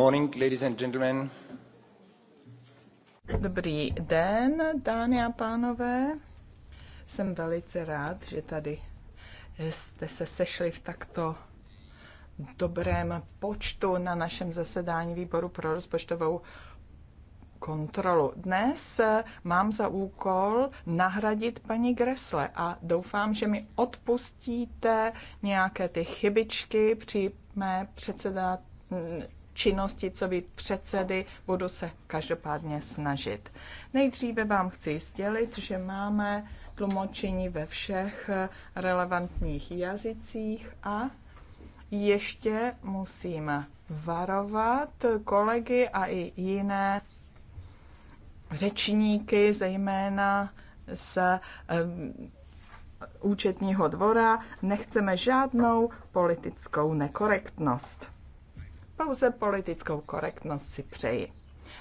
Morning, ladies and gentlemen. Dobrý den, dámy a pánové. Jsem velice rád, že tady jste se sešli v takto dobrém počtu na našem zasedání výboru pro rozpočtovou kontrolu. Dnes mám za úkol nahradit paní Gresle a doufám, že mi odpustíte nějaké ty chybičky při mé předsedání, činnosti, co být předsedy, budu se každopádně snažit. Nejdříve vám chci sdělit, že máme tlumočení ve všech relevantních jazycích a ještě musím varovat kolegy a i jiné řečníky, zejména z um, účetního dvora. Nechceme žádnou politickou nekorektnost. Pouze politickou korektnost si přeji.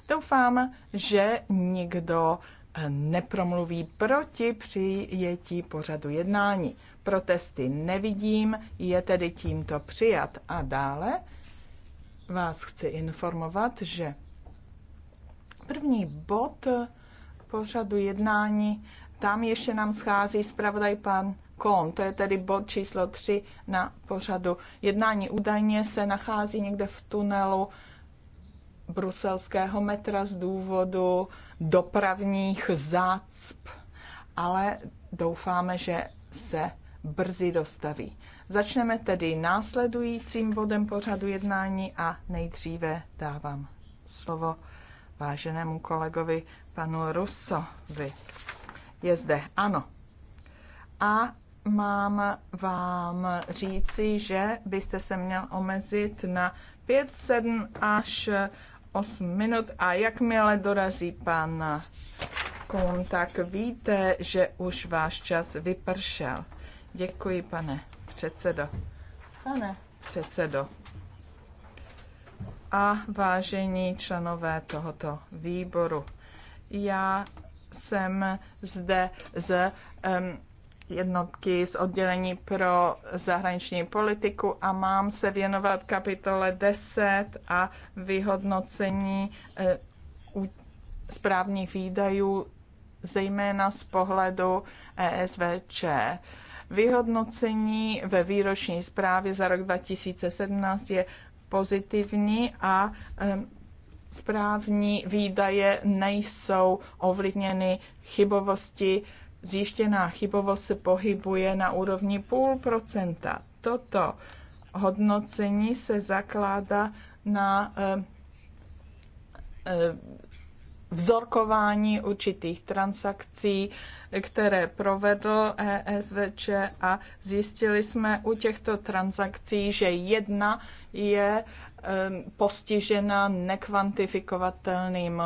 Doufám, že nikdo eh, nepromluví proti přijetí pořadu jednání. Protesty nevidím, je tedy tímto přijat. A dále vás chci informovat, že první bod pořadu jednání, tam ještě nám schází zpravodaj pan kon. To je tedy bod číslo 3 na pořadu. Jednání údajně se nachází někde v tunelu bruselského metra z důvodu dopravních zácp, ale doufáme, že se brzy dostaví. Začneme tedy následujícím bodem pořadu jednání a nejdříve dávám slovo váženému kolegovi panu Russovi. Je zde, ano. A mám vám říci, že byste se měl omezit na 5, 7 až 8 minut a jakmile dorazí pan Kun, tak víte, že už váš čas vypršel. Děkuji, pane předsedo. Pane předsedo. A vážení členové tohoto výboru, já jsem zde z um, jednotky z oddělení pro zahraniční politiku a mám se věnovat kapitole 10 a vyhodnocení eh, správních výdajů, zejména z pohledu ESVČ. Vyhodnocení ve výroční zprávě za rok 2017 je pozitivní a eh, správní výdaje nejsou ovlivněny chybovosti zjištěná chybovost se pohybuje na úrovni půl procenta. Toto hodnocení se zakládá na eh, eh, vzorkování určitých transakcí, které provedl ESVČ a zjistili jsme u těchto transakcí, že jedna je eh, postižena nekvantifikovatelným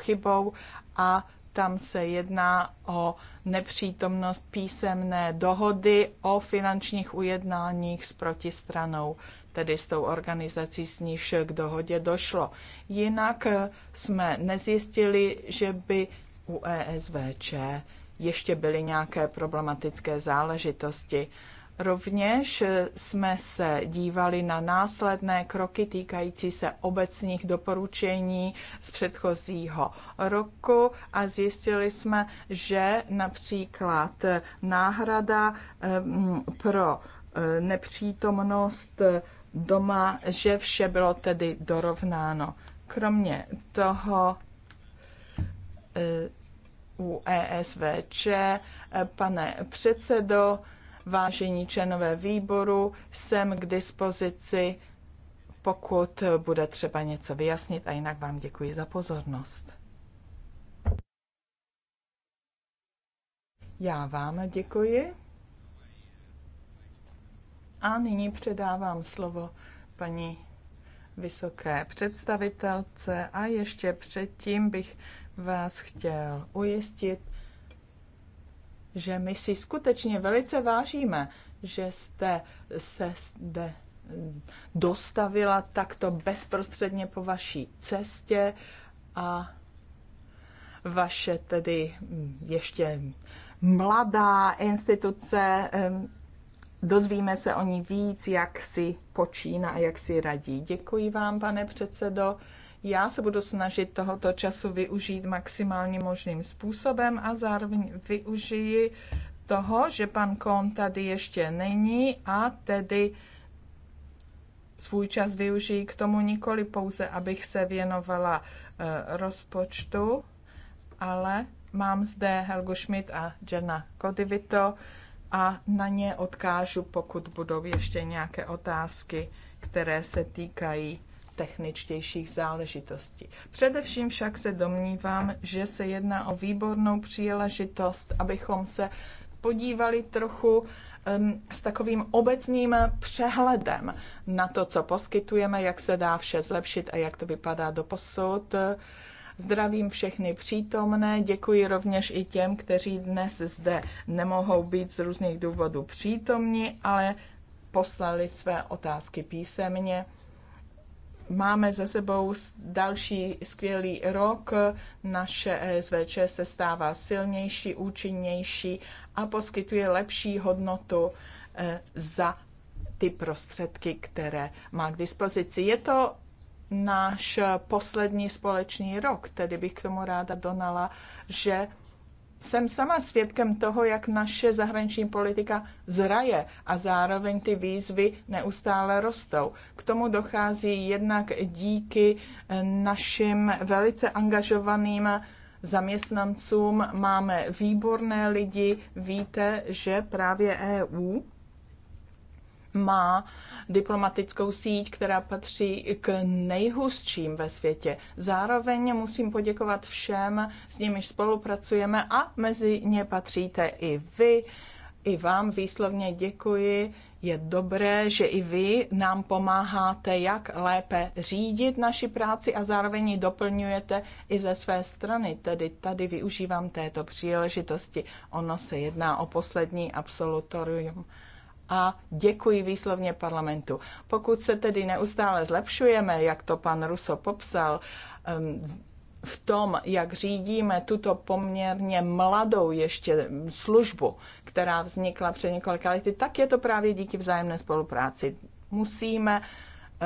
chybou a tam se jedná o nepřítomnost písemné dohody o finančních ujednáních s protistranou, tedy s tou organizací, s níž k dohodě došlo. Jinak eh, jsme nezjistili, že by u ESVČ ještě byly nějaké problematické záležitosti. Rovněž jsme se dívali na následné kroky týkající se obecních doporučení z předchozího roku a zjistili jsme, že například náhrada pro e, nepřítomnost doma, že vše bylo tedy dorovnáno. Kromě toho e, u ESVČ, e, pane předsedo, Vážení členové výboru, jsem k dispozici, pokud bude třeba něco vyjasnit a jinak vám děkuji za pozornost. Já vám děkuji. A nyní předávám slovo paní vysoké představitelce a ještě předtím bych vás chtěl ujistit, že my si skutečně velice vážíme, že jste se zde dostavila takto bezprostředně po vaší cestě a vaše tedy ještě mladá instituce, dozvíme se o ní víc, jak si počíná a jak si radí. Děkuji vám, pane předsedo. Já se budu snažit tohoto času využít maximálně možným způsobem a zároveň využiji toho, že pan Kohn tady ještě není a tedy svůj čas využijí k tomu nikoli pouze, abych se věnovala e, rozpočtu, ale mám zde Helgu Schmidt a Jenna Kodivito a na ně odkážu, pokud budou ještě nějaké otázky, které se týkají techničtějších záležitostí. Především však se domnívám, že se jedná o výbornou příležitost, abychom se podívali trochu s takovým obecným přehledem na to, co poskytujeme, jak se dá vše zlepšit a jak to vypadá do posud. Zdravím všechny přítomné, děkuji rovněž i těm, kteří dnes zde nemohou být z různých důvodů přítomni, ale poslali své otázky písemně Máme za sebou další skvělý rok. Naše ESVČ se stává silnější, účinnější a poskytuje lepší hodnotu eh, za ty prostředky, které má k dispozici. Je to náš poslední společný rok, tedy bych k tomu ráda donala, že jsem sama svědkem toho, jak naše zahraniční politika zraje a zároveň ty výzvy neustále rostou. K tomu dochází jednak díky eh, našim velice angažovaným zaměstnancům. Máme výborné lidi. Víte, že právě EU má diplomatickou síť, která patří k nejhustším ve světě. Zároveň musím poděkovat všem, s nimiž spolupracujeme a mezi ně patříte i vy. I vám výslovně děkuji. Je dobré, že i vy nám pomáháte, jak lépe řídit naši práci a zároveň ji doplňujete i ze své strany. Tedy tady využívám této příležitosti. Ono se jedná o poslední absolutorium a děkuji výslovně parlamentu. Pokud se tedy neustále zlepšujeme, jak to pan Ruso popsal, v tom, jak řídíme tuto poměrně mladou ještě službu, která vznikla před několika lety, tak je to právě díky vzájemné spolupráci. Musíme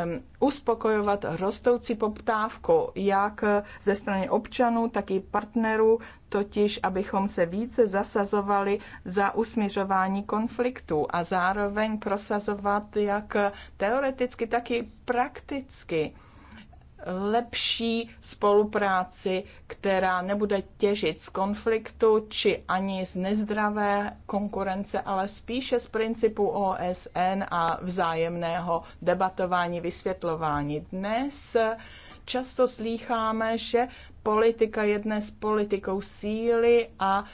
Um, uspokojovat rostoucí poptávku jak ze strany občanů, tak i partnerů, totiž abychom se více zasazovali za usměřování konfliktů a zároveň prosazovat jak teoreticky, tak i prakticky lepší spolupráci, která nebude těžit z konfliktu či ani z nezdravé konkurence, ale spíše z principu OSN a vzájemného debatování, vysvětlování. Dnes často slýcháme, že politika je dnes politikou síly a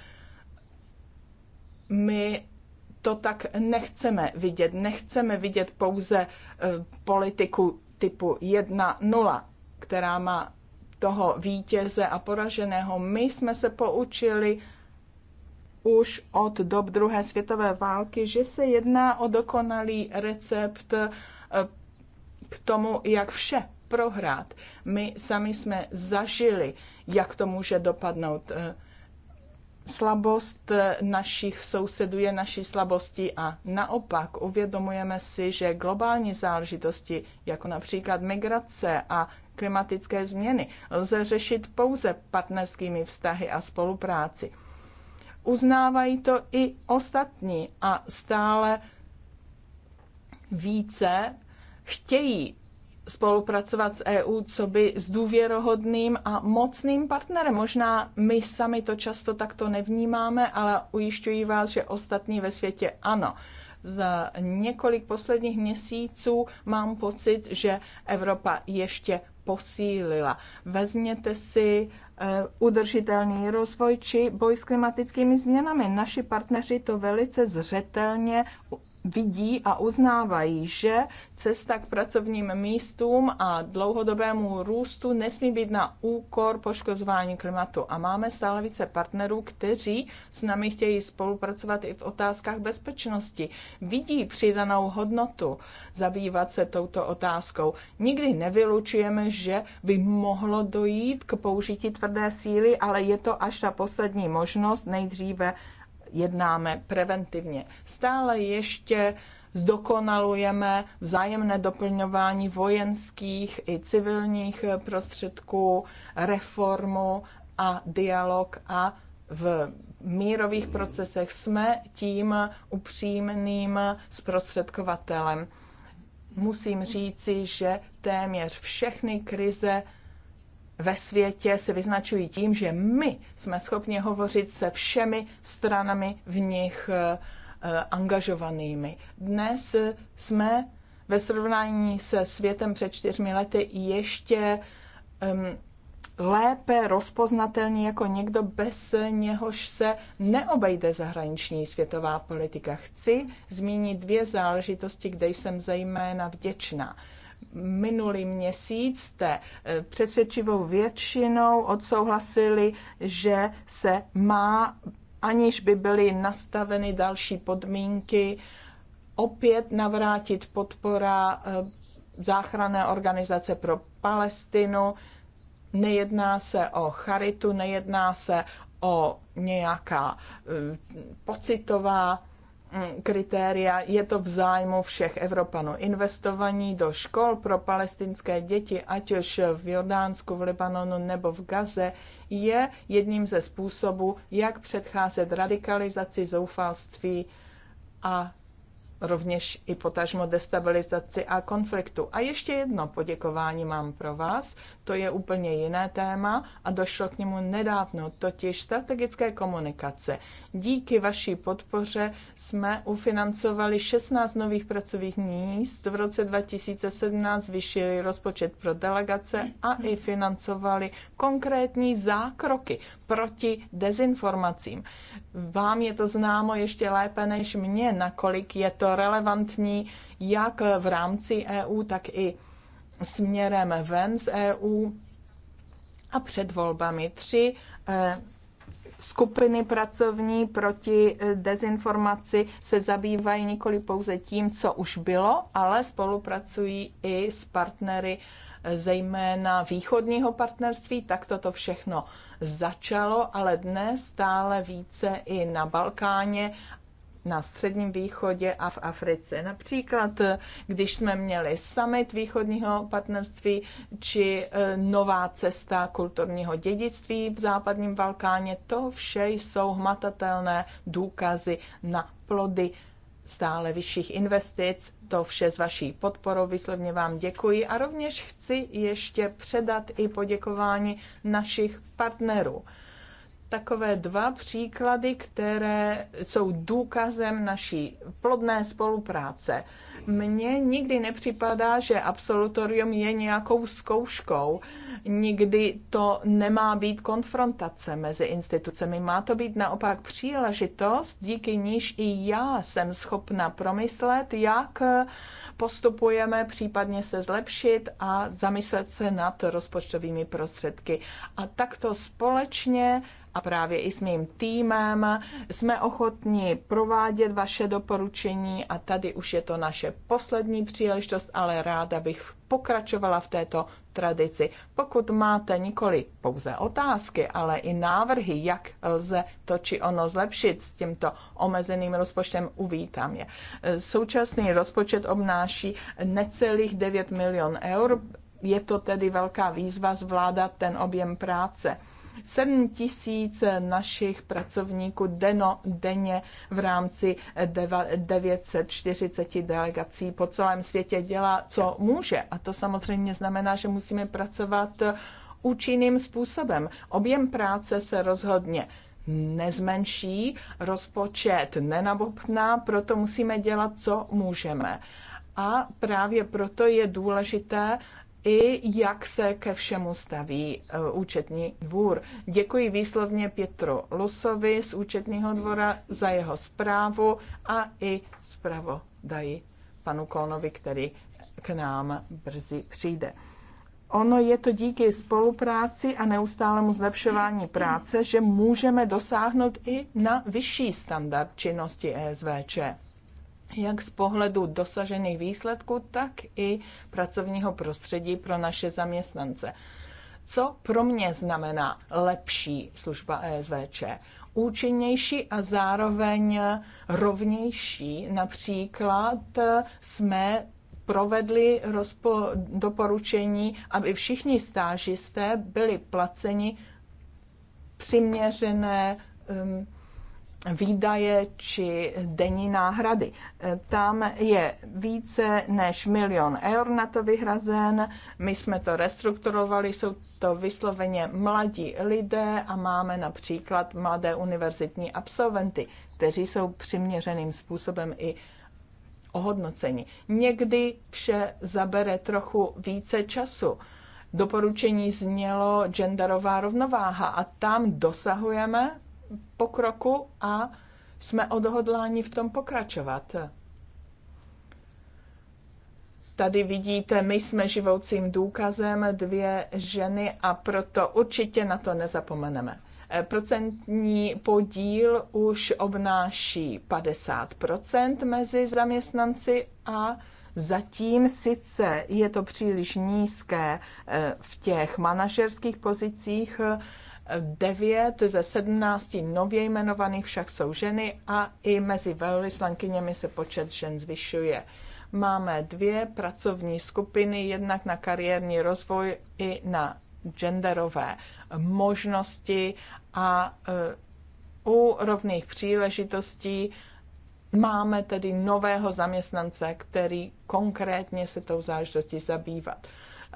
my to tak nechceme vidět. Nechceme vidět pouze eh, politiku typu nula která má toho vítěze a poraženého. My jsme se poučili už od dob druhé světové války, že se jedná o dokonalý recept eh, k tomu, jak vše prohrát. My sami jsme zažili, jak to může dopadnout. Eh, slabost eh, našich sousedů je naší slabostí a naopak uvědomujeme si, že globální záležitosti, jako například migrace a klimatické změny lze řešit pouze partnerskými vztahy a spolupráci. Uznávají to i ostatní a stále více chtějí spolupracovat s EU, co by s důvěrohodným a mocným partnerem. Možná my sami to často takto nevnímáme, ale ujišťuji vás, že ostatní ve světě ano. Za několik posledních měsíců mám pocit, že Evropa ještě posílila. Vezměte si eh, udržitelný rozvoj či boj s klimatickými změnami. Naši partneři to velice zřetelně vidí a uznávají, že cesta k pracovním místům a dlouhodobému růstu nesmí být na úkor poškozování klimatu. A máme stále více partnerů, kteří s námi chtějí spolupracovat i v otázkách bezpečnosti. Vidí přidanou hodnotu zabývat se touto otázkou. Nikdy nevylučujeme, že by mohlo dojít k použití tvrdé síly, ale je to až ta poslední možnost. Nejdříve jednáme preventivně. Stále ještě zdokonalujeme vzájemné doplňování vojenských i civilních prostředků, reformu a dialog a v mírových procesech jsme tím upřímným zprostředkovatelem. Musím říci, že téměř všechny krize ve světě se vyznačují tím, že my jsme schopni hovořit se všemi stranami v nich eh, eh, angažovanými. Dnes eh, jsme ve srovnání se světem před čtyřmi lety ještě um, lépe rozpoznatelní jako někdo, bez něhož se neobejde zahraniční světová politika. Chci zmínit dvě záležitosti, kde jsem zejména vděčná minulý měsíc jste eh, přesvědčivou většinou odsouhlasili, že se má, aniž by byly nastaveny další podmínky, opět navrátit podpora eh, záchranné organizace pro Palestinu. Nejedná se o charitu, nejedná se o nějaká eh, pocitová Eh, kritéria, je to v zájmu všech Evropanů. Investování do škol pro palestinské děti, ať už v Jordánsku, v Libanonu nebo v Gaze, je jedním ze způsobů, jak předcházet radikalizaci, zoufalství a rovněž i potažmo destabilizaci a konfliktu. A ještě jedno poděkování mám pro vás, to je úplně jiné téma a došlo k němu nedávno, totiž strategické komunikace. Díky vaší podpoře jsme ufinancovali 16 nových pracovních míst, v roce 2017 zvyšili rozpočet pro delegace a i financovali konkrétní zákroky proti dezinformacím. Vám je to známo ještě lépe než mně, nakolik je to relevantní jak v rámci EU, tak i směrem ven z EU a před volbami. Tři eh, skupiny pracovní proti eh, dezinformaci se zabývají nikoli pouze tím, co už bylo, ale spolupracují i s partnery eh, zejména východního partnerství, tak toto všechno začalo, ale dnes stále více i na Balkáně na Středním východě a v Africe. Například, když jsme měli summit východního partnerství či e, nová cesta kulturního dědictví v západním Balkáně, to vše jsou hmatatelné důkazy na plody stále vyšších investic. To vše s vaší podporou vyslovně vám děkuji a rovněž chci ještě předat i poděkování našich partnerů takové dva příklady, které jsou důkazem naší plodné spolupráce. Mně nikdy nepřipadá, že absolutorium je nějakou zkouškou. Nikdy to nemá být konfrontace mezi institucemi. Má to být naopak příležitost, díky níž i já jsem schopna promyslet, jak postupujeme, případně se zlepšit a zamyslet se nad rozpočtovými prostředky. A takto společně a právě i s mým týmem jsme ochotni provádět vaše doporučení a tady už je to naše poslední příležitost, ale ráda bych pokračovala v této tradici. Pokud máte nikoli pouze otázky, ale i návrhy, jak lze to či ono zlepšit s tímto omezeným rozpočtem, uvítám je. Současný rozpočet obnáší necelých 9 milion eur, je to tedy velká výzva zvládat ten objem práce 7 tisíc našich pracovníků deno, denně v rámci 940 delegací po celém světě dělá, co může. A to samozřejmě znamená, že musíme pracovat účinným způsobem. Objem práce se rozhodně nezmenší, rozpočet nenabobtná, proto musíme dělat, co můžeme. A právě proto je důležité i jak se ke všemu staví e, účetní dvůr. Děkuji výslovně Pětru Lusovi z účetního dvora za jeho zprávu a i dají panu Kolnovi, který k nám brzy přijde. Ono je to díky spolupráci a neustálemu zlepšování práce, že můžeme dosáhnout i na vyšší standard činnosti ESVČ jak z pohledu dosažených výsledků, tak i pracovního prostředí pro naše zaměstnance. Co pro mě znamená lepší služba ESVČ? Účinnější a zároveň rovnější. Například jsme provedli rozpo- doporučení, aby všichni stážisté byli placeni přiměřené um, výdaje či denní náhrady. E, tam je více než milion eur na to vyhrazen. My jsme to restrukturovali, jsou to vysloveně mladí lidé a máme například mladé univerzitní absolventy, kteří jsou přiměřeným způsobem i ohodnoceni. Někdy vše zabere trochu více času. Doporučení znělo genderová rovnováha a tam dosahujeme pokroku a jsme odhodláni v tom pokračovat. Tady vidíte, my jsme živoucím důkazem dvě ženy a proto určitě na to nezapomeneme. Eh, procentní podíl už obnáší 50% mezi zaměstnanci a zatím sice je to příliš nízké eh, v těch manažerských pozicích, Devět ze sedmnácti nově jmenovaných však jsou ženy a i mezi velvyslankyněmi se počet žen zvyšuje. Máme dvě pracovní skupiny, jednak na kariérní rozvoj i na genderové možnosti a e, u rovných příležitostí máme tedy nového zaměstnance, který konkrétně se tou záležitostí zabývat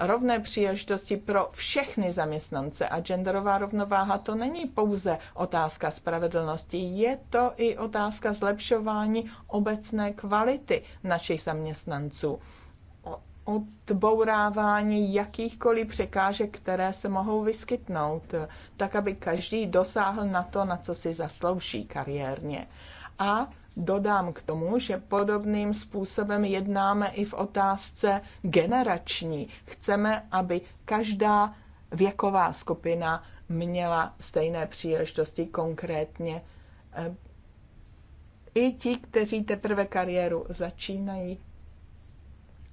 rovné příležitosti pro všechny zaměstnance. A genderová rovnováha to není pouze otázka spravedlnosti, je to i otázka zlepšování obecné kvality našich zaměstnanců odbourávání jakýchkoliv překážek, které se mohou vyskytnout, tak aby každý dosáhl na to, na co si zaslouží kariérně. A Dodám k tomu, že podobným způsobem jednáme i v otázce generační. Chceme, aby každá věková skupina měla stejné příležitosti konkrétně. Eh, I ti, kteří teprve kariéru začínají,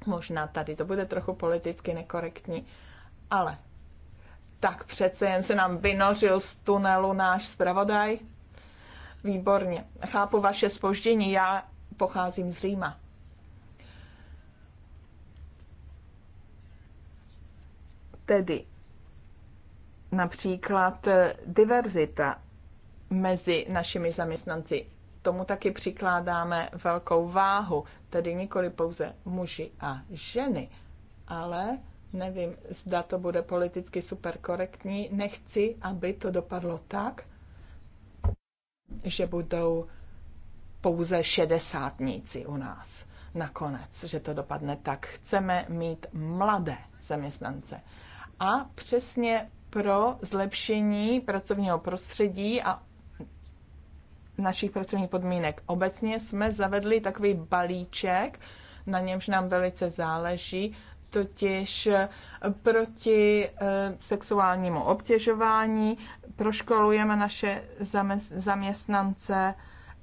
možná tady to bude trochu politicky nekorektní, ale tak přece jen se nám vynořil z tunelu náš zpravodaj. Výborně. Chápu vaše spoždění, já pocházím z Říma. Tedy například eh, diverzita mezi našimi zaměstnanci. Tomu taky přikládáme velkou váhu, tedy nikoli pouze muži a ženy, ale nevím, zda to bude politicky superkorektní. Nechci, aby to dopadlo tak, že budou pouze šedesátníci u nás nakonec, že to dopadne tak. Chceme mít mladé zaměstnance. A přesně pro zlepšení pracovního prostředí a našich pracovních podmínek. Obecně jsme zavedli takový balíček, na němž nám velice záleží, totiž proti eh, sexuálnímu obtěžování, proškolujeme naše zaměstnance.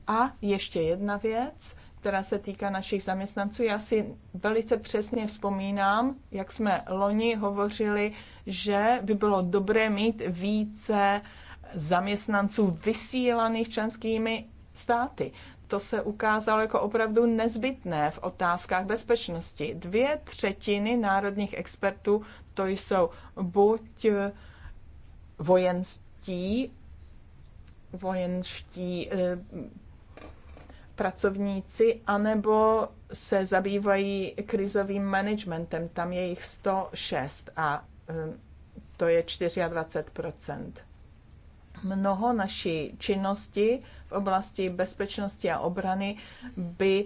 A ještě jedna věc, která se týká našich zaměstnanců. Já si velice přesně vzpomínám, jak jsme loni hovořili, že by bylo dobré mít více zaměstnanců vysílaných členskými státy. To se ukázalo jako opravdu nezbytné v otázkách bezpečnosti. Dvě třetiny národních expertů to jsou buď vojenství, vojenští, vojenští e, pracovníci, anebo se zabývají krizovým managementem, tam je jich 106 a e, to je 24 Mnoho naší činnosti v oblasti bezpečnosti a obrany by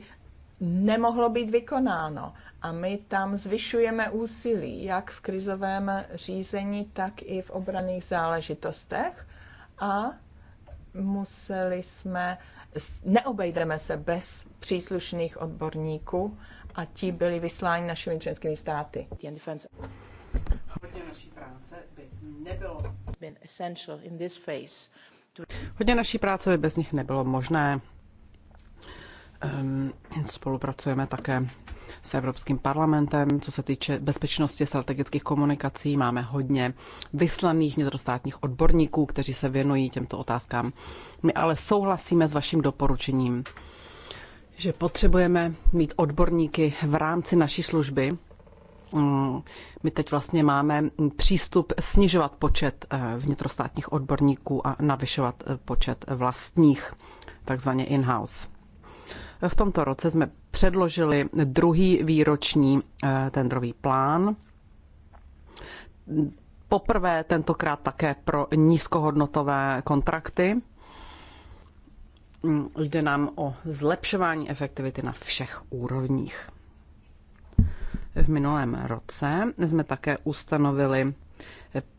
nemohlo být vykonáno. A my tam zvyšujeme úsilí, jak v krizovém řízení, tak i v obraných záležitostech. A museli jsme, neobejdeme se bez příslušných odborníků a ti byli vysláni našimi členskými státy. Hodně naší práce by nebylo Hodně práce by bez nich nebylo možné. Ehm, spolupracujeme také s Evropským parlamentem. Co se týče bezpečnosti strategických komunikací, máme hodně vyslaných vnitrostátních odborníků, kteří se věnují těmto otázkám. My ale souhlasíme s vaším doporučením, že potřebujeme mít odborníky v rámci naší služby. Mm, my teď vlastně máme přístup snižovat počet eh, vnitrostátních odborníků a navyšovat eh, počet eh, vlastních, takzvaně in-house. V tomto roce jsme předložili druhý výroční eh, tendrový plán. Poprvé tentokrát také pro nízkohodnotové kontrakty. Mm, jde nám o zlepšování efektivity na všech úrovních. V minulém roce jsme také ustanovili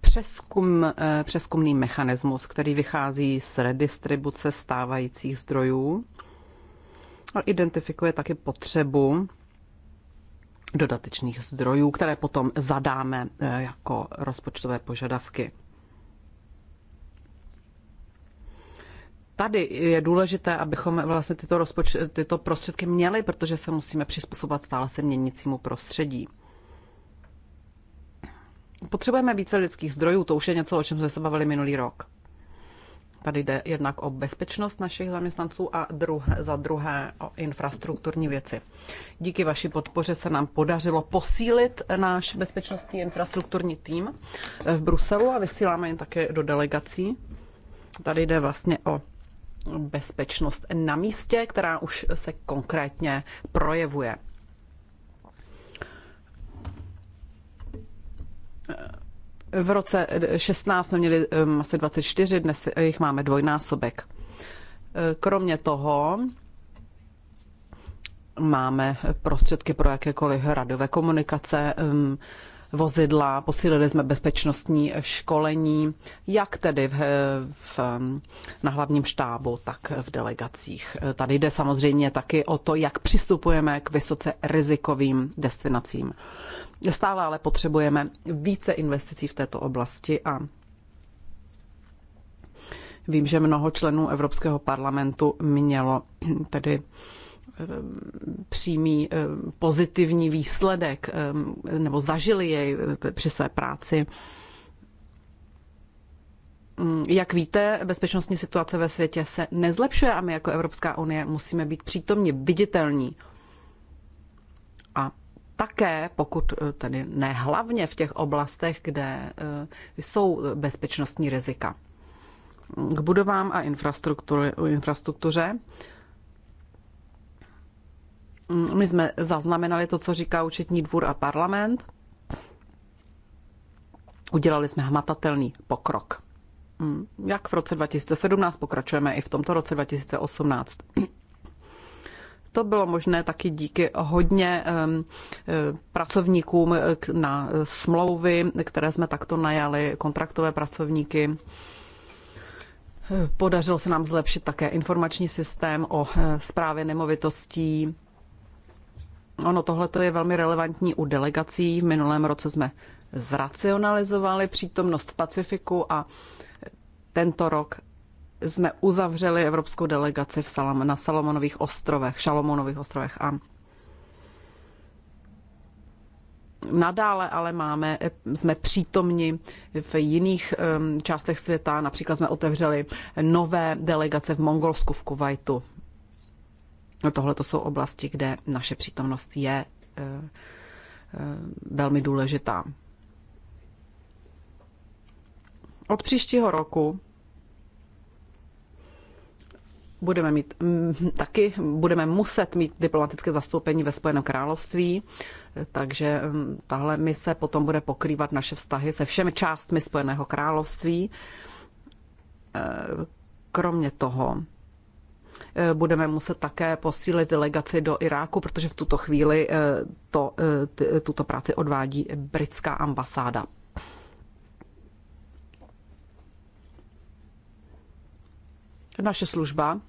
přeskum, eh, přeskumný mechanismus, který vychází z redistribuce stávajících zdrojů a identifikuje taky potřebu dodatečných zdrojů, které potom zadáme eh, jako rozpočtové požadavky. Tady je důležité, abychom vlastně tyto, rozpoč- tyto prostředky měli, protože se musíme přizpůsobovat stále se měnícímu prostředí. Potřebujeme více lidských zdrojů, to už je něco, o čem jsme se bavili minulý rok. Tady jde jednak o bezpečnost našich zaměstnanců a druhé, za druhé o infrastrukturní věci. Díky vaší podpoře se nám podařilo posílit náš bezpečnostní infrastrukturní tým v Bruselu a vysíláme je také do delegací. Tady jde vlastně o bezpečnost na místě, která už se konkrétně projevuje. V roce 16 jsme měli um, asi 24, dnes jich máme dvojnásobek. E, kromě toho máme prostředky pro jakékoliv radové komunikace, um, vozidla, posílili jsme bezpečnostní školení, jak tedy v, v, na hlavním štábu, tak v delegacích. Tady jde samozřejmě taky o to, jak přistupujeme k vysoce rizikovým destinacím. Stále ale potřebujeme více investicí v této oblasti a Vím, že mnoho členů Evropského parlamentu mělo tedy přímý eh, pozitivní výsledek eh, nebo zažili jej eh, při své práci. Mm, jak víte, bezpečnostní situace ve světě se nezlepšuje a my jako Evropská unie musíme být přítomně viditelní. A také, pokud tedy ne hlavně v těch oblastech, kde jsou bezpečnostní rizika. K budovám a infrastruktuře my jsme zaznamenali to, co říká účetní dvůr a parlament. Udělali jsme hmatatelný pokrok. Hmm. Jak v roce 2017, pokračujeme i v tomto roce 2018. To bylo možné taky díky hodně ehm, e, pracovníkům na smlouvy, které jsme takto najali, kontraktové pracovníky. Podařilo se nám zlepšit také informační systém o zprávě e, nemovitostí, Ono tohle je velmi relevantní u delegací. V minulém roce jsme zracionalizovali přítomnost Pacifiku a tento rok jsme uzavřeli evropskou delegaci v Salam, na Salomonových ostrovech, Šalomonových ostrovech a Nadále ale máme, jsme přítomni v jiných částech světa, například jsme otevřeli nové delegace v Mongolsku, v Kuwaitu, No Tohle to jsou oblasti, kde naše přítomnost je eh, eh, velmi důležitá. Od příštího roku budeme mít mm, taky, budeme muset mít diplomatické zastoupení ve Spojeném království, eh, takže mm, tahle mise potom bude pokrývat naše vztahy se všemi částmi Spojeného království. Kromě toho Eh, budeme muset také posílit delegaci do Iráku, protože v tuto chvíli eh, to, eh, tuto práci odvádí britská ambasáda. Naše služba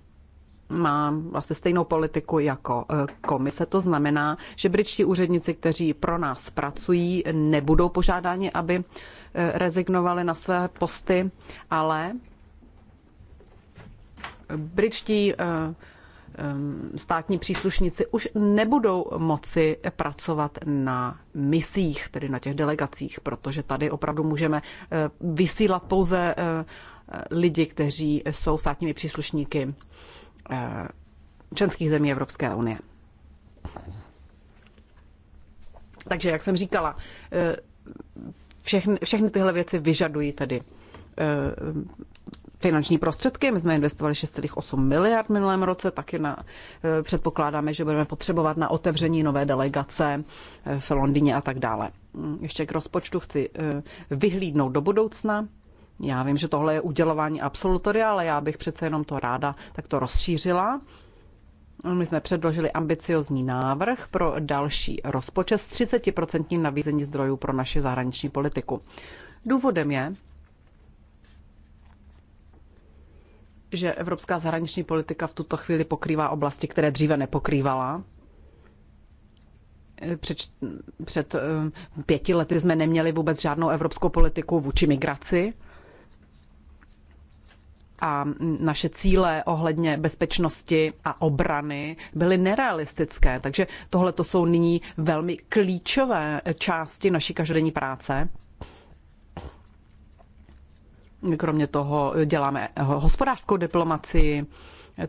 má vlastně stejnou politiku jako komise. To znamená, že britští úředníci, kteří pro nás pracují, nebudou požádáni, aby rezignovali na své posty, ale britští eh, eh, státní příslušníci už nebudou moci pracovat na misích, tedy na těch delegacích, protože tady opravdu můžeme eh, vysílat pouze lidi, kteří jsou státními příslušníky členských zemí Evropské unie. Takže, jak jsem říkala, všechny, všechny tyhle věci vyžadují tedy finanční prostředky. My jsme investovali 6,8 miliard v minulém roce, taky na, eh, předpokládáme, že budeme potřebovat na otevření nové delegace eh, v Londýně a tak dále. Mm, ještě k rozpočtu chci eh, vyhlídnout do budoucna. Já vím, že tohle je udělování absolutoria, ale já bych přece jenom to ráda takto rozšířila. My jsme předložili ambiciozní návrh pro další rozpočet s 30% navízení zdrojů pro naši zahraniční politiku. Důvodem je, že evropská zahraniční politika v tuto chvíli pokrývá oblasti, které dříve nepokrývala. Před, před eh, pěti lety jsme neměli vůbec žádnou evropskou politiku vůči migraci a naše cíle ohledně bezpečnosti a obrany byly nerealistické. Takže tohle to jsou nyní velmi klíčové části naší každodenní práce. Kromě toho děláme hospodářskou diplomacii,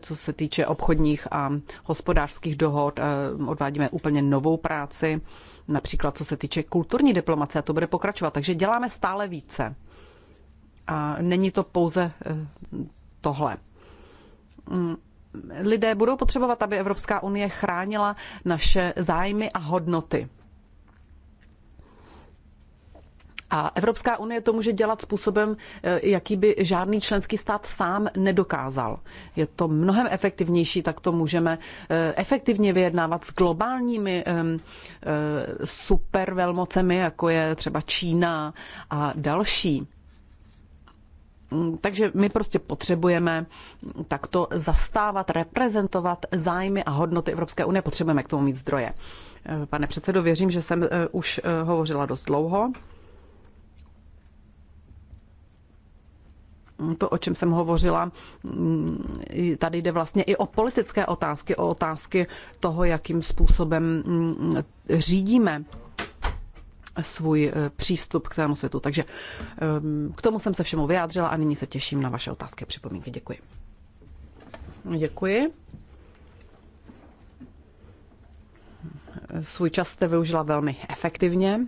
co se týče obchodních a hospodářských dohod. Eh, odvádíme úplně novou práci, například co se týče kulturní diplomace a to bude pokračovat. Takže děláme stále více. A není to pouze eh, tohle mm, lidé budou potřebovat, aby Evropská unie chránila naše zájmy a hodnoty. A Evropská unie to může dělat způsobem, eh, jaký by žádný členský stát sám nedokázal. Je to mnohem efektivnější, tak to můžeme eh, efektivně vyjednávat s globálními eh, supervelmocemi, jako je třeba Čína a další. Mm, takže my prostě potřebujeme takto zastávat, reprezentovat zájmy a hodnoty Evropské unie. Potřebujeme k tomu mít zdroje. Pane předsedo, věřím, že jsem už hovořila dost dlouho. to, o čem jsem hovořila, mm, tady jde vlastně i o politické otázky, o otázky toho, jakým způsobem mm, řídíme svůj eh, přístup k celému světu. Takže eh, k tomu jsem se všemu vyjádřila a nyní se těším na vaše otázky a připomínky. Děkuji. Děkuji. Svůj čas jste využila velmi efektivně.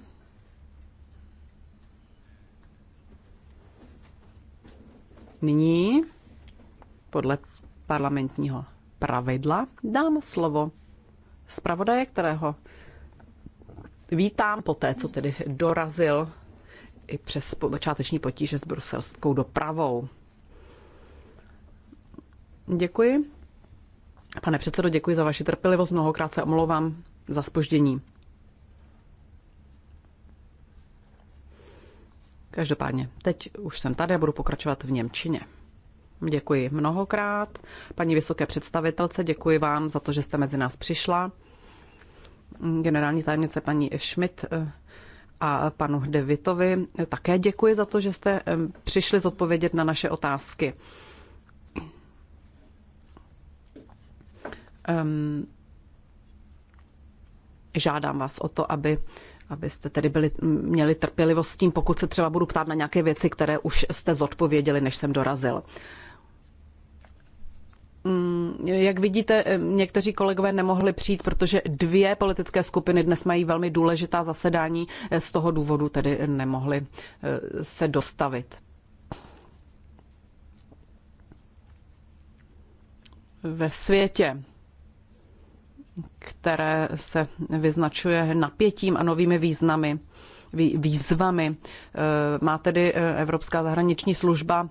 Nyní podle parlamentního pravidla dám slovo zpravodaje, kterého vítám po té, co tedy dorazil i přes počáteční potíže s bruselskou dopravou. Děkuji. Pane předsedo, děkuji za vaši trpělivost. Mnohokrát se omlouvám za spoždění. Každopádně, teď už jsem tady a budu pokračovat v Němčině. Děkuji mnohokrát. Paní vysoké představitelce, děkuji vám za to, že jste mezi nás přišla. Generální tajemnice paní Schmidt eh, a panu Devitovi eh, také děkuji za to, že jste eh, přišli zodpovědět na naše otázky. Ehm, žádám vás o to, aby abyste tedy byli, měli trpělivost s tím, pokud se třeba budu ptát na nějaké věci, které už jste zodpověděli, než jsem dorazil. Mm, jak vidíte, eh, někteří kolegové nemohli přijít, protože dvě politické skupiny dnes mají velmi důležitá zasedání, eh, z toho důvodu tedy nemohli eh, se dostavit. Ve světě které se vyznačuje napětím a novými významy, výzvami. E, má tedy e, Evropská zahraniční služba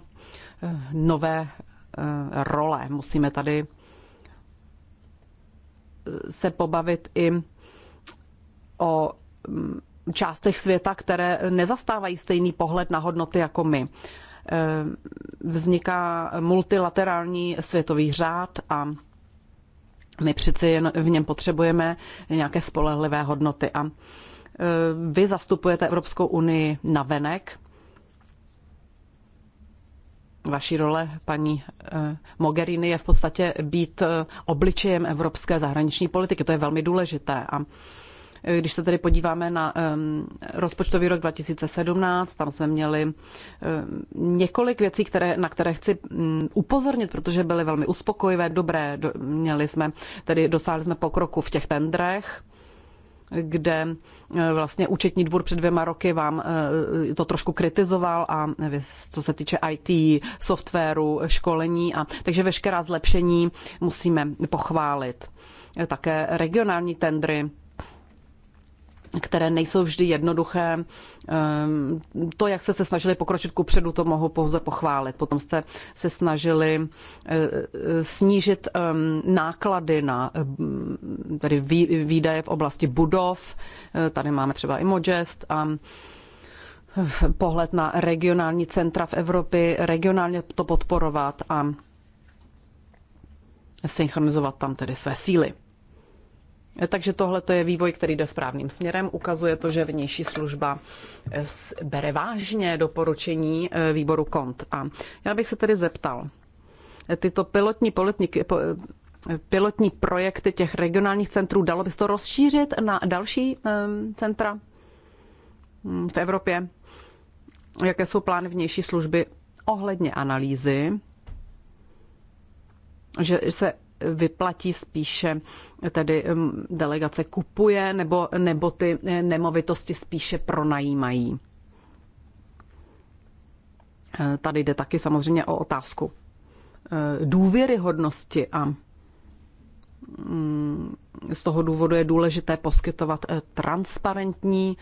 e, nové role. Musíme tady se pobavit i o mm, částech světa, které nezastávají stejný pohled na hodnoty jako my. Vzniká multilaterální světový řád a my přeci jen v něm potřebujeme nějaké spolehlivé hodnoty. A e, vy zastupujete Evropskou unii na venek. Vaší role, paní e, Mogherini, je v podstatě být e, obličejem evropské zahraniční politiky. To je velmi důležité. A Eh, když se tedy podíváme na ehm, rozpočtový rok 2017, tam jsme měli ehm, několik věcí, které, na které chci mm, upozornit, protože byly velmi uspokojivé, dobré. Měli jsme, tedy dosáhli jsme pokroku v těch tendrech, kde eh, vlastně účetní dvůr před dvěma roky vám eh, to trošku kritizoval a co se týče IT, softwaru, školení a takže veškerá zlepšení musíme pochválit. Také regionální tendry které nejsou vždy jednoduché. Ehm, to, jak jste se snažili pokročit ku předu, to mohu pouze pochválit. Potom jste se snažili eh, eh, snížit ehm, náklady na ehm, tedy výdaje v oblasti budov. Eh, tady máme třeba Imogest a pohled na regionální centra v Evropě, regionálně to podporovat a synchronizovat tam tedy své síly. Takže tohle je vývoj, který jde správným směrem. Ukazuje to, že vnější služba eh, bere vážně doporučení eh, výboru KONT. A já bych se tedy zeptal, eh, tyto pilotní, politiky, pilotní projekty těch regionálních centrů, dalo by se to rozšířit na další centra hm, v Evropě? Jaké jsou plány vnější služby ohledně analýzy že se vyplatí spíše, tedy delegace kupuje nebo, nebo ty eh, nemovitosti spíše pronajímají. Eh, tady jde taky samozřejmě o otázku eh, důvěryhodnosti a mm, z toho důvodu je důležité poskytovat transparentní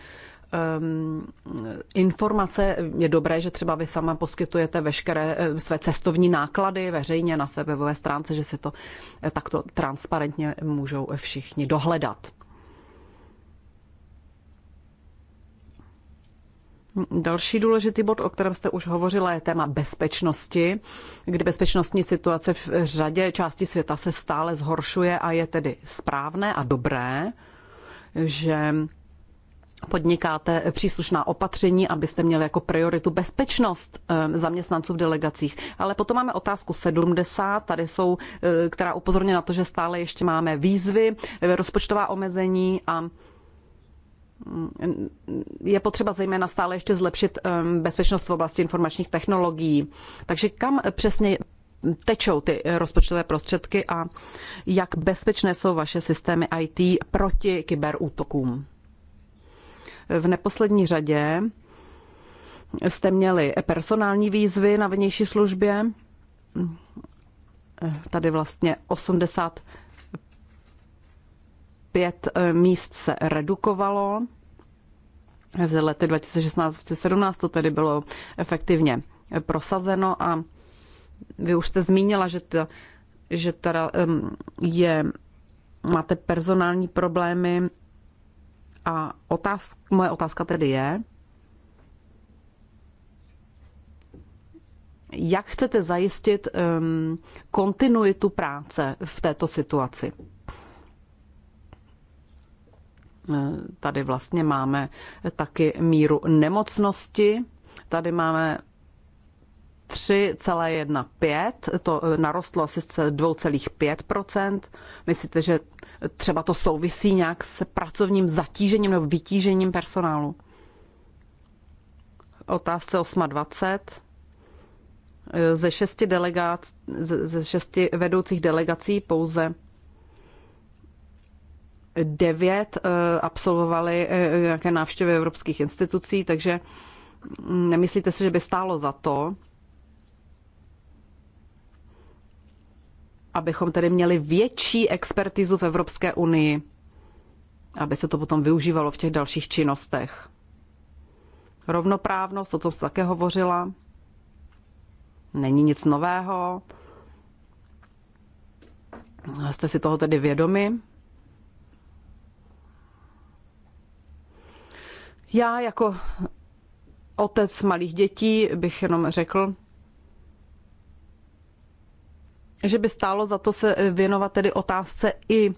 um, informace. Je dobré, že třeba vy sama poskytujete veškeré eh, své cestovní náklady veřejně na své webové stránce, že si to eh, takto transparentně můžou eh, všichni dohledat. Hm, další důležitý bod, o kterém jste už hovořila, je téma bezpečnosti, kdy bezpečnostní situace v řadě části světa se stále zhoršuje a je tedy správné a dobré, že podnikáte příslušná opatření, abyste měli jako prioritu bezpečnost eh, zaměstnanců v delegacích. Ale potom máme otázku 70, tady jsou, eh, která upozorňuje na to, že stále ještě máme výzvy, eh, rozpočtová omezení a mm, je potřeba zejména stále ještě zlepšit bezpečnost v oblasti informačních technologií. Takže kam přesně tečou ty rozpočtové prostředky a jak bezpečné jsou vaše systémy IT proti kyberútokům? V neposlední řadě jste měli personální výzvy na vnější službě. Tady vlastně 85 eh, míst se redukovalo. Z lety 2016-2017 to tedy bylo efektivně prosazeno a vy už jste zmínila, že, to, že teda je, máte personální problémy a otázka, moje otázka tedy je, jak chcete zajistit um, kontinuitu práce v této situaci? Eh, tady vlastně máme taky míru nemocnosti. Tady máme 3,15, to eh, narostlo asi z 2,5 Myslíte, že Třeba to souvisí nějak s pracovním zatížením nebo vytížením personálu. Otázce 8.20. ze šesti, delegát, ze šesti vedoucích delegací pouze devět eh, absolvovali eh, nějaké návštěvy evropských institucí, takže mm, nemyslíte si, že by stálo za to abychom tedy měli větší expertizu v Evropské unii, aby se to potom využívalo v těch dalších činnostech. Rovnoprávnost, o tom jste také hovořila. Není nic nového. Jste si toho tedy vědomi? Já jako otec malých dětí bych jenom řekl, že by stálo za to se eh, věnovat tedy otázce i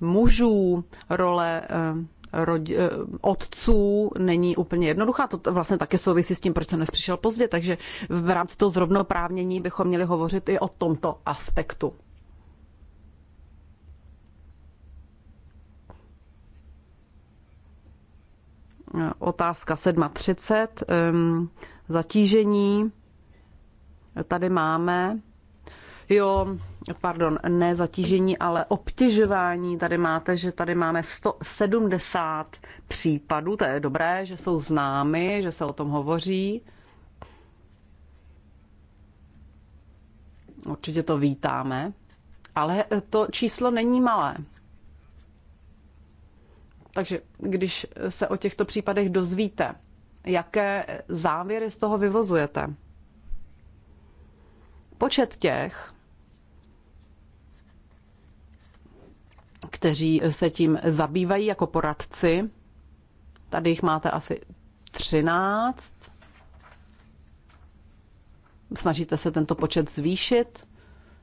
mužů, role eh, rodi, eh, otců není úplně jednoduchá. To vlastně také souvisí s tím, proč jsem nespřišel pozdě, takže v rámci toho zrovnoprávnění bychom měli hovořit i o tomto aspektu. Otázka 7.30. Ehm, zatížení. Tady máme Jo, pardon, ne zatížení, ale obtěžování. Tady máte, že tady máme 170 případů, to je dobré, že jsou známy, že se o tom hovoří. Určitě to vítáme, ale to číslo není malé. Takže když se o těchto případech dozvíte, jaké závěry z toho vyvozujete? Počet těch, kteří se tím zabývají jako poradci. Tady jich máte asi 13. Snažíte se tento počet zvýšit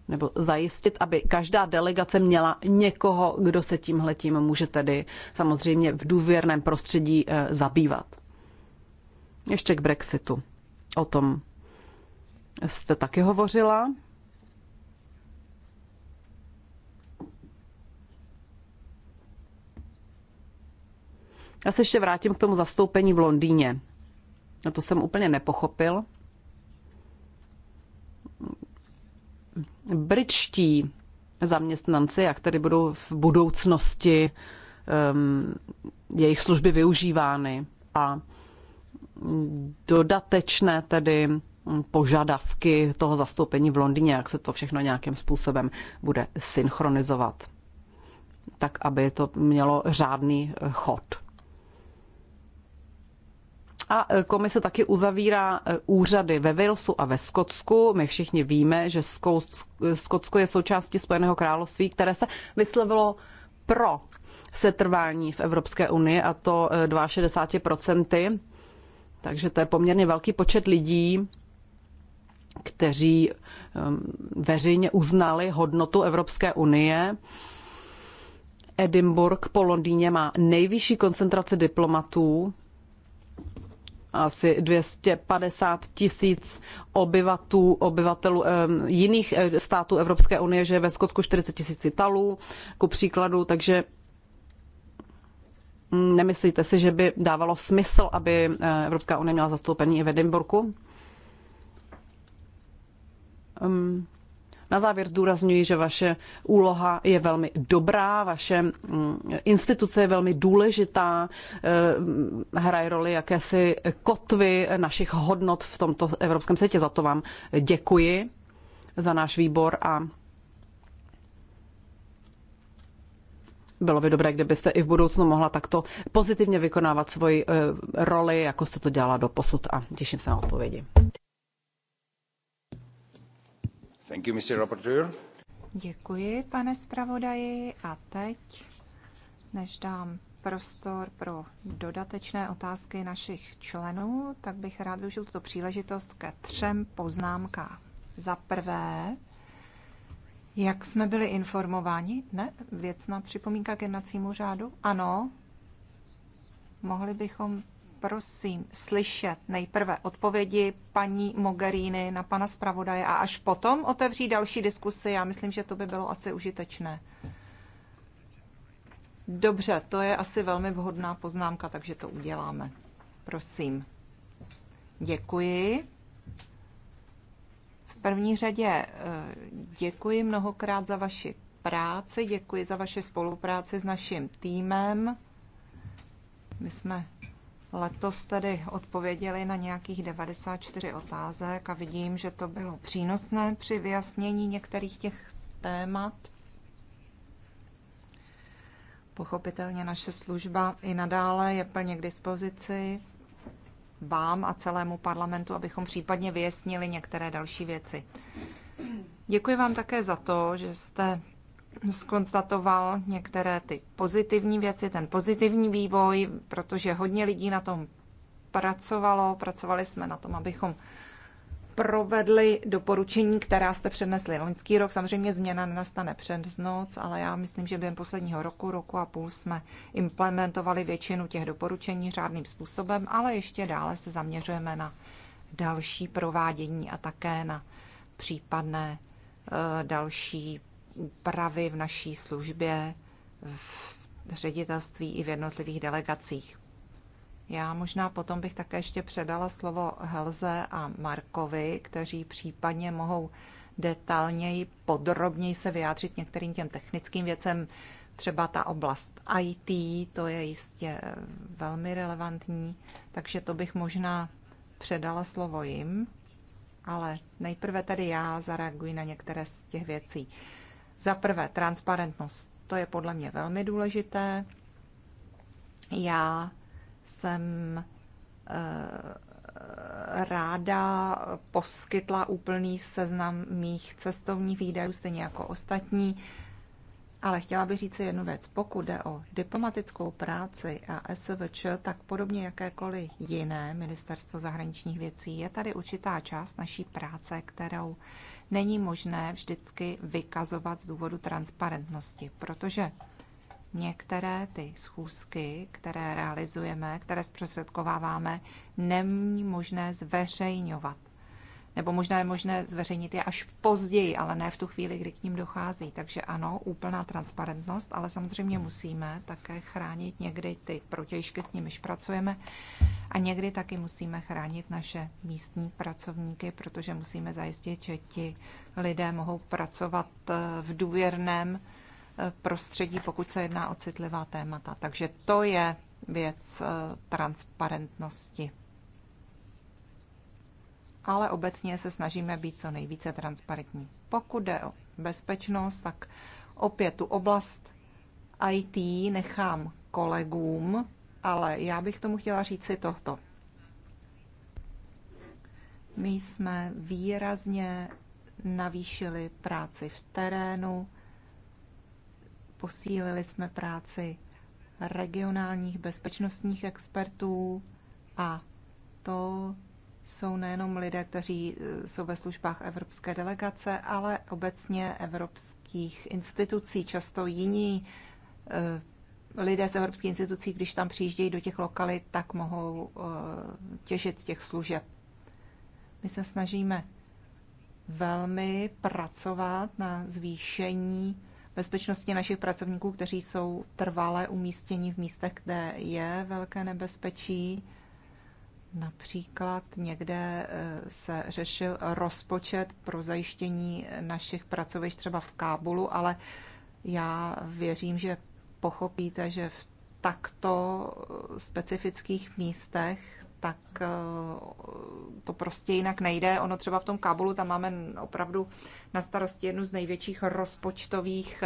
nebo zajistit, aby každá delegace měla někoho, kdo se tímhle tím může tedy samozřejmě v důvěrném prostředí eh, zabývat. Ještě k Brexitu. O tom jste taky hovořila. Já se ještě vrátím k tomu zastoupení v Londýně. No to jsem úplně nepochopil. Britští zaměstnanci, jak tedy budou v budoucnosti um, jejich služby využívány a dodatečné tedy požadavky toho zastoupení v Londýně, jak se to všechno nějakým způsobem bude synchronizovat, tak aby to mělo řádný chod. A e, komise taky uzavírá e, úřady ve Walesu a ve Skotsku. My všichni víme, že Skotsko je součástí Spojeného království, které se vyslovilo pro setrvání v Evropské unii a to 62%. E, Takže to je poměrně velký počet lidí, kteří veřejně uznali hodnotu Evropské unie. Edinburgh po Londýně má nejvyšší koncentrace diplomatů asi 250 tisíc obyvatů, obyvatelů eh, jiných eh, států Evropské unie, že je ve Skotsku 40 tisíc Italů, ku příkladu, takže nemyslíte si, že by dávalo smysl, aby eh, Evropská unie měla zastoupení i v Edinburgu? Um, ehm, na závěr zdůrazňuji, že vaše úloha je velmi dobrá, vaše mm, instituce je velmi důležitá, eh, hraje roli jakési kotvy našich hodnot v tomto evropském světě. Za to vám děkuji za náš výbor a bylo by dobré, kdybyste i v budoucnu mohla takto pozitivně vykonávat svoji eh, roli, jako jste to dělala do posud a těším se na odpovědi. Thank you, Mr. Rapporteur. Děkuji, pane zpravodaji. A teď, než dám prostor pro dodatečné otázky našich členů, tak bych rád využil tuto příležitost ke třem poznámkám. Za prvé, jak jsme byli informováni? Ne, věcná připomínka k jednacímu řádu? Ano. Mohli bychom prosím slyšet nejprve odpovědi paní Mogherini na pana zpravodaje a až potom otevřít další diskusy. Já myslím, že to by bylo asi užitečné. Dobře, to je asi velmi vhodná poznámka, takže to uděláme. Prosím. Děkuji. V první řadě eh, děkuji mnohokrát za vaši práci, děkuji za vaši spolupráci s naším týmem. My jsme Letos tedy odpověděli na nějakých 94 otázek a vidím, že to bylo přínosné při vyjasnění některých těch témat. Pochopitelně naše služba i nadále je plně k dispozici vám a celému parlamentu, abychom případně vyjasnili některé další věci. Děkuji vám také za to, že jste skonstatoval některé ty pozitivní věci, ten pozitivní vývoj, protože hodně lidí na tom pracovalo, pracovali jsme na tom, abychom provedli doporučení, která jste přednesli loňský rok. Samozřejmě změna nenastane přes noc, ale já myslím, že během posledního roku, roku a půl jsme implementovali většinu těch doporučení řádným způsobem, ale ještě dále se zaměřujeme na další provádění a také na případné eh, další úpravy v naší službě, v ředitelství i v jednotlivých delegacích. Já možná potom bych také ještě předala slovo Helze a Markovi, kteří případně mohou detailněji, podrobněji se vyjádřit některým těm technickým věcem, třeba ta oblast IT, to je jistě eh, velmi relevantní, takže to bych možná předala slovo jim, ale nejprve tedy já zareaguji na některé z těch věcí. Za prvé, transparentnost. To je podle mě velmi důležité. Já jsem eh, ráda poskytla úplný seznam mých cestovních výdajů, stejně jako ostatní. Ale chtěla bych říct jednu věc. Pokud jde o diplomatickou práci a SVČ, tak podobně jakékoliv jiné ministerstvo zahraničních věcí, je tady určitá část naší práce, kterou není možné vždycky vykazovat z důvodu transparentnosti, protože některé ty schůzky, které realizujeme, které zprostředkováváme, není možné zveřejňovat nebo možná je možné zveřejnit je až později, ale ne v tu chvíli, kdy k ním dochází. Takže ano, úplná transparentnost, ale samozřejmě musíme také chránit někdy ty protěžky, s nimiž pracujeme a někdy taky musíme chránit naše místní pracovníky, protože musíme zajistit, že ti lidé mohou pracovat eh, v důvěrném eh, prostředí, pokud se jedná o citlivá témata. Takže to je věc eh, transparentnosti ale obecně se snažíme být co nejvíce transparentní. Pokud jde o bezpečnost, tak opět tu oblast IT nechám kolegům, ale já bych tomu chtěla říct si tohto. My jsme výrazně navýšili práci v terénu, posílili jsme práci regionálních bezpečnostních expertů a to jsou nejenom lidé, kteří e, jsou ve službách evropské delegace, ale obecně evropských institucí, často jiní e, lidé z evropských institucí, když tam přijíždějí do těch lokalit, tak mohou e, těžit z těch služeb. My se snažíme velmi pracovat na zvýšení bezpečnosti našich pracovníků, kteří jsou trvalé umístěni v místech, kde je velké nebezpečí. Například někde e, se řešil rozpočet pro zajištění našich pracovišť třeba v Kábulu, ale já věřím, že pochopíte, že v takto e, specifických místech tak e, to prostě jinak nejde. Ono třeba v tom Kábulu, tam máme opravdu na starosti jednu z největších rozpočtových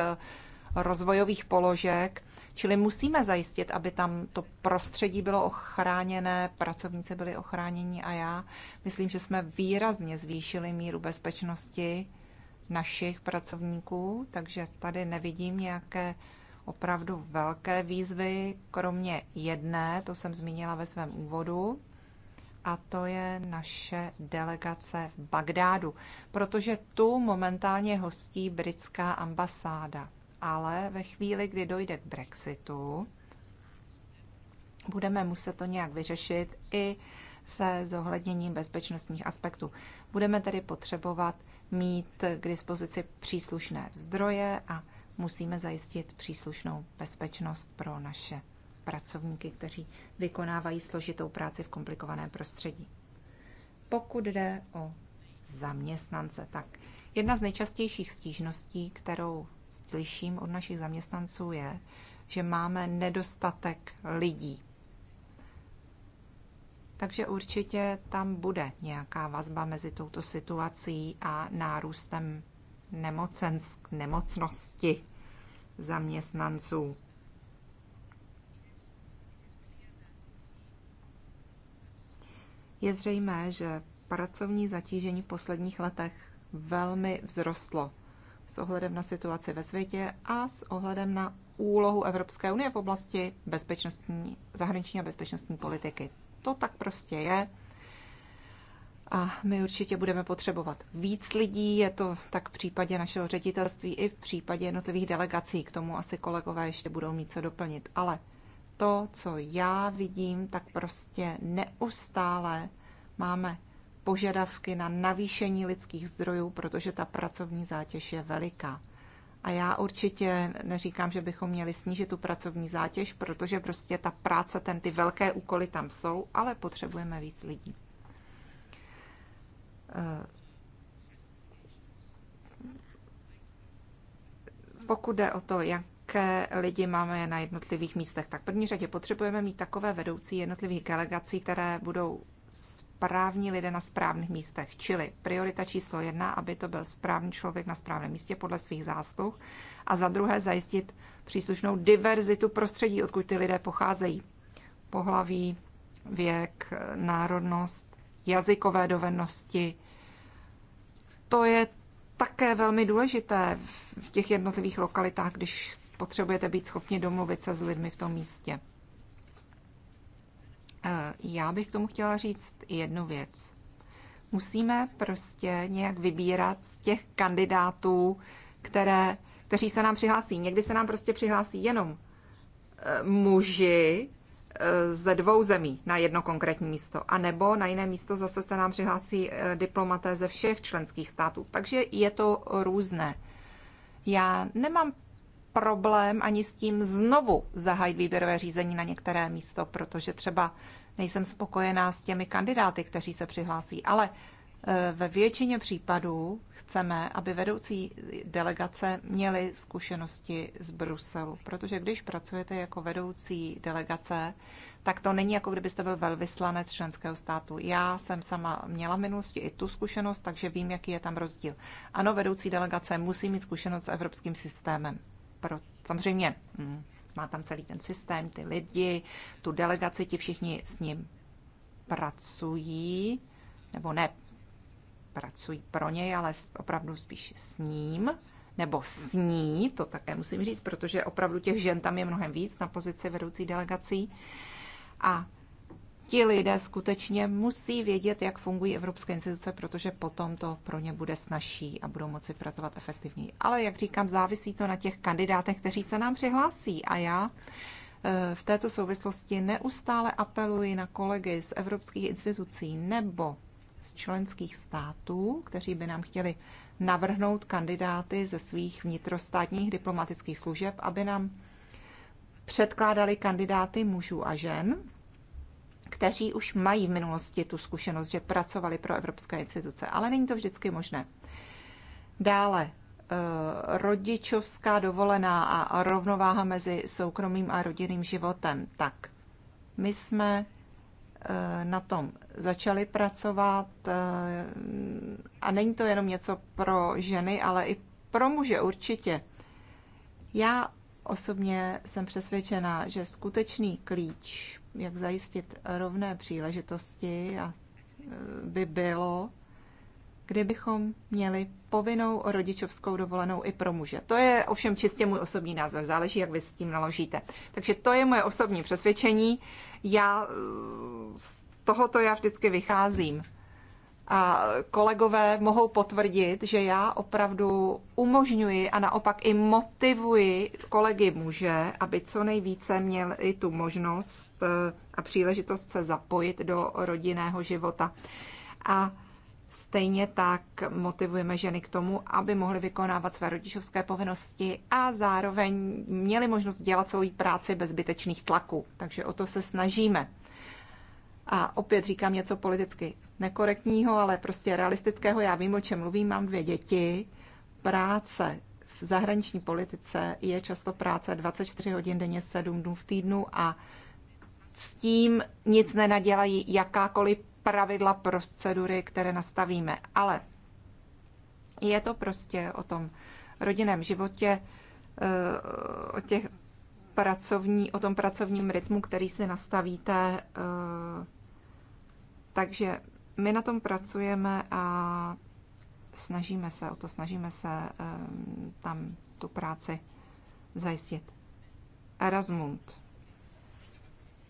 rozvojových položek Čili musíme zajistit, aby tam to prostředí bylo ochráněné, pracovníci byli ochráněni a já myslím, že jsme výrazně zvýšili míru bezpečnosti našich pracovníků, takže tady nevidím nějaké opravdu velké výzvy, kromě jedné, to jsem zmínila ve svém úvodu, a to je naše delegace v Bagdádu, protože tu momentálně hostí britská ambasáda ale ve chvíli, kdy dojde k Brexitu, budeme muset to nějak vyřešit i se zohledněním bezpečnostních aspektů. Budeme tedy potřebovat mít k dispozici příslušné zdroje a musíme zajistit příslušnou bezpečnost pro naše pracovníky, kteří vykonávají složitou práci v komplikovaném prostředí. Pokud jde o zaměstnance, tak jedna z nejčastějších stížností, kterou slyším od našich zaměstnanců, je, že máme nedostatek lidí. Takže určitě tam bude nějaká vazba mezi touto situací a nárůstem nemocensk, nemocnosti zaměstnanců. Je zřejmé, že pracovní zatížení v posledních letech velmi vzrostlo s ohledem na situaci ve světě a s ohledem na úlohu Evropské unie v oblasti bezpečnostní, zahraniční a bezpečnostní politiky. To tak prostě je. A my určitě budeme potřebovat víc lidí, je to tak v případě našeho ředitelství i v případě jednotlivých delegací. K tomu asi kolegové ještě budou mít co doplnit. Ale to, co já vidím, tak prostě neustále máme požadavky na navýšení lidských zdrojů, protože ta pracovní zátěž je veliká. A já určitě neříkám, že bychom měli snížit tu pracovní zátěž, protože prostě ta práce, ten, ty velké úkoly tam jsou, ale potřebujeme víc lidí. Eh, pokud jde o to, jaké lidi máme na jednotlivých místech, tak v první řadě potřebujeme mít takové vedoucí jednotlivých delegací, které budou správní lidé na správných místech. Čili priorita číslo jedna, aby to byl správný člověk na správném místě podle svých zásluh. A za druhé zajistit příslušnou diverzitu prostředí, odkud ty lidé pocházejí. Pohlaví, věk, národnost, jazykové dovednosti. To je také velmi důležité v těch jednotlivých lokalitách, když potřebujete být schopni domluvit se s lidmi v tom místě. Eh, já bych k tomu chtěla říct jednu věc. Musíme prostě nějak vybírat z těch kandidátů, které, kteří se nám přihlásí. Někdy se nám prostě přihlásí jenom eh, muži eh, ze dvou zemí na jedno konkrétní místo, a nebo na jiné místo zase se nám přihlásí diplomaté ze všech členských států. Takže je to různé. Já nemám problém ani s tím znovu zahájit výběrové řízení na některé místo, protože třeba nejsem spokojená s těmi kandidáty, kteří se přihlásí, ale e, ve většině případů chceme, aby vedoucí delegace měly zkušenosti z Bruselu, protože když pracujete jako vedoucí delegace, tak to není jako kdybyste byl velvyslanec členského státu. Já jsem sama měla minulosti i tu zkušenost, takže vím, jaký je tam rozdíl. Ano, vedoucí delegace musí mít zkušenost s evropským systémem pro, samozřejmě mm, má tam celý ten systém, ty lidi, tu delegaci, ti všichni s ním pracují, nebo ne, pracují pro něj, ale opravdu spíš s ním, nebo s ní, to také musím říct, protože opravdu těch žen tam je mnohem víc na pozici vedoucí delegací. A ti lidé skutečně musí vědět, jak fungují evropské instituce, protože potom to pro ně bude snažší a budou moci pracovat efektivněji. Ale jak říkám, závisí to na těch kandidátech, kteří se nám přihlásí. A já eh, v této souvislosti neustále apeluji na kolegy z evropských institucí nebo z členských států, kteří by nám chtěli navrhnout kandidáty ze svých vnitrostátních diplomatických služeb, aby nám předkládali kandidáty mužů a žen, kteří už mají v minulosti tu zkušenost, že pracovali pro evropské instituce, ale není to vždycky možné. Dále eh, rodičovská dovolená a rovnováha mezi soukromým a rodinným životem. Tak, my jsme eh, na tom začali pracovat eh, a není to jenom něco pro ženy, ale i pro muže určitě. Já Osobně jsem přesvědčená, že skutečný klíč, jak zajistit rovné příležitosti, e, by bylo, kdybychom měli povinnou rodičovskou dovolenou i pro muže. To je ovšem čistě můj osobní názor, záleží, jak vy s tím naložíte. Takže to je moje osobní přesvědčení. Já e, z tohoto já vždycky vycházím. A kolegové mohou potvrdit, že já opravdu umožňuji a naopak i motivuji kolegy muže, aby co nejvíce měli tu možnost eh, a příležitost se zapojit do rodinného života. A Stejně tak motivujeme ženy k tomu, aby mohly vykonávat své rodičovské povinnosti a zároveň měly možnost dělat svou práci bez zbytečných tlaků. Takže o to se snažíme. A opět říkám něco politicky nekorektního, ale prostě realistického. Já vím, o čem mluvím, mám dvě děti. Práce v zahraniční politice je často práce 24 hodin denně, 7 dnů v týdnu a s tím nic nenadělají jakákoliv pravidla, procedury, které nastavíme. Ale je to prostě o tom rodinném životě, eh, o, těch pracovní, o tom pracovním rytmu, který si nastavíte. Eh, takže my na tom pracujeme a snažíme se o to, snažíme se ehm, tam tu práci zajistit. Erasmund.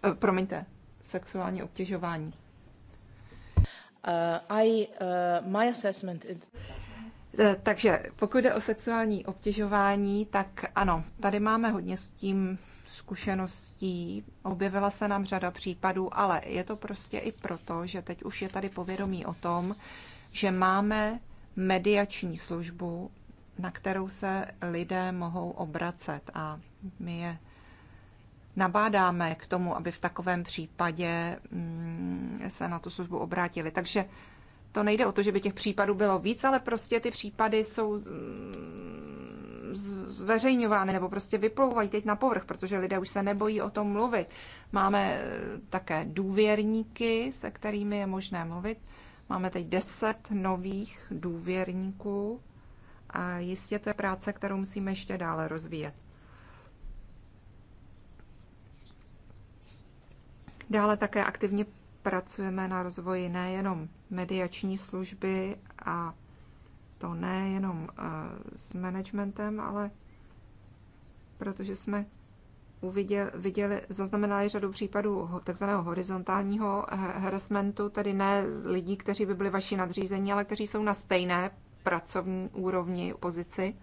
Eh, promiňte, sexuální obtěžování. Uh, I, uh, my assessment is... Takže pokud jde o sexuální obtěžování, tak ano, tady máme hodně s tím zkušeností. Objevila se nám řada případů, ale je to prostě i proto, že teď už je tady povědomí o tom, že máme mediační službu, na kterou se lidé mohou obracet a my je nabádáme k tomu, aby v takovém případě mm, se na tu službu obrátili. Takže to nejde o to, že by těch případů bylo víc, ale prostě ty případy jsou zveřejňovány nebo prostě vyplouvají teď na povrch, protože lidé už se nebojí o tom mluvit. Máme eh, také důvěrníky, se kterými je možné mluvit. Máme teď deset nových důvěrníků a jistě to je práce, kterou musíme ještě dále rozvíjet. Dále také aktivně pracujeme na rozvoji nejenom mediační služby a to jenom eh, s managementem, ale protože jsme uviděli, viděli, zaznamenali řadu případů takzvaného horizontálního harassmentu, tedy ne lidí, kteří by byli vaši nadřízení, ale kteří jsou na stejné pracovní úrovni, pozici.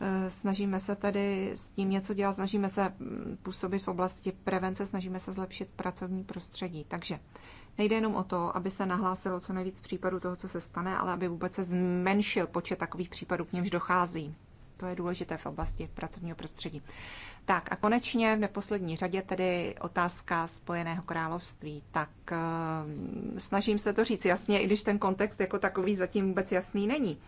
Eh, snažíme se tedy s tím něco dělat, snažíme se mm, působit v oblasti prevence, snažíme se zlepšit pracovní prostředí. Takže Nejde jenom o to, aby se nahlásilo co nejvíc případů toho, co se stane, ale aby vůbec se zmenšil počet takových případů, k němž dochází. To je důležité v oblasti pracovního prostředí. Tak a konečně v neposlední řadě tedy otázka Spojeného království. Tak ehm, snažím se to říct jasně, i když ten kontext jako takový zatím vůbec jasný není.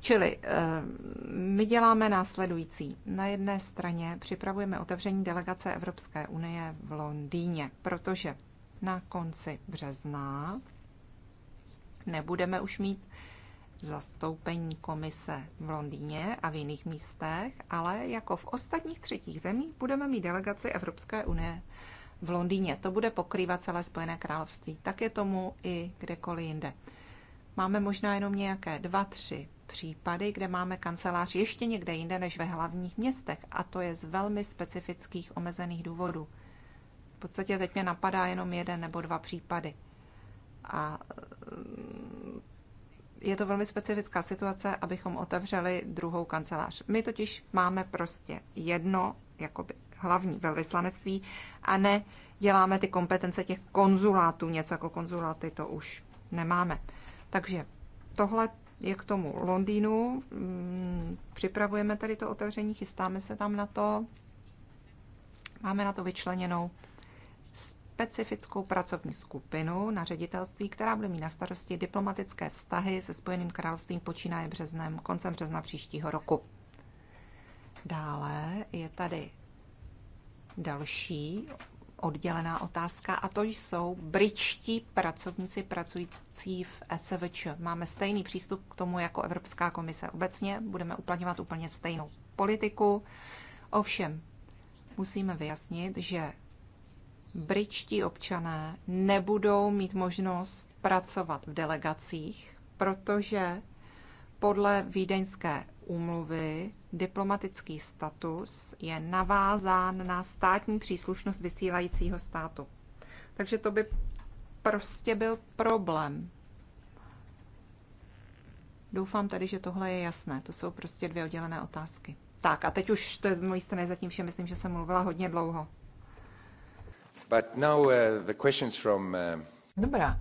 Čili ehm, my děláme následující. Na jedné straně připravujeme otevření delegace Evropské unie v Londýně, protože na konci března nebudeme už mít zastoupení komise v Londýně a v jiných místech, ale jako v ostatních třetích zemích budeme mít delegaci Evropské unie v Londýně. To bude pokrývat celé Spojené království. Tak je tomu i kdekoliv jinde. Máme možná jenom nějaké dva, tři případy, kde máme kancelář ještě někde jinde než ve hlavních městech a to je z velmi specifických omezených důvodů podstatě teď mě napadá jenom jeden nebo dva případy. A mm, je to velmi specifická situace, abychom otevřeli druhou kancelář. My totiž máme prostě jedno, jakoby hlavní velvyslanectví, a ne děláme ty kompetence těch konzulátů, něco jako konzuláty, to už nemáme. Takže tohle je k tomu Londýnu. Mm, připravujeme tady to otevření, chystáme se tam na to. Máme na to vyčleněnou specifickou pracovní skupinu na ředitelství, která bude mít na starosti diplomatické vztahy se Spojeným královstvím počínaje březnem, koncem března příštího roku. Dále je tady další oddělená otázka a to jsou bričtí pracovníci pracující v ECVČ. Máme stejný přístup k tomu jako Evropská komise. Obecně budeme uplatňovat úplně stejnou politiku. Ovšem, musíme vyjasnit, že britští občané nebudou mít možnost pracovat v delegacích, protože podle Vídeňské úmluvy diplomatický status je navázán na státní příslušnost vysílajícího státu. Takže to by prostě byl problém. Doufám tedy, že tohle je jasné. To jsou prostě dvě oddělené otázky. Tak a teď už to je z mojí strany zatím vše. Myslím, že jsem mluvila hodně dlouho. But now uh, the questions from... Uh... Dobrá,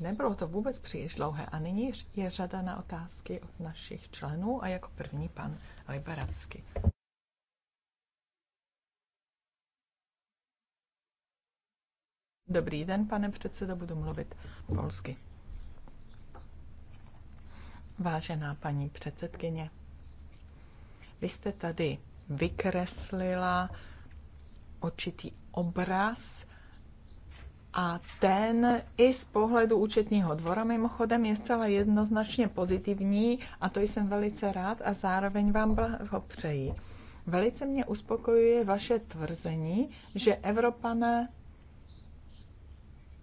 nebylo to vůbec příliš dlouhé. A nyní je řada na otázky od našich členů a jako první pan Liberacky. Dobrý den, pane předsedo, budu mluvit polsky. Vážená paní předsedkyně, vy jste tady vykreslila určitý obraz a ten i z pohledu účetního dvora mimochodem je zcela jednoznačně pozitivní a to jsem velice rád a zároveň vám přeji. Velice mě uspokojuje vaše tvrzení, že Evropané,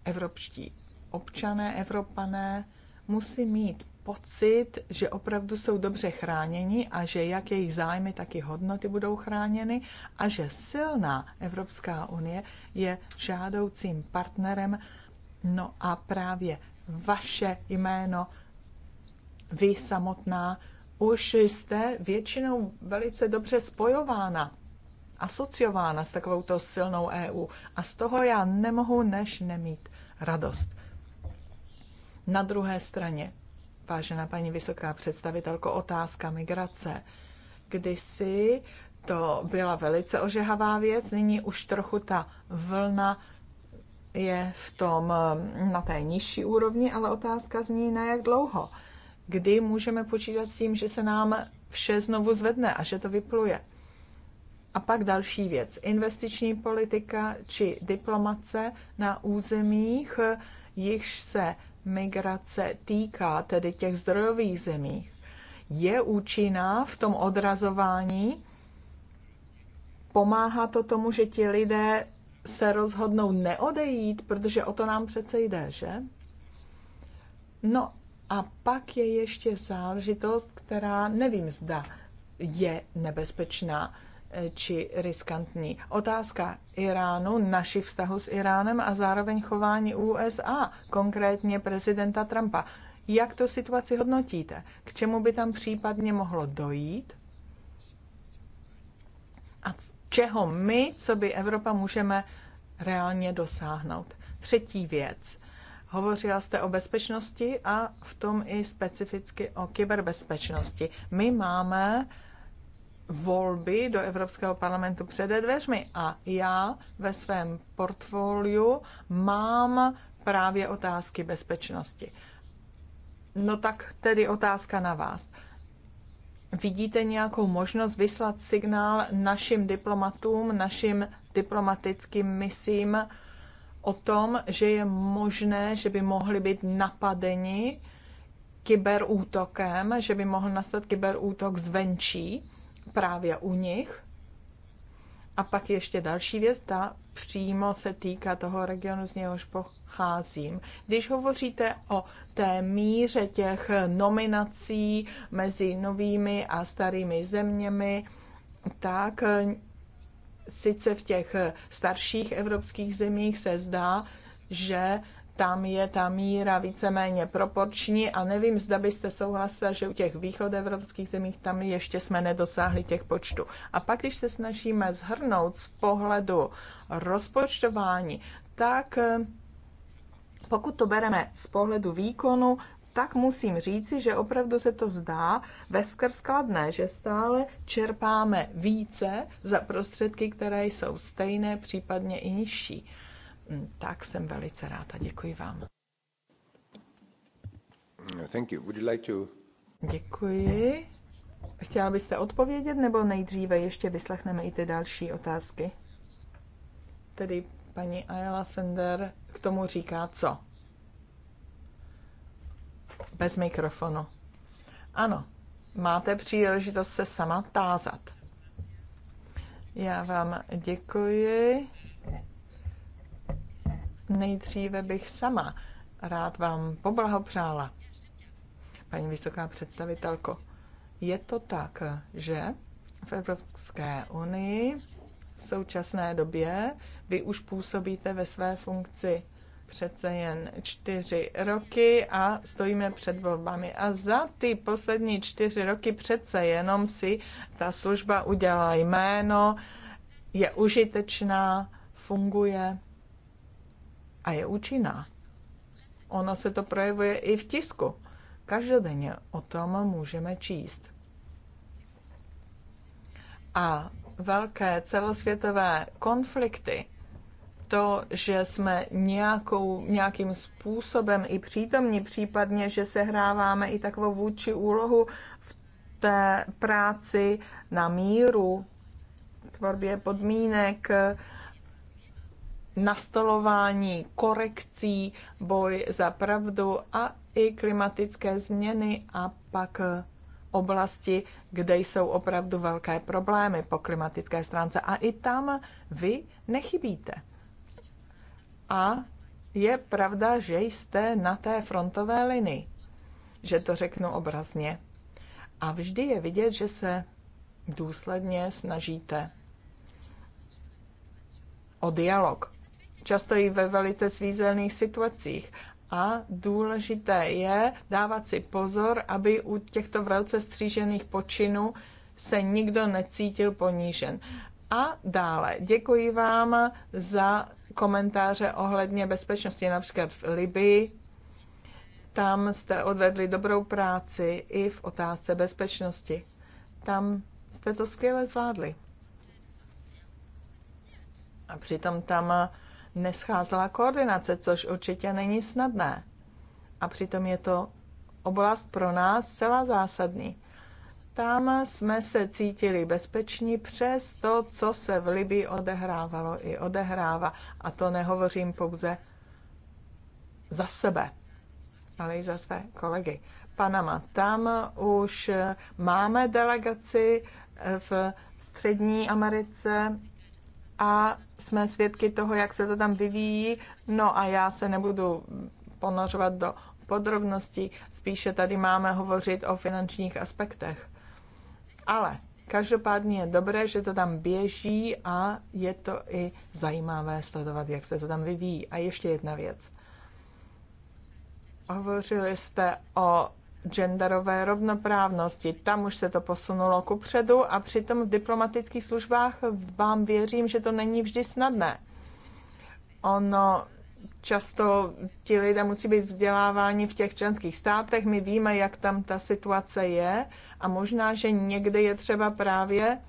evropští občané, Evropané musí mít pocit, že opravdu jsou dobře chráněni a že jak jejich zájmy, tak i hodnoty budou chráněny a že silná Evropská unie je žádoucím partnerem. No a právě vaše jméno, vy samotná, už jste většinou velice dobře spojována, asociována s takovouto silnou EU a z toho já nemohu než nemít radost. Na druhé straně vážená paní vysoká představitelko, otázka migrace. Kdysi to byla velice ožehavá věc, nyní už trochu ta vlna je v tom mm, na té nižší úrovni, ale otázka zní na jak dlouho. Kdy můžeme počítat s tím, že se nám vše znovu zvedne a že to vypluje. A pak další věc. Investiční politika či diplomace na územích, jichž se migrace týká, tedy těch zdrojových zemích, je účinná v tom odrazování? Pomáhá to tomu, že ti lidé se rozhodnou neodejít, protože o to nám přece jde, že? No a pak je ještě záležitost, která nevím, zda je nebezpečná či riskantní. Otázka Iránu, našich vztahů s Iránem a zároveň chování USA, konkrétně prezidenta Trumpa. Jak to situaci hodnotíte? K čemu by tam případně mohlo dojít? A čeho my, co by Evropa, můžeme reálně dosáhnout? Třetí věc. Hovořila jste o bezpečnosti a v tom i specificky o kyberbezpečnosti. My máme volby do Evropského parlamentu přede dveřmi a já ve svém portfoliu mám právě otázky bezpečnosti. No tak tedy otázka na vás. Vidíte nějakou možnost vyslat signál našim diplomatům, našim diplomatickým misím o tom, že je možné, že by mohli být napadeni kyberútokem, že by mohl nastat kyberútok zvenčí? právě u nich. A pak ještě další věc, ta přímo se týká toho regionu, z něhož pocházím. Když hovoříte o té míře těch nominací mezi novými a starými zeměmi, tak eh, sice v těch eh, starších evropských zemích se zdá, že tam je ta míra víceméně proporční a nevím, zda byste souhlasila, že u těch východevropských zemích tam ještě jsme nedosáhli těch počtů. A pak, když se snažíme zhrnout z pohledu rozpočtování, tak eh, pokud to bereme z pohledu výkonu, tak musím říci, že opravdu se to zdá veskrz skladné, že stále čerpáme více za prostředky, které jsou stejné, případně i nižší. Mm, tak jsem velice ráda. Děkuji vám. Thank you. Would you like to... Děkuji. Chtěla byste odpovědět, nebo nejdříve ještě vyslechneme i ty další otázky? Tedy paní Ayala Sender k tomu říká co? Bez mikrofonu. Ano, máte příležitost se sama tázat. Já vám děkuji. Nejdříve bych sama rád vám poblahopřála, paní vysoká představitelko. Je to tak, že v Evropské unii v současné době vy už působíte ve své funkci přece jen čtyři roky a stojíme před volbami. A za ty poslední čtyři roky přece jenom si ta služba udělá jméno, je užitečná, funguje a je účinná. Ono se to projevuje i v tisku. Každodenně o tom můžeme číst. A velké celosvětové konflikty, to, že jsme nějakou, nějakým způsobem i přítomní, případně, že sehráváme i takovou vůči úlohu v té práci na míru, tvorbě podmínek, nastolování korekcí, boj za pravdu a i klimatické změny a pak oblasti, kde jsou opravdu velké problémy po klimatické stránce. A i tam vy nechybíte. A je pravda, že jste na té frontové linii, že to řeknu obrazně. A vždy je vidět, že se důsledně snažíte o dialog často i ve velice svízelných situacích. A důležité je dávat si pozor, aby u těchto velce střížených počinů se nikdo necítil ponížen. A dále, děkuji vám za komentáře ohledně bezpečnosti, například v Libii. Tam jste odvedli dobrou práci i v otázce bezpečnosti. Tam jste to skvěle zvládli. A přitom tam nescházela koordinace, což určitě není snadné. A přitom je to oblast pro nás celá zásadní. Tam jsme se cítili bezpeční přes to, co se v Libii odehrávalo i odehrává. A to nehovořím pouze za sebe, ale i za své kolegy. Panama. Tam už máme delegaci v Střední Americe a jsme svědky toho, jak se to tam vyvíjí. No a já se nebudu ponořovat do podrobností, spíše tady máme hovořit o finančních aspektech. Ale každopádně je dobré, že to tam běží a je to i zajímavé sledovat, jak se to tam vyvíjí. A ještě jedna věc. Hovořili jste o genderové rovnoprávnosti. Tam už se to posunulo ku předu a přitom v diplomatických službách vám věřím, že to není vždy snadné. Ono často ti lidé musí být vzděláváni v těch členských státech, my víme, jak tam ta situace je a možná, že někdy je třeba právě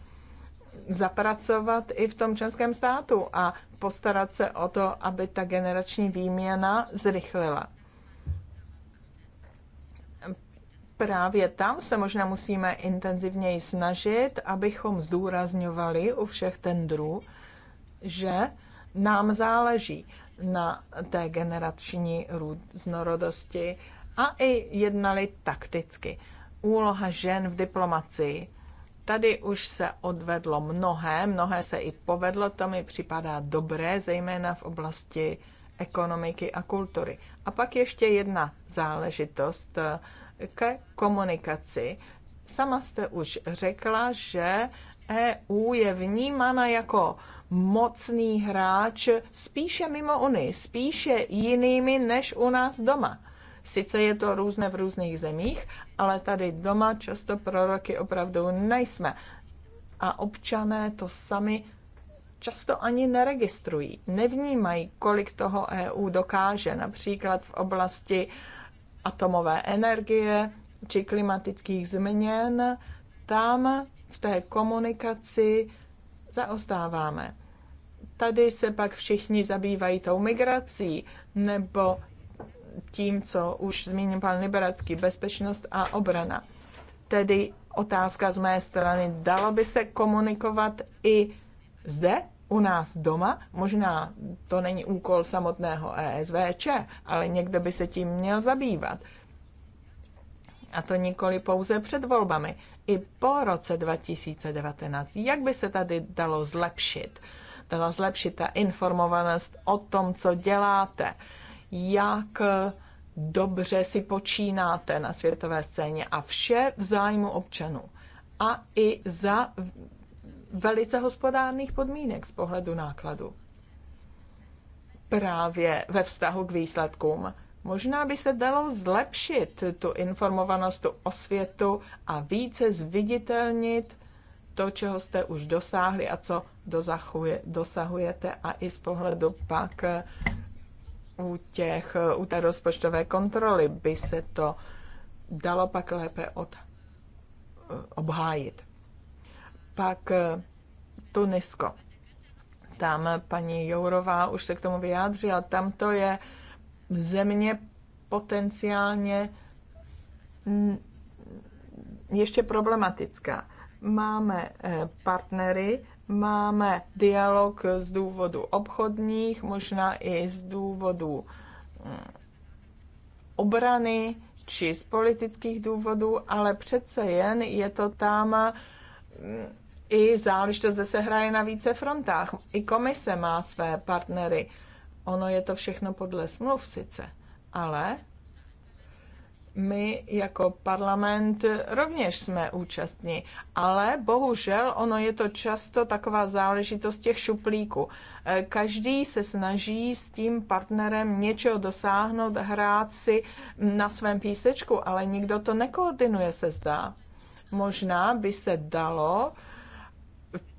zapracovat i v tom členském státu a postarat se o to, aby ta generační výměna zrychlila. právě tam se možná musíme intenzivněji snažit, abychom zdůrazňovali u všech tendrů, že nám záleží na té generační různorodosti a i jednali takticky. Úloha žen v diplomacii. Tady už se odvedlo mnohé, mnohé se i povedlo, to mi připadá dobré, zejména v oblasti ekonomiky a kultury. A pak ještě jedna záležitost, ke komunikaci. Sama jste už řekla, že EU je vnímána jako mocný hráč spíše mimo Unii, spíše jinými než u nás doma. Sice je to různé v různých zemích, ale tady doma často proroky opravdu nejsme. A občané to sami často ani neregistrují, nevnímají, kolik toho EU dokáže, například v oblasti uh, atomové energie či klimatických změn, tam v té komunikaci zaostáváme. Tady se pak všichni zabývají tou migrací nebo tím, co už zmínil pan Liberacký, bezpečnost a obrana. Tedy otázka z mé strany, dalo by se komunikovat i zde u nás doma, možná to není úkol samotného ESVČ, ale někdo by se tím měl zabývat. A to nikoli pouze před volbami, i po roce 2019. Jak by se tady dalo zlepšit? Dala zlepšit ta informovanost o tom, co děláte, jak eh, dobře si počínáte na světové scéně a vše v zájmu občanů. A i za velice hospodárných podmínek z pohledu nákladu. Právě ve vztahu k výsledkům. Možná by se dalo zlepšit tu informovanost, tu osvětu a více zviditelnit to, čeho jste už dosáhli a co dozachuje, dosahujete a i z pohledu pak eh, u, těch, eh, u té rozpočtové kontroly by se to dalo pak lépe od, eh, obhájit. Pak eh, Tunisko. Tam paní Jourová už se k tomu vyjádřila. Tam to je země potenciálně ještě problematická. Máme eh, partnery, máme dialog z důvodu obchodních, možná i z důvodu mm, obrany či z politických důvodů, ale přece jen je to tam mm, i záležitost, že se hraje na více frontách. I komise má své partnery. Ono je to všechno podle smluv sice, ale my jako parlament rovněž jsme účastní, ale bohužel ono je to často taková záležitost těch šuplíků. E, každý se snaží s tím partnerem něčeho dosáhnout, hrát si na svém písečku, ale nikdo to nekoordinuje, se zdá. Možná by se dalo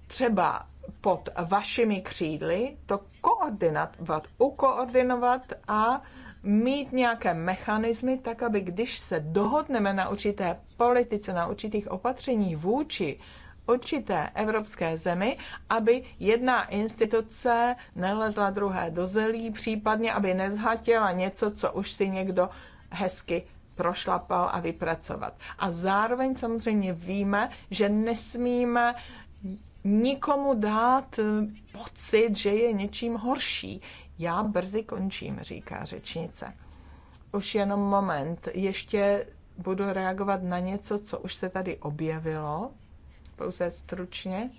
třeba pod vašimi křídly to koordinovat, ukoordinovat a mít nějaké mechanismy, tak aby když se dohodneme na určité politice, na určitých opatřeních vůči určité evropské zemi, aby jedna instituce nelezla druhé do zelí, případně aby nezhatěla něco, co už si někdo hezky prošlapal a vypracovat. A zároveň samozřejmě víme, že nesmíme nikomu dát eh, pocit, že je něčím horší. Já brzy končím, říká řečnice. Už jenom moment, ještě budu reagovat na něco, co už se tady objevilo, pouze stručně.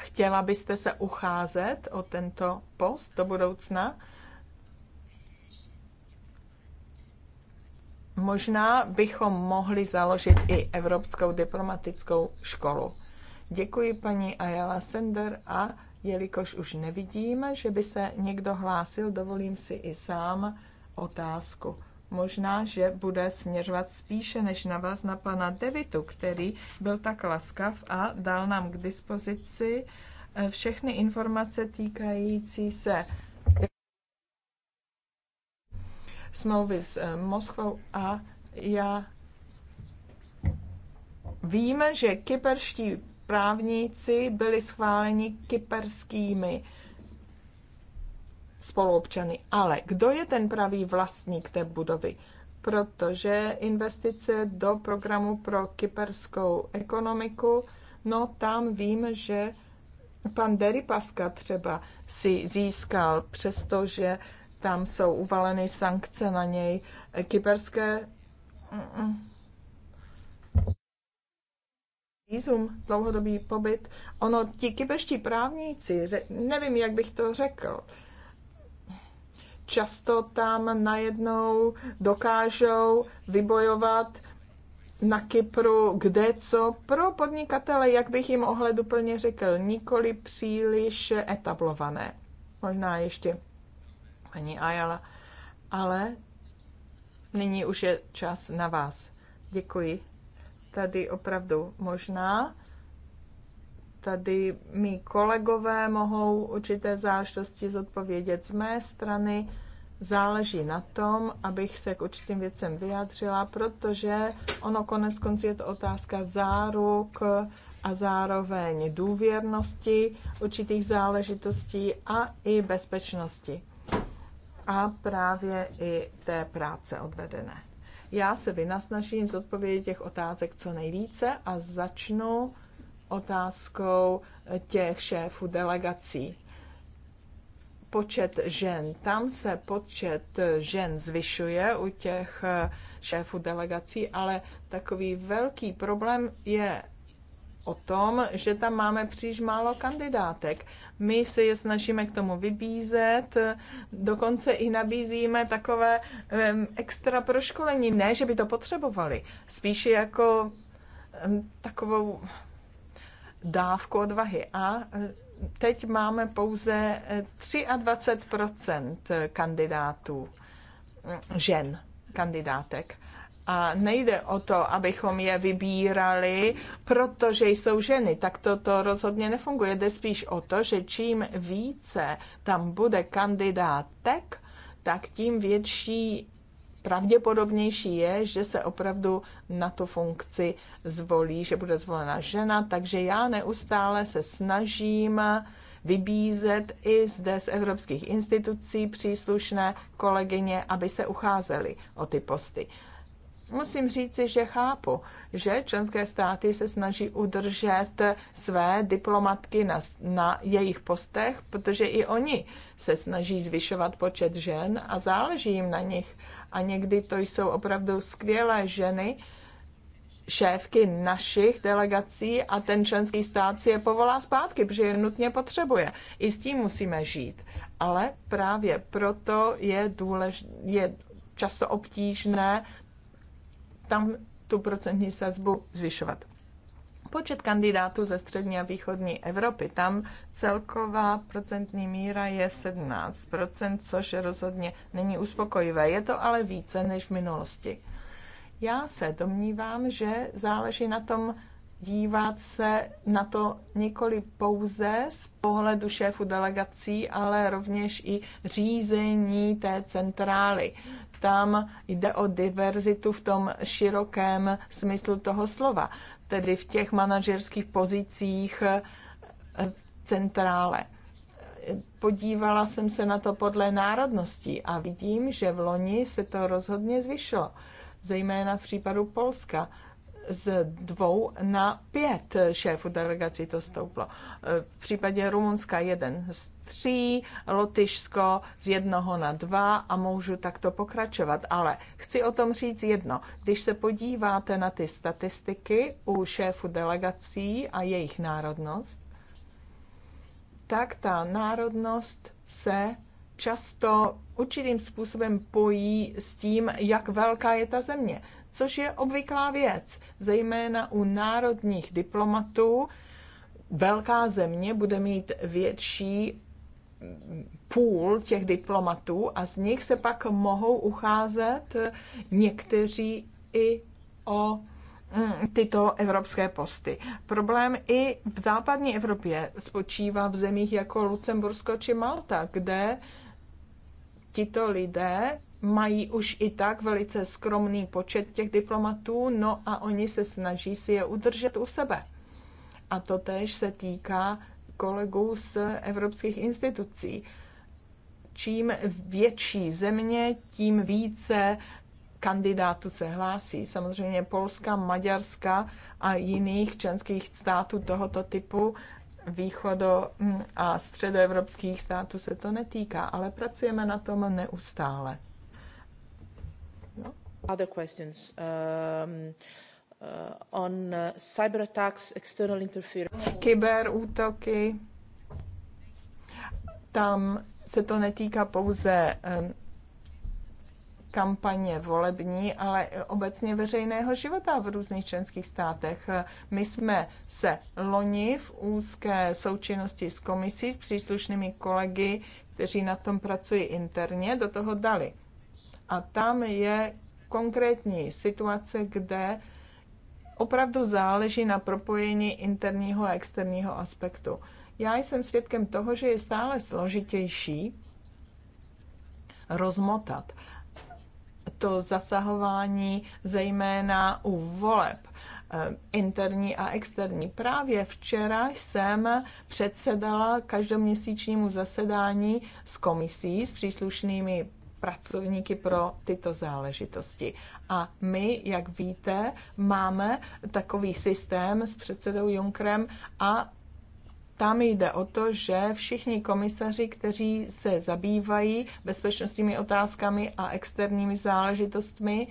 Chtěla byste se ucházet o tento post do budoucna? Možná bychom mohli založit i Evropskou diplomatickou školu. Děkuji paní Ayala Sender a jelikož už nevidím, že by se někdo hlásil, dovolím si i sám otázku. Možná, že bude směřovat spíše než na vás, na pana Devitu, který byl tak laskav a dal nám k dispozici eh, všechny informace týkající se smlouvy s eh, Moskvou a já víme, že kyperští právníci byli schváleni kyperskými spoluobčany. Ale kdo je ten pravý vlastník té budovy? Protože investice do programu pro kyperskou ekonomiku, no tam vím, že pan Deripaska třeba si získal, přestože uh, tam jsou uvaleny sankce na něj. Kyperské výzum, dlouhodobý pobyt. Ono, ti kyperští právníci, nevím, jak bych to řekl, často tam najednou dokážou vybojovat na Kypru, kde co, pro podnikatele, jak bych jim ohleduplně řekl, nikoli příliš etablované. Možná ještě paní Ayala, ale nyní už je čas na vás. Děkuji. Tady opravdu možná. Tady mi kolegové mohou určité záležitosti zodpovědět z mé strany. Záleží na tom, abych se k určitým věcem vyjádřila, protože ono konec konců je to otázka záruk a zároveň důvěrnosti určitých záležitostí a i bezpečnosti a právě i té práce odvedené. Já se vynasnažím zodpovědět těch otázek co nejvíce a začnu otázkou těch šéfů delegací. Počet žen. Tam se počet žen zvyšuje u těch šéfů delegací, ale takový velký problém je o tom, že tam máme příliš málo kandidátek. My se je snažíme k tomu vybízet, dokonce i nabízíme takové extra proškolení. Ne, že by to potřebovali, spíše jako takovou dávku odvahy. A teď máme pouze 23 kandidátů, žen kandidátek. A nejde o to, abychom je vybírali, protože jsou ženy. Tak to, to rozhodně nefunguje. Jde spíš o to, že čím více tam bude kandidátek, tak tím větší pravděpodobnější je, že se opravdu na tu funkci zvolí, že bude zvolena žena. Takže já neustále se snažím vybízet i zde z evropských institucí příslušné kolegyně, aby se ucházely o ty posty. Musím říci, že chápu, že členské státy se snaží udržet své diplomatky na, na jejich postech, protože i oni se snaží zvyšovat počet žen a záleží jim na nich. A někdy to jsou opravdu skvělé ženy, šéfky našich delegací a ten členský stát si je povolá zpátky, protože je nutně potřebuje. I s tím musíme žít. Ale právě proto je, důležité, je často obtížné tam tu procentní sazbu zvyšovat. Počet kandidátů ze střední a východní Evropy, tam celková procentní míra je 17%, což rozhodně není uspokojivé. Je to ale více než v minulosti. Já se domnívám, že záleží na tom, dívat se na to nikoli pouze z pohledu šéfu delegací, ale rovněž i řízení té centrály tam jde o diverzitu v tom širokém smyslu toho slova, tedy v těch manažerských pozicích eh, centrále. Podívala jsem se na to podle národností a vidím, že v loni se to rozhodně zvyšilo, zejména v případu Polska z dvou na pět šéfů delegací to stouplo. V případě Rumunska jeden z tří, Lotyšsko z jednoho na dva a můžu takto pokračovat. Ale chci o tom říct jedno. Když se podíváte na ty statistiky u šéfů delegací a jejich národnost, tak ta národnost se často určitým způsobem pojí s tím, jak velká je ta země což je obvyklá věc, zejména u národních diplomatů. Velká země bude mít větší půl těch diplomatů a z nich se pak mohou ucházet někteří i o mm, tyto evropské posty. Problém i v západní Evropě spočívá v zemích jako Lucembursko či Malta, kde tito lidé mají už i tak velice skromný počet těch diplomatů, no a oni se snaží si je udržet u sebe. A to tež se týká kolegů z evropských institucí. Čím větší země, tím více kandidátů se hlásí. Samozřejmě Polska, Maďarska a jiných členských států tohoto typu východo hm, a středoevropských států se to netýká, ale pracujeme na tom neustále. No. Other questions. Um... Uh, on uh, cyber attacks, external interference. Kyberútoky. Tam se to netýká pouze um, kampaně volební, ale obecně veřejného života v různých členských státech. My jsme se loni v úzké součinnosti s komisí, s příslušnými kolegy, kteří na tom pracují interně, do toho dali. A tam je konkrétní situace, kde opravdu záleží na propojení interního a externího aspektu. Já jsem svědkem toho, že je stále složitější rozmotat to zasahování zejména u voleb eh, interní a externí. Právě včera jsem předsedala každoměsíčnímu zasedání s komisí, s příslušnými pracovníky pro tyto záležitosti. A my, jak víte, máme takový systém s předsedou Junkrem a tam jde o to, že všichni komisaři, kteří se zabývají bezpečnostními otázkami a externími záležitostmi,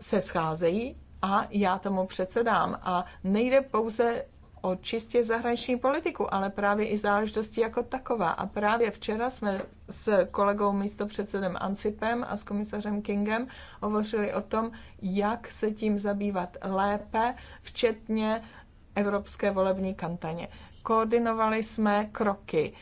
se scházejí a já tomu předsedám. A nejde pouze o čistě zahraniční politiku, ale právě i záležitosti jako taková. A právě včera jsme s kolegou místopředsedem Ancipem a s komisařem Kingem hovořili o tom, jak se tím zabývat lépe, včetně evropské volební kampaně. Koordinovali jsme kroky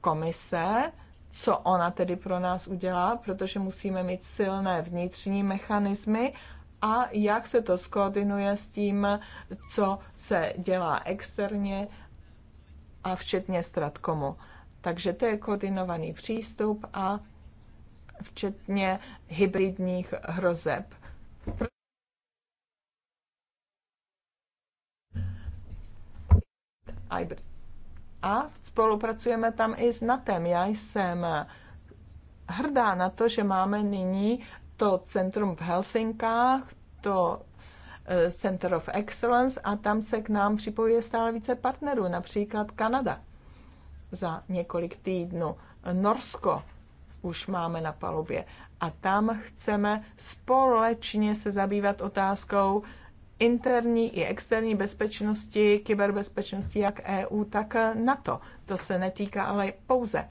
komise, co ona tedy pro nás udělá, protože musíme mít silné vnitřní mechanismy a jak se to skoordinuje s tím, co se dělá externě a včetně stratkomu. Takže to je koordinovaný přístup a včetně hybridních hrozeb. IBRD. A spolupracujeme tam i s NATem. Já jsem hrdá na to, že máme nyní to centrum v Helsinkách, to e, Center of Excellence a tam se k nám připojuje stále více partnerů, například Kanada za několik týdnů. Norsko už máme na palubě a tam chceme společně se zabývat otázkou interní i externí bezpečnosti, kyberbezpečnosti jak EU, tak NATO. To se netýká ale pouze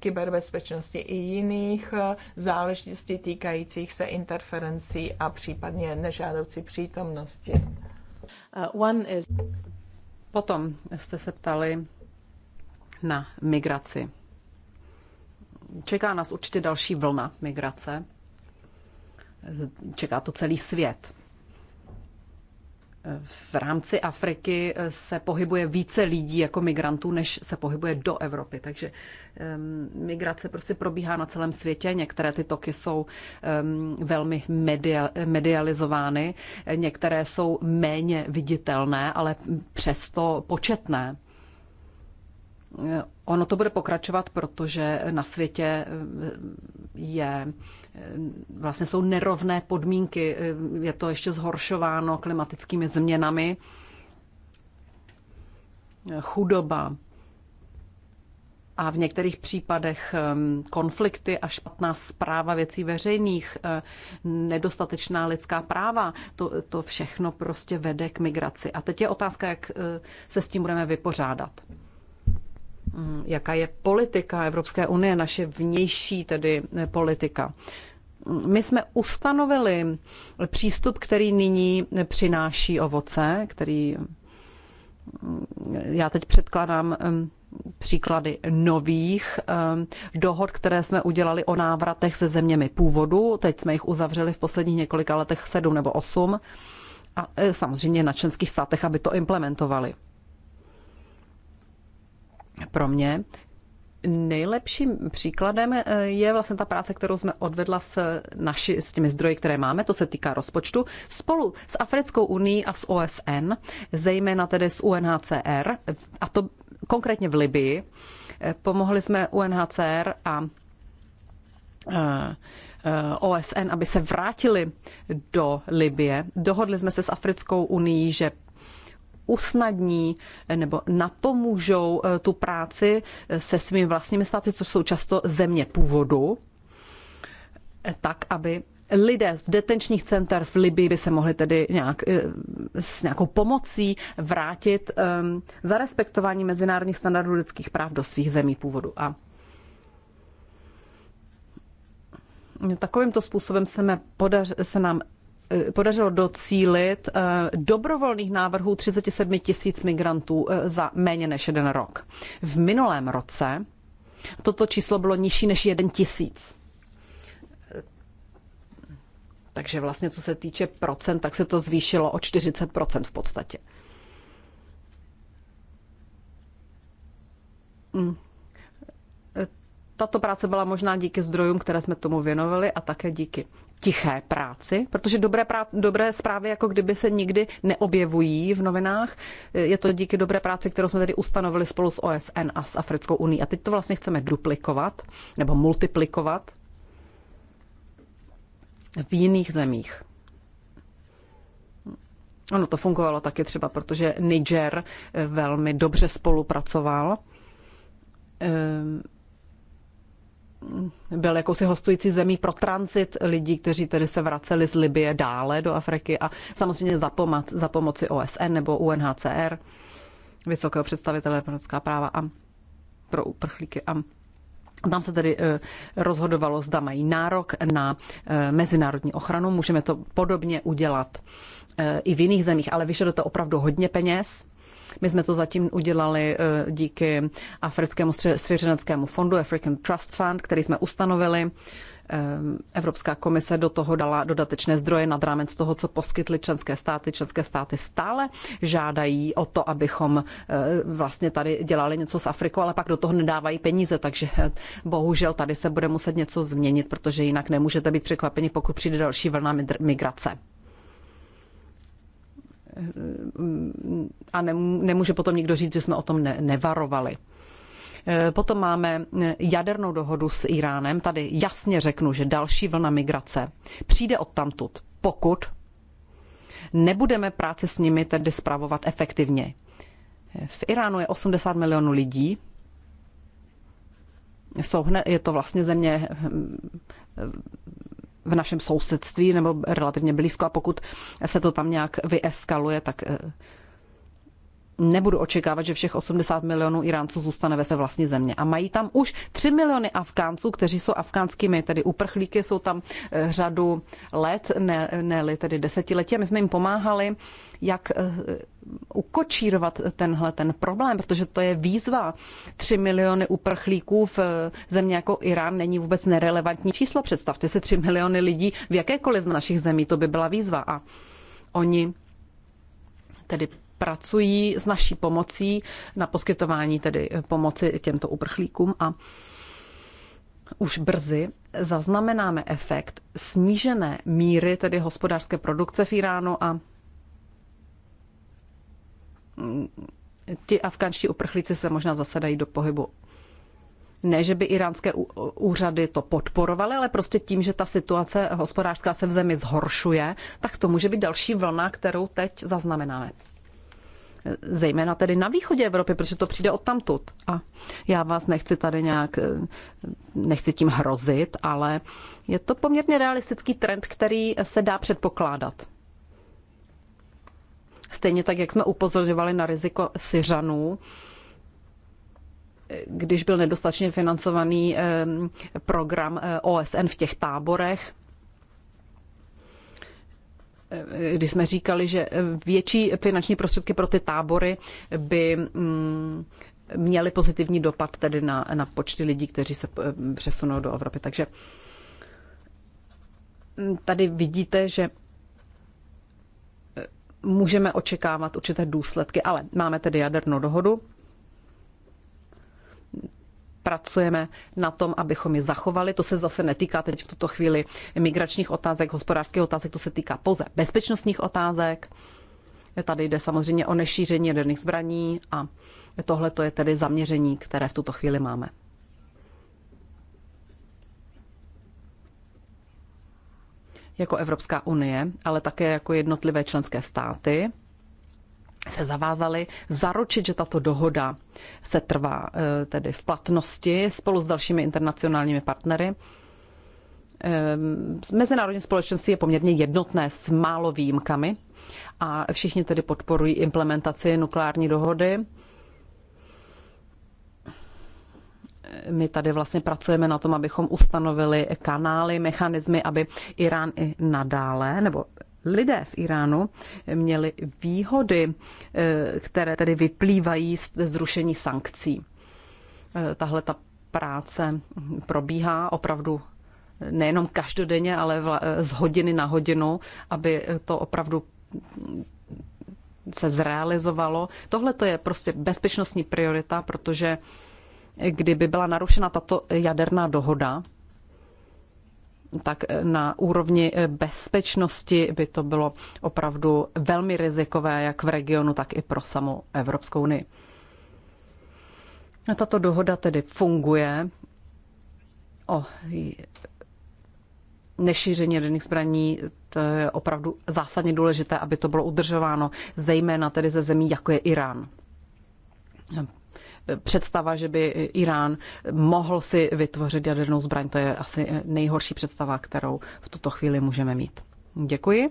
kyberbezpečnosti i jiných eh, záležitostí týkajících se interferencí a případně nežádoucí přítomnosti. Uh, one is... Potom jste se ptali na migraci. Čeká nás určitě další vlna migrace. Čeká to celý svět v rámci Afriky eh, se pohybuje více lidí jako migrantů, než se pohybuje do Evropy. Takže um, migrace prostě probíhá na celém světě. Některé ty toky jsou um, velmi media, medializovány, některé jsou méně viditelné, ale přesto početné. Eh, ono to bude pokračovat, protože na světě eh, je, eh, vlastně jsou nerovné podmínky, je to ještě zhoršováno klimatickými změnami, chudoba a v některých případech konflikty a špatná zpráva věcí veřejných, nedostatečná lidská práva, to, to všechno prostě vede k migraci. A teď je otázka, jak se s tím budeme vypořádat. Eh, jaká je politika Evropské unie, naše vnější tedy eh, politika. My jsme ustanovili přístup, který nyní přináší ovoce, který eh, já teď předkládám příklady nových dohod, které jsme udělali o návratech se zeměmi původu. Teď jsme jich uzavřeli v posledních několika letech sedm nebo osm. A samozřejmě na členských státech, aby to implementovali pro mě nejlepším příkladem eh, je vlastně ta práce, kterou jsme odvedla s, eh, naši, s těmi zdroji, které máme, to se týká rozpočtu, spolu s Africkou unii a s OSN, zejména tedy s UNHCR, a to konkrétně v Libii. Eh, pomohli jsme UNHCR a OSN, aby se vrátili do Libie. Dohodli jsme se s Africkou unii, že usnadní eh, nebo napomůžou eh, tu práci eh, se svými vlastními státy, což jsou často země původu, tak, aby lidé z detenčních center v Libii by se mohli tedy nějak, s nějakou pomocí vrátit um, za respektování mezinárodních standardů lidských práv do svých zemí původu. A takovýmto způsobem se, podař, se nám Eh, podařilo docílit eh, dobrovolných návrhů 37 tisíc migrantů eh, za méně než jeden rok. V minulém roce toto číslo bylo nižší než jeden tisíc. Takže vlastně, co se týče procent, tak se to zvýšilo o 40% v podstatě. Mm. Tato práce byla možná díky zdrojům, které jsme tomu věnovali a také díky tiché práci, protože dobré, prá- dobré zprávy jako kdyby se nikdy neobjevují v novinách. Eh, je to díky dobré práci, kterou jsme tedy ustanovili spolu s OSN a s Africkou unii. A teď to vlastně chceme duplikovat nebo multiplikovat v jiných zemích. Ono to fungovalo taky třeba, protože Niger eh, velmi dobře spolupracoval eh, byl jakousi hostující zemí pro transit lidí, kteří tedy se vraceli z Libie dále do Afriky a samozřejmě za, pomoc, za pomoci OSN nebo UNHCR, vysokého představitele pro lidská práva a pro uprchlíky a tam se tedy eh, rozhodovalo, zda mají nárok na eh, mezinárodní ochranu. Můžeme to podobně udělat eh, i v jiných zemích, ale vyšlo to opravdu hodně peněz. My jsme to zatím udělali eh, díky Africkému svěřeneckému fondu, African Trust Fund, který jsme ustanovili. Eh, Evropská komise do toho dala dodatečné zdroje nad rámec toho, co poskytly členské státy. Členské státy stále žádají o to, abychom eh, vlastně tady dělali něco s Afrikou, ale pak do toho nedávají peníze, takže bohužel tady se bude muset něco změnit, protože jinak nemůžete být překvapeni, pokud přijde další vlna migrace a nemůže potom nikdo říct, že jsme o tom nevarovali. E, potom máme jadernou dohodu s Iránem. Tady jasně řeknu, že další vlna migrace přijde od tamtud, pokud nebudeme práci s nimi tedy spravovat efektivně. V Iránu je 80 milionů lidí. Jsou je to vlastně země hm, v našem sousedství nebo relativně blízko a pokud se to tam nějak vyeskaluje, tak eh, nebudu očekávat, že všech 80 milionů Iránců zůstane ve své vlastní země. A mají tam už 3 miliony Afgánců, kteří jsou afgánskými, tedy uprchlíky, jsou tam eh, řadu let, ne, ne tedy desetiletí. A my jsme jim pomáhali, jak eh, ukočírovat tenhle ten problém, protože to je výzva. 3 miliony uprchlíků v eh, země jako Irán není vůbec nerelevantní číslo. Představte si 3 miliony lidí v jakékoliv z našich zemí, to by byla výzva. A oni tedy pracují s naší pomocí na poskytování tedy pomoci těmto uprchlíkům a už brzy zaznamenáme efekt snížené míry tedy hospodářské produkce v Iránu a ti afgánští uprchlíci se možná zasedají do pohybu. Ne, že by iránské úřady to podporovaly, ale prostě tím, že ta situace hospodářská se v zemi zhoršuje, tak to může být další vlna, kterou teď zaznamenáme zejména tedy na východě Evropy, protože to přijde od tamtud. A já vás nechci tady nějak, eh, nechci tím hrozit, ale je to poměrně realistický trend, který se dá předpokládat. Stejně tak, jak jsme upozorňovali na riziko Syřanů, když byl nedostatečně financovaný eh, program eh, OSN v těch táborech, kdy jsme říkali, že větší finanční prostředky pro ty tábory by mm, měly pozitivní dopad tedy na, na počty lidí, kteří se eh, přesunou do Evropy. Takže mm, tady vidíte, že eh, můžeme očekávat určité důsledky, ale máme tedy jadernou dohodu, pracujeme na tom, abychom je zachovali. To se zase netýká teď v tuto chvíli migračních otázek, hospodářských otázek, to se týká pouze bezpečnostních otázek. Tady jde samozřejmě o nešíření jaderných zbraní a tohle to je tedy zaměření, které v tuto chvíli máme. Jako Evropská unie, ale také jako jednotlivé členské státy se zavázali zaručit, že tato dohoda se trvá eh, tedy v platnosti spolu s dalšími internacionálními partnery. Eh, mezinárodní společenství je poměrně jednotné s málo výjimkami a všichni tedy podporují implementaci nukleární dohody. My tady vlastně pracujeme na tom, abychom ustanovili kanály, mechanismy, aby Irán i nadále, nebo lidé v Iránu měli výhody, eh, které tedy vyplývají z zrušení sankcí. Eh, tahle ta práce probíhá opravdu nejenom každodenně, ale eh, z hodiny na hodinu, aby to opravdu se zrealizovalo. Tohle to je prostě bezpečnostní priorita, protože kdyby byla narušena tato jaderná dohoda, tak na úrovni bezpečnosti by to bylo opravdu velmi rizikové, jak v regionu, tak i pro samou Evropskou unii. Tato dohoda tedy funguje o nešíření jaderných zbraní, to je opravdu zásadně důležité, aby to bylo udržováno, zejména tedy ze zemí, jako je Irán představa, že by Irán mohl si vytvořit jadernou zbraň, to je asi nejhorší představa, kterou v tuto chvíli můžeme mít. Děkuji.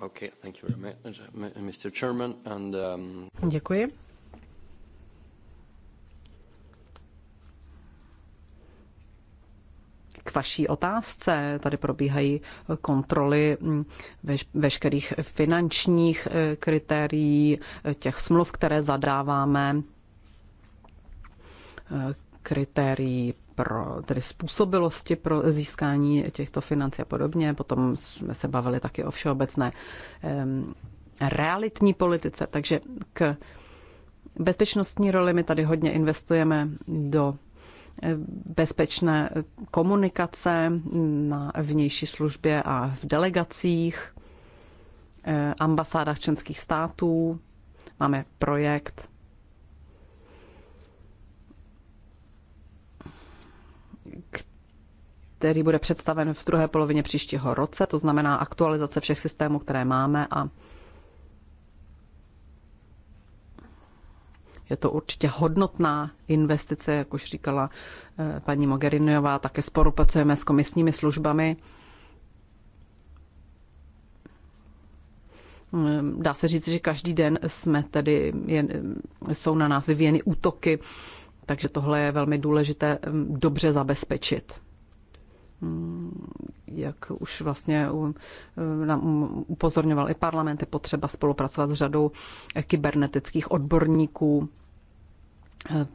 Okay, thank you very much, Mr. Chairman and. Um, Děkuji. K vaší otázce, tady probíhají kontroly mm, veš- veškerých finančních eh, kritérií, eh, těch smluv, které zadáváme, eh, kritérií pro tedy způsobilosti pro získání těchto financí a podobně. Potom jsme se bavili taky o všeobecné um, realitní politice, takže k bezpečnostní roli my tady hodně investujeme do bezpečné komunikace na vnější službě a v delegacích, eh, ambasádách členských států. Máme projekt který bude představen v druhé polovině příštího roce, to znamená aktualizace všech systémů, které máme a Je to určitě hodnotná investice, jak už říkala eh, paní Mogherinová, také spolupracujeme s komisními službami. Mm, dá se říct, že každý den jsme tedy, je, eh, jsou na nás vyvíjeny útoky, takže tohle je velmi důležité mm, dobře zabezpečit. Mm, jak už vlastně eh, nám upozorňoval i parlament, je potřeba spolupracovat s řadou eh, kybernetických odborníků, eh,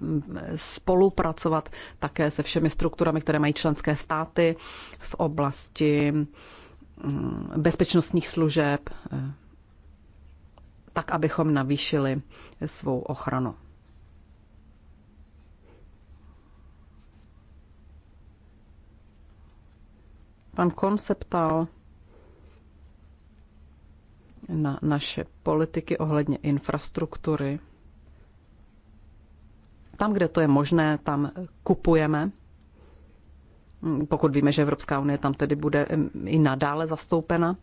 spolupracovat také se všemi strukturami, které mají členské státy v oblasti mm, bezpečnostních služeb, tak abychom navýšili svou ochranu. pan Kon se ptal na naše politiky ohledně infrastruktury. Tam, kde to je možné, tam kupujeme. Pokud víme, že Evropská unie tam tedy bude i nadále zastoupena.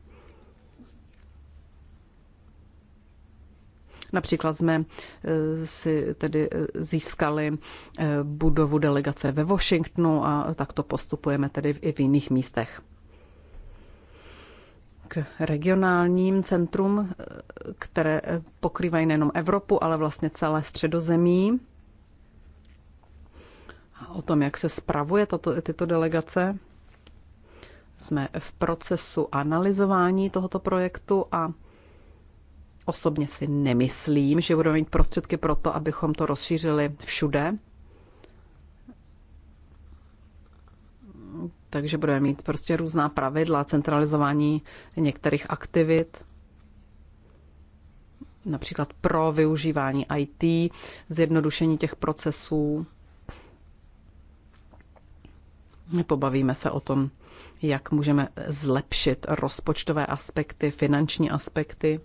Například jsme eh, si tedy eh, získali eh, budovu delegace ve Washingtonu a takto postupujeme tedy i v jiných místech. K regionálním centrum, které pokrývají nejenom Evropu, ale vlastně celé středozemí. A o tom, jak se spravuje tato, tyto delegace. Jsme v procesu analyzování tohoto projektu a Osobně si nemyslím, že budeme mít prostředky pro to, abychom to rozšířili všude. Takže budeme mít prostě různá pravidla, centralizování některých aktivit, například pro využívání IT, zjednodušení těch procesů. Pobavíme se o tom, jak můžeme zlepšit rozpočtové aspekty, finanční aspekty.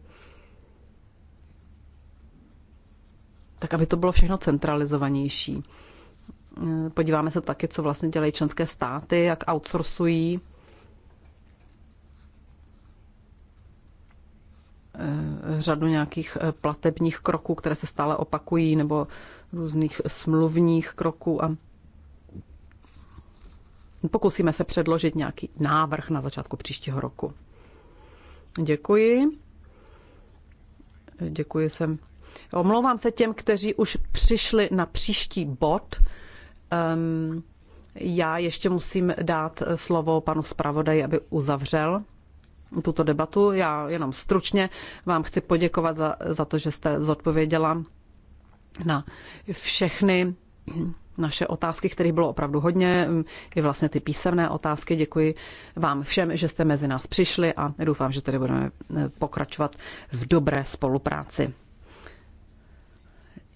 tak aby to bylo všechno centralizovanější. E, podíváme se taky, co vlastně dělají členské státy, jak outsourcují e, řadu nějakých e, platebních kroků, které se stále opakují, nebo různých smluvních kroků a pokusíme se předložit nějaký návrh na začátku příštího roku. Děkuji. Děkuji, jsem Omlouvám se těm, kteří už přišli na příští bod. Um, já ještě musím dát slovo panu zpravodaji, aby uzavřel tuto debatu. Já jenom stručně vám chci poděkovat za, za to, že jste zodpověděla na všechny naše otázky, kterých bylo opravdu hodně, i vlastně ty písemné otázky. Děkuji vám všem, že jste mezi nás přišli a doufám, že tedy budeme eh, pokračovat v dobré spolupráci.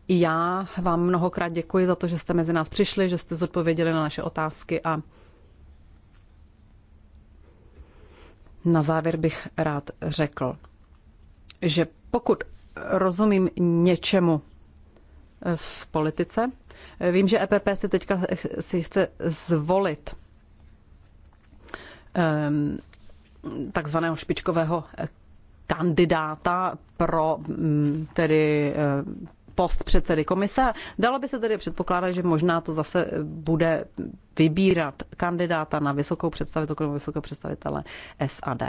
I Já vám mnohokrát děkuji za to, že jste mezi nás přišli, že jste zodpověděli na naše otázky a na závěr bych rád řekl, že pokud rozumím něčemu v politice, vím, že EPP si teďka si chce zvolit ehm, takzvaného špičkového kandidáta pro mm, tedy eh, post předsedy komise. Dalo by se tedy předpokládat, že možná to zase bude vybírat kandidáta na vysokou představitelku nebo vysokého představitele SAD.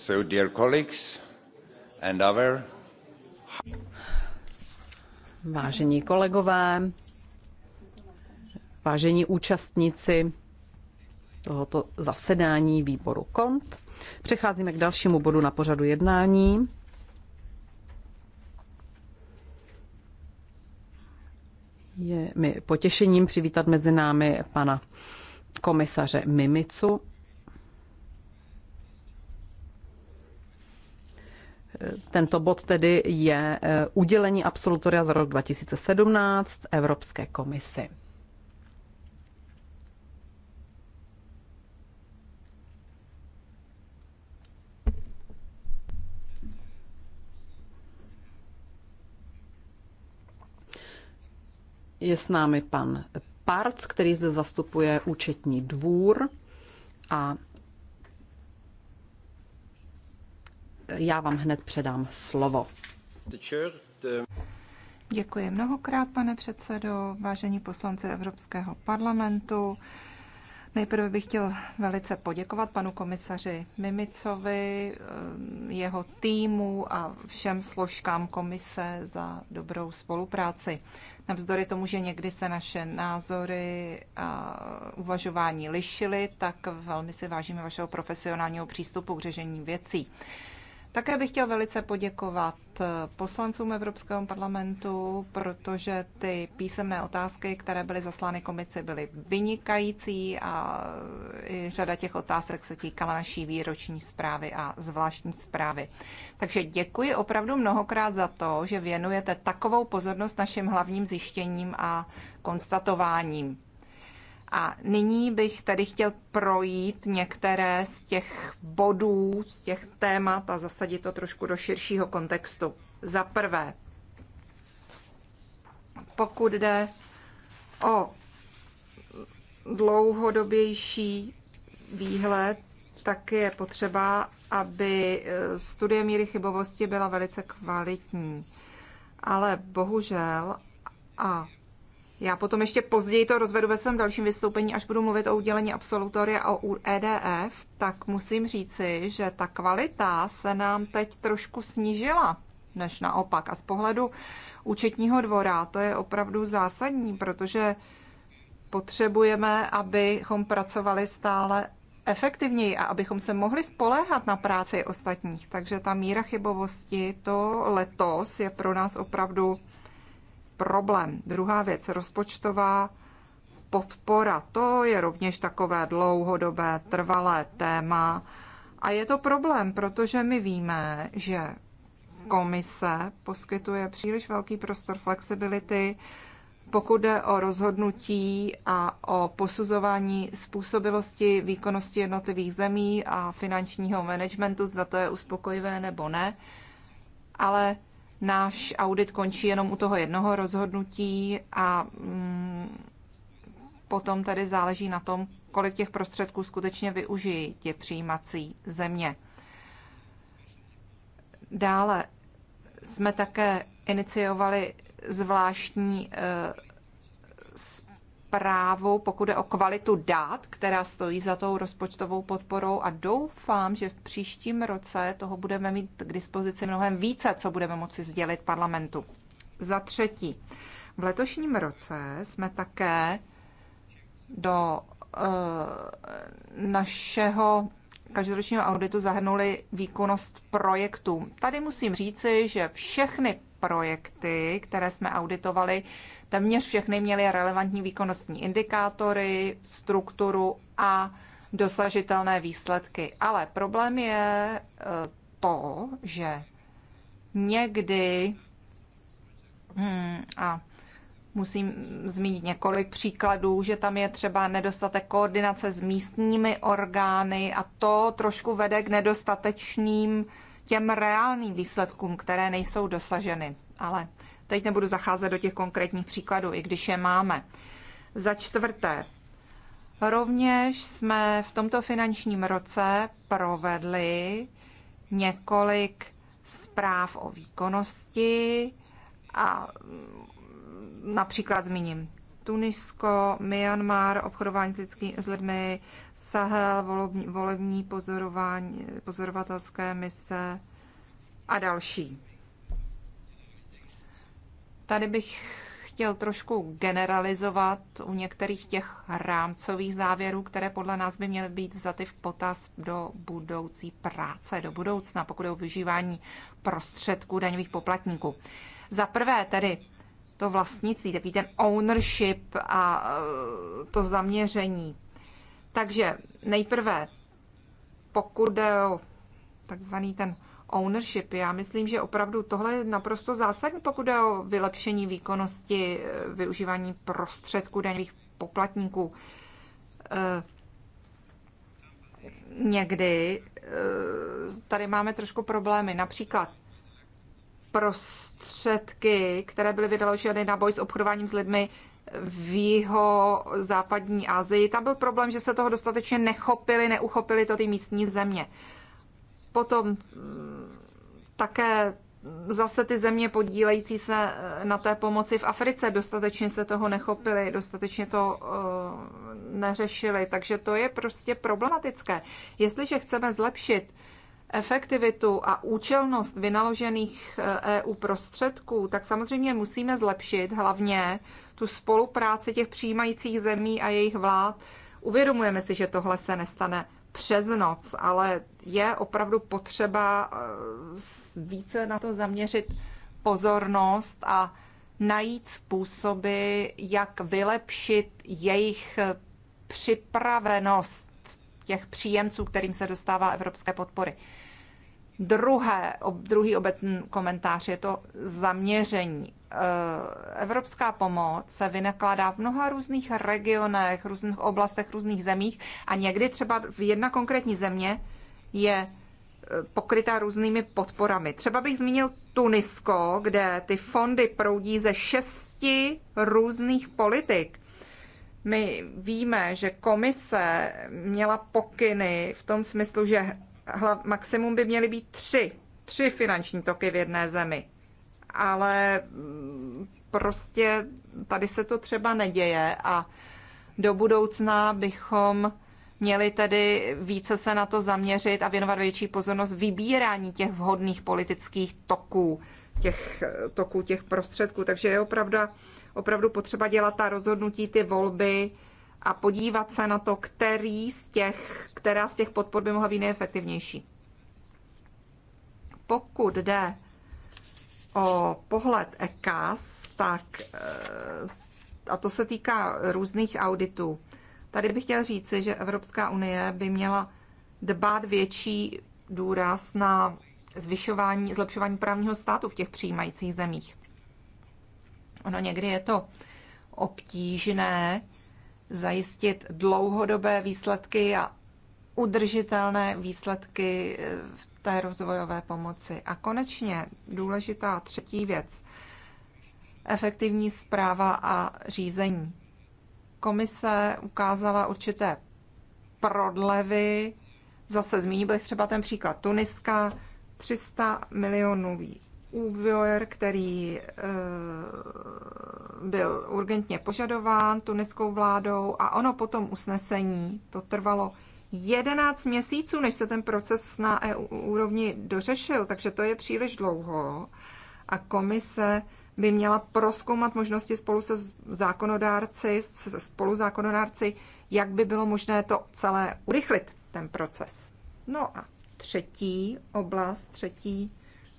So, dear colleagues and Vážení kolegové, vážení účastníci tohoto zasedání výboru KONT, přecházíme k dalšímu bodu na pořadu jednání. Je mi potěšením přivítat mezi námi pana komisaře Mimicu, Tento bod tedy je eh, udělení absolutoria za rok 2017 Evropské komisi. Je s námi pan Parc, který zde zastupuje účetní dvůr a já vám hned předám slovo. Děkuji mnohokrát, pane předsedo, vážení poslanci Evropského parlamentu. Nejprve bych chtěl velice poděkovat panu komisaři Mimicovi, eh, jeho týmu a všem složkám komise za dobrou spolupráci. Navzdory tomu, že někdy se naše názory a uvažování lišily, tak velmi si vážíme vašeho profesionálního přístupu k řešení věcí. Také bych chtěl velice poděkovat eh, poslancům Evropského parlamentu, protože ty písemné otázky, které byly zaslány komisi, byly vynikající a eh, řada těch otázek se týkala naší výroční zprávy a zvláštní zprávy. Takže děkuji opravdu mnohokrát za to, že věnujete takovou pozornost našim hlavním zjištěním a konstatováním. A nyní bych tady chtěl projít některé z těch bodů, z těch témat a zasadit to trošku do širšího kontextu. Za prvé, pokud jde o dlouhodobější výhled, tak je potřeba, aby eh, studie míry chybovosti byla velice kvalitní. Ale bohužel, a já potom ještě později to rozvedu ve svém dalším vystoupení, až budu mluvit o udělení absolutoria a o EDF, tak musím říci, že ta kvalita se nám teď trošku snížila, než naopak. A z pohledu účetního dvora to je opravdu zásadní, protože potřebujeme, abychom pracovali stále efektivněji a abychom se mohli spoléhat na práci ostatních. Takže ta míra chybovosti to letos je pro nás opravdu problém. Druhá věc, rozpočtová podpora. To je rovněž takové dlouhodobé, trvalé téma. A je to problém, protože my víme, že komise poskytuje příliš velký prostor flexibility, pokud jde o rozhodnutí a o posuzování způsobilosti výkonnosti jednotlivých zemí a finančního managementu, zda to je uspokojivé nebo ne. Ale náš audit končí jenom u toho jednoho rozhodnutí a mm, potom tady záleží na tom, kolik těch prostředků skutečně využijí tě přijímací země. Dále jsme také iniciovali zvláštní eh, právu, pokud je o kvalitu dát, která stojí za tou rozpočtovou podporou a doufám, že v příštím roce toho budeme mít k dispozici mnohem více, co budeme moci sdělit parlamentu. Za třetí, v letošním roce jsme také do e, našeho každoročního auditu zahrnuli výkonnost projektů. Tady musím říci, že všechny projekty, které jsme auditovali, Téměř všechny měly relevantní výkonnostní indikátory, strukturu a dosažitelné výsledky. Ale problém je eh, to, že někdy, hmm, a musím zmínit několik příkladů, že tam je třeba nedostatek koordinace s místními orgány a to trošku vede k nedostatečným těm reálným výsledkům, které nejsou dosaženy. Ale Teď nebudu zacházet do těch konkrétních příkladů, i když je máme. Za čtvrté, rovněž jsme v tomto finančním roce provedli několik zpráv o výkonnosti a mm, například zmíním Tunisko, Myanmar, obchodování s, lidský, s lidmi, Sahel, volební, volební pozorování, pozorovatelské mise a další. Tady bych chtěl trošku generalizovat u některých těch rámcových závěrů, které podle nás by měly být vzaty v potaz do budoucí práce, do budoucna, pokud je o využívání prostředků daňových poplatníků. Za prvé tedy to vlastnictví, takový ten ownership a e, to zaměření. Takže nejprve, pokud je o takzvaný ten ownership. Já myslím, že opravdu tohle je naprosto zásadní, pokud je o vylepšení výkonnosti eh, využívání prostředků daňových poplatníků. Eh, někdy eh, tady máme trošku problémy. Například prostředky, které byly vydaloženy na boj s obchodováním s lidmi v jeho západní Asii. Tam byl problém, že se toho dostatečně nechopili, neuchopili to ty místní země. Potom mm, také zase ty země podílející se eh, na té pomoci v Africe dostatečně se toho nechopili, dostatečně to eh, neřešili. Takže to je prostě problematické. Jestliže chceme zlepšit efektivitu a účelnost vynaložených EU eh, e prostředků, tak samozřejmě musíme zlepšit hlavně tu spolupráci těch přijímajících zemí a jejich vlád. Uvědomujeme si, že tohle se nestane přes noc, ale je opravdu potřeba eh, více na to zaměřit pozornost a najít způsoby, jak vylepšit jejich připravenost těch příjemců, kterým se dostává evropské podpory. Druhé, druhý obecný komentář je to zaměření. Eh, evropská pomoc se vynakládá v mnoha různých regionech, různých oblastech, různých zemích a někdy třeba v jedna konkrétní země je e, pokrytá různými podporami. Třeba bych zmínil Tunisko, kde ty fondy proudí ze šesti různých politik. My víme, že komise měla pokyny v tom smyslu, že maximum by měly být tři, tři finanční toky v jedné zemi. Ale mm, prostě tady se to třeba neděje a do budoucna bychom Měli tedy více se na to zaměřit a věnovat větší pozornost vybírání těch vhodných politických toků, těch eh, toků, těch prostředků. Takže je opravdu, opravdu potřeba dělat ta rozhodnutí, ty volby a podívat se na to, který z těch, která z těch podpor by mohla být nejefektivnější. Pokud jde o pohled EKAS, tak eh, a to se týká různých auditů. Tady bych chtěl říci, že Evropská unie by měla dbát větší důraz na zvyšování, zlepšování právního státu v těch přijímajících zemích. Ono někdy je to obtížné zajistit dlouhodobé výsledky a udržitelné výsledky eh, v té rozvojové pomoci. A konečně důležitá třetí věc. Efektivní zpráva a řízení komise ukázala určité prodlevy. Zase zmíní bych třeba ten příklad Tuniska, 300 milionový úvěr, který eh, byl urgentně požadován tuniskou vládou a ono potom usnesení, to trvalo 11 měsíců, než se ten proces na EU úrovni dořešil, takže to je příliš dlouho a komise by měla proskoumat možnosti spolu se zákonodárci, spolu zákonodárci, jak by bylo možné to celé urychlit, ten proces. No a třetí oblast, třetí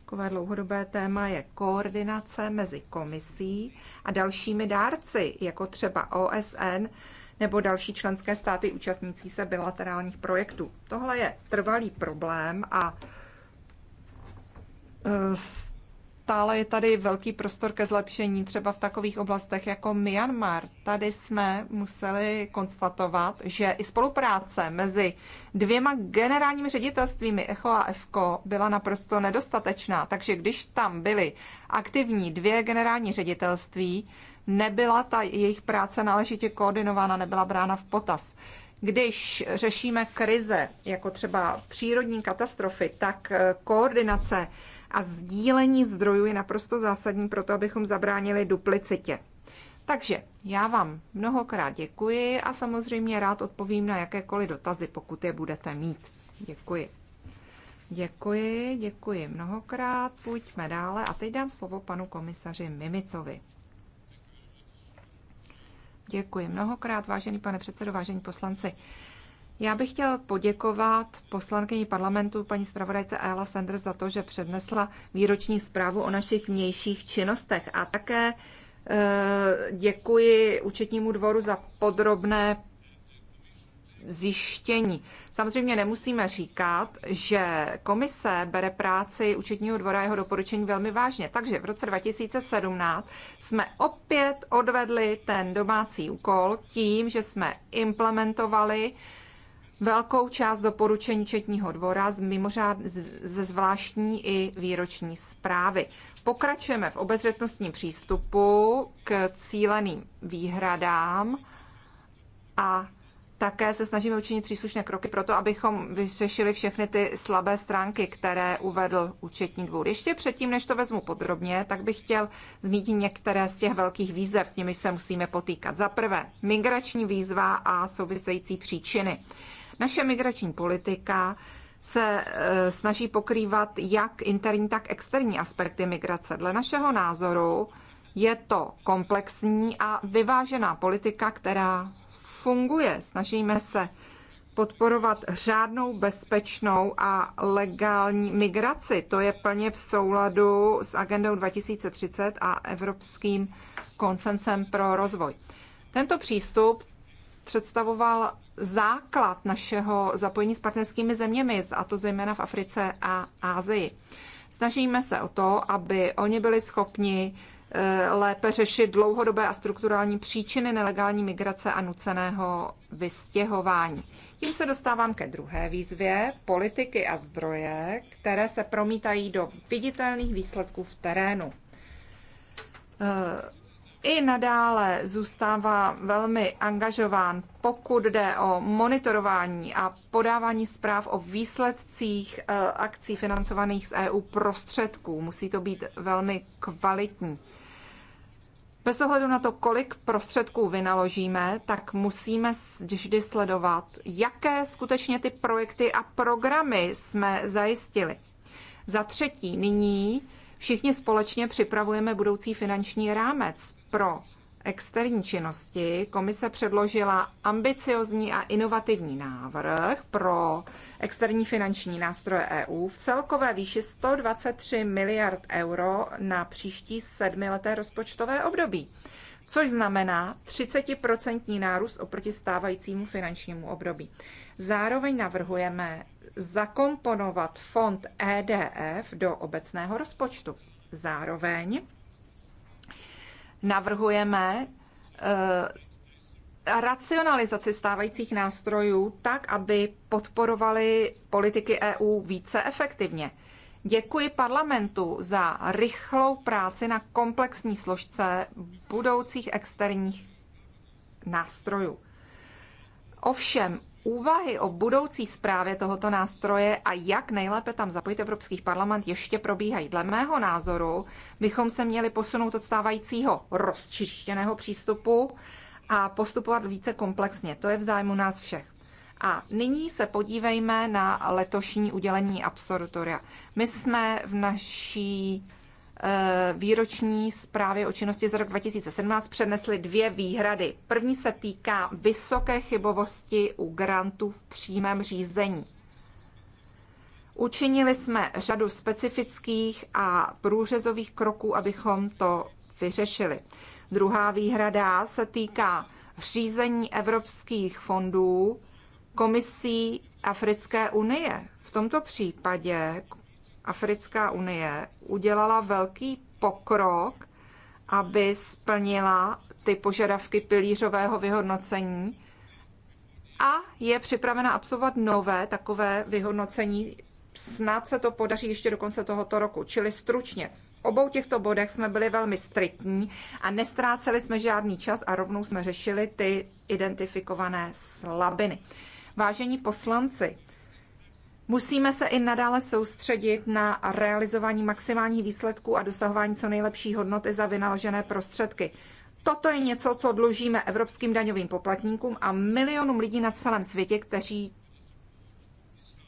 takové dlouhodobé téma je koordinace mezi komisí a dalšími dárci, jako třeba OSN nebo další členské státy účastnící se bilaterálních projektů. Tohle je trvalý problém a eh, stále je tady velký prostor ke zlepšení, třeba v takových oblastech jako Myanmar. Tady jsme museli konstatovat, že i spolupráce mezi dvěma generálními ředitelstvími ECHO a EFKO byla naprosto nedostatečná. Takže když tam byly aktivní dvě generální ředitelství, nebyla ta jejich práce náležitě koordinována, nebyla brána v potaz. Když řešíme krize, jako třeba přírodní katastrofy, tak eh, koordinace a sdílení zdrojů je naprosto zásadní pro to, abychom zabránili duplicitě. Takže já vám mnohokrát děkuji a samozřejmě rád odpovím na jakékoliv dotazy, pokud je budete mít. Děkuji. Děkuji, děkuji mnohokrát. Pojďme dále a teď dám slovo panu komisaři Mimicovi. Děkuji mnohokrát, vážený pane předsedo, vážení poslanci. Já bych chtěl poděkovat poslankyni parlamentu paní zpravodajce Ayla Sanders za to, že přednesla výroční zprávu o našich vnějších činnostech a také e, děkuji účetnímu dvoru za podrobné zjištění. Samozřejmě nemusíme říkat, že komise bere práci účetního dvora a jeho doporučení velmi vážně. Takže v roce 2017 jsme opět odvedli ten domácí úkol tím, že jsme implementovali uh, velkou část doporučení Četního dvora z, mimořád, ze zvláštní i výroční zprávy. Pokračujeme v obezřetnostním přístupu k cíleným výhradám a také se snažíme učinit příslušné kroky pro to, abychom vyřešili všechny ty slabé stránky, které uvedl účetní dvůr. Ještě předtím, než to vezmu podrobně, tak bych chtěl zmínit některé z těch velkých výzev, s nimiž se musíme potýkat. Za prvé, migrační výzva a související příčiny. Naše migrační politika se eh, snaží pokrývat jak interní, tak externí aspekty migrace. Dle našeho názoru je to komplexní a vyvážená politika, která funguje. Snažíme se podporovat řádnou, bezpečnou a legální migraci. To je plně v souladu s agendou 2030 a Evropským konsensem pro rozvoj. Tento přístup představoval základ našeho zapojení s partnerskými zeměmi, a to zejména v Africe a Ázii. Snažíme se o to, aby oni byli schopni eh, lépe řešit dlouhodobé a strukturální příčiny nelegální migrace a nuceného vystěhování. Tím se dostávám ke druhé výzvě politiky a zdroje, které se promítají do viditelných výsledků v terénu. Eh, i nadále zůstává velmi angažován, pokud jde o monitorování a podávání zpráv o výsledcích eh, akcí financovaných z EU prostředků. Musí to být velmi kvalitní. Bez ohledu na to, kolik prostředků vynaložíme, tak musíme vždy sledovat, jaké skutečně ty projekty a programy jsme zajistili. Za třetí, nyní všichni společně připravujeme budoucí finanční rámec pro externí činnosti komise předložila ambiciozní a inovativní návrh pro externí finanční nástroje EU v celkové výši 123 miliard euro na příští sedmileté rozpočtové období, což znamená 30% nárůst oproti stávajícímu finančnímu období. Zároveň navrhujeme zakomponovat fond EDF do obecného rozpočtu. Zároveň navrhujeme eh, racionalizaci stávajících nástrojů tak, aby podporovali politiky EU více efektivně. Děkuji parlamentu za rychlou práci na komplexní složce budoucích externích nástrojů. Ovšem, Úvahy o budoucí zprávě tohoto nástroje a jak nejlépe tam zapojit Evropský parlament ještě probíhají. Dle mého názoru bychom se měli posunout od stávajícího rozčištěného přístupu a postupovat více komplexně. To je v zájmu nás všech. A nyní se podívejme na letošní udělení absolutoria. My jsme v naší Eh, výroční zprávy o činnosti za rok 2017 přenesly dvě výhrady. První se týká vysoké chybovosti u grantů v přímém řízení. Učinili jsme řadu specifických a průřezových kroků, abychom to vyřešili. Druhá výhrada se týká řízení evropských fondů komisí Africké unie. V tomto případě Africká unie udělala velký pokrok, aby splnila ty požadavky pilířového vyhodnocení a je připravena absolvovat nové takové vyhodnocení. Snad se to podaří ještě do konce tohoto roku. Čili stručně, v obou těchto bodech jsme byli velmi striktní a nestráceli jsme žádný čas a rovnou jsme řešili ty identifikované slabiny. Vážení poslanci, Musíme se i nadále soustředit na realizování maximálních výsledků a dosahování co nejlepší hodnoty za vynaložené prostředky. Toto je něco, co dlužíme evropským daňovým poplatníkům a milionům lidí na celém světě, kteří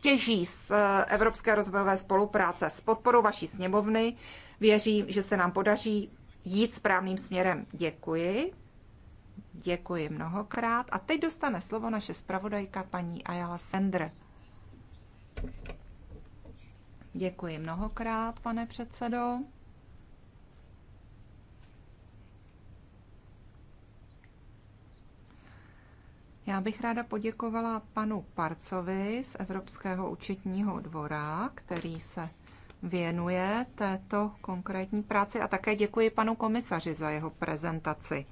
těží z eh, Evropské rozvojové spolupráce. S podporou vaší sněmovny věřím, že se nám podaří jít správným směrem. Děkuji. Děkuji mnohokrát. A teď dostane slovo naše zpravodajka paní Ayala Sender. Děkuji mnohokrát, pane předsedo. Já bych ráda poděkovala panu Parcovi z Evropského účetního dvora, který se věnuje této konkrétní práci a také děkuji panu komisaři za jeho prezentaci.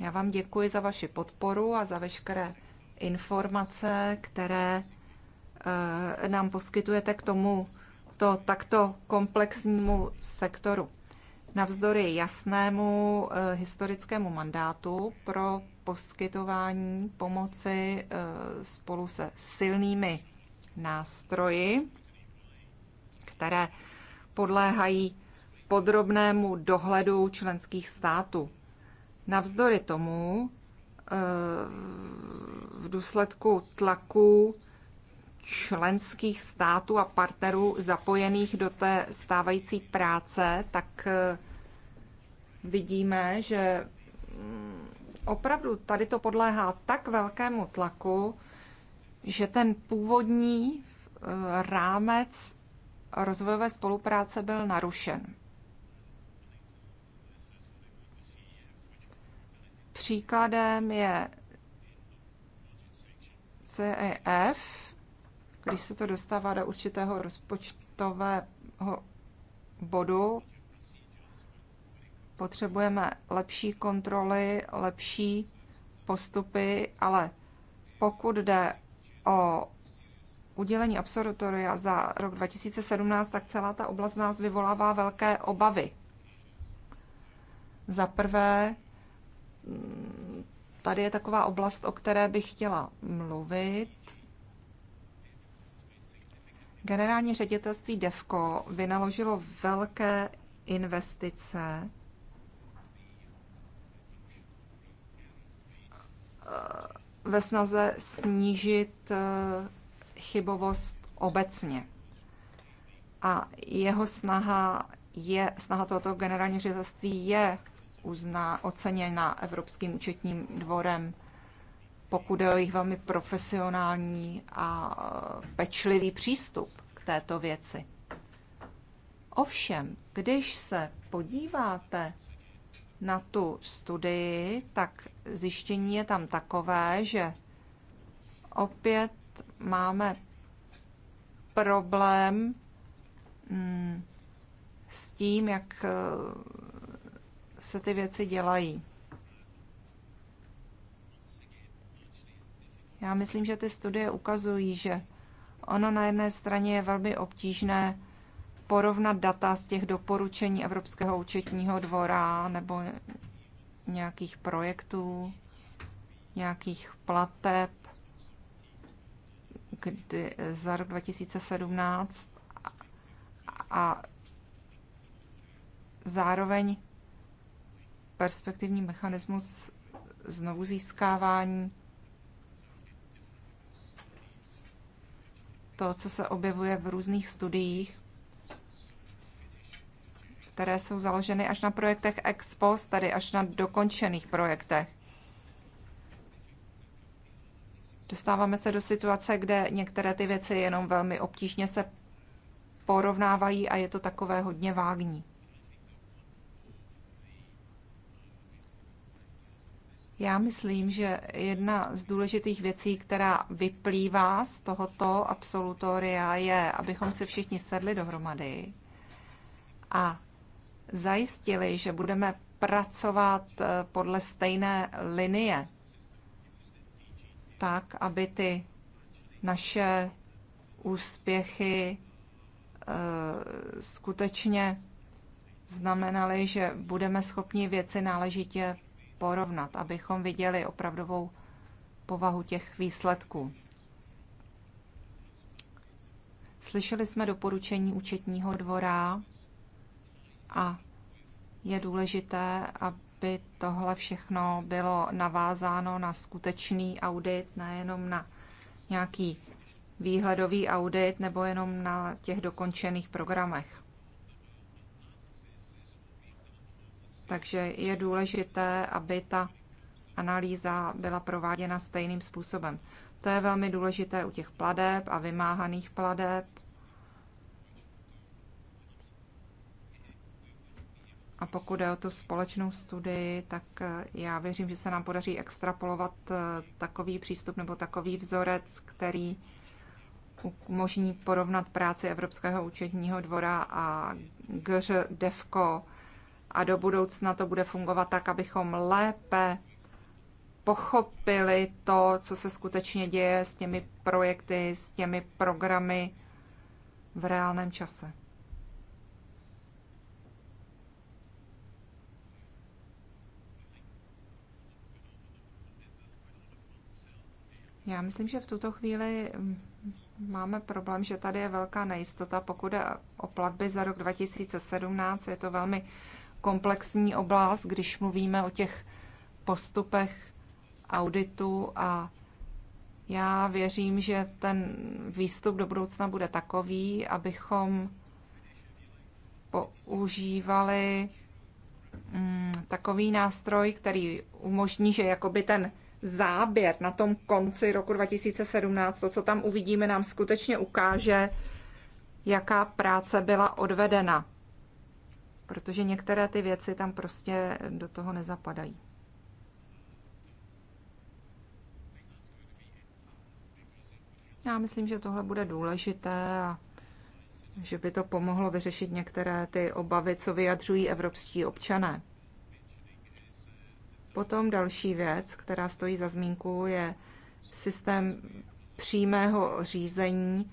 Já vám děkuji za vaši podporu a za veškeré informace, které Eh, nám poskytujete k tomu to takto komplexnímu sektoru. Navzdory jasnému eh, historickému mandátu pro poskytování pomoci eh, spolu se silnými nástroji, které podléhají podrobnému dohledu členských států. Navzdory tomu v důsledku tlaku členských států a partnerů zapojených do té stávající práce, tak eh, vidíme, že mm, opravdu tady to podléhá tak velkému tlaku, že ten původní eh, rámec rozvojové spolupráce byl narušen. Příkladem je CEF, když se to dostává do určitého rozpočtového bodu, potřebujeme lepší kontroly, lepší postupy, ale pokud jde o udělení absolutoria za rok 2017, tak celá ta oblast nás vyvolává velké obavy. Za prvé, mm, tady je taková oblast, o které bych chtěla mluvit. Generální ředitelství DEVKO vynaložilo velké investice eh, ve snaze snížit eh, chybovost obecně. A jeho snaha je, snaha tohoto generálního ředitelství je uzná, oceněna Evropským účetním dvorem pokud je o jejich velmi profesionální a pečlivý přístup k této věci. Ovšem, když se podíváte na tu studii, tak zjištění je tam takové, že opět máme problém mm, s tím, jak eh, se ty věci dělají. Já myslím, že ty studie ukazují, že ono na jedné straně je velmi obtížné porovnat data z těch doporučení Evropského účetního dvora nebo nějakých projektů, nějakých plateb kdy, za rok 2017 a zároveň perspektivní mechanismus znovu získávání to, co se objevuje v různých studiích, které jsou založeny až na projektech ex post, tady až na dokončených projektech. Dostáváme se do situace, kde některé ty věci jenom velmi obtížně se porovnávají a je to takové hodně vágní. Já myslím, že jedna z důležitých věcí, která vyplývá z tohoto absolutoria, je, abychom se všichni sedli dohromady a zajistili, že budeme pracovat eh, podle stejné linie, tak, aby ty naše úspěchy eh, skutečně znamenaly, že budeme schopni věci náležitě porovnat, abychom viděli opravdovou povahu těch výsledků. Slyšeli jsme doporučení účetního dvora a je důležité, aby tohle všechno bylo navázáno na skutečný audit, nejenom na nějaký výhledový audit nebo jenom na těch dokončených programech. Takže je důležité, aby ta analýza byla prováděna stejným způsobem. To je velmi důležité u těch pladeb a vymáhaných pladeb. A pokud je o tu společnou studii, tak eh, já věřím, že se nám podaří extrapolovat eh, takový přístup nebo takový vzorec, který umožní porovnat práci Evropského účetního dvora a GŘ DEVKO a do budoucna to bude fungovat tak, abychom lépe pochopili to, co se skutečně děje s těmi projekty, s těmi programy v reálném čase. Já myslím, že v tuto chvíli máme problém, že tady je velká nejistota. Pokud je o platby za rok 2017, je to velmi komplexní oblast, když mluvíme o těch postupech auditu a já věřím, že ten výstup do budoucna bude takový, abychom používali mm, takový nástroj, který umožní, že jakoby ten záběr na tom konci roku 2017, to, co tam uvidíme, nám skutečně ukáže, jaká práce byla odvedena protože některé ty věci tam prostě do toho nezapadají. Já myslím, že tohle bude důležité a že by to pomohlo vyřešit některé ty obavy, co vyjadřují evropští občané. Potom další věc, která stojí za zmínku, je systém přímého řízení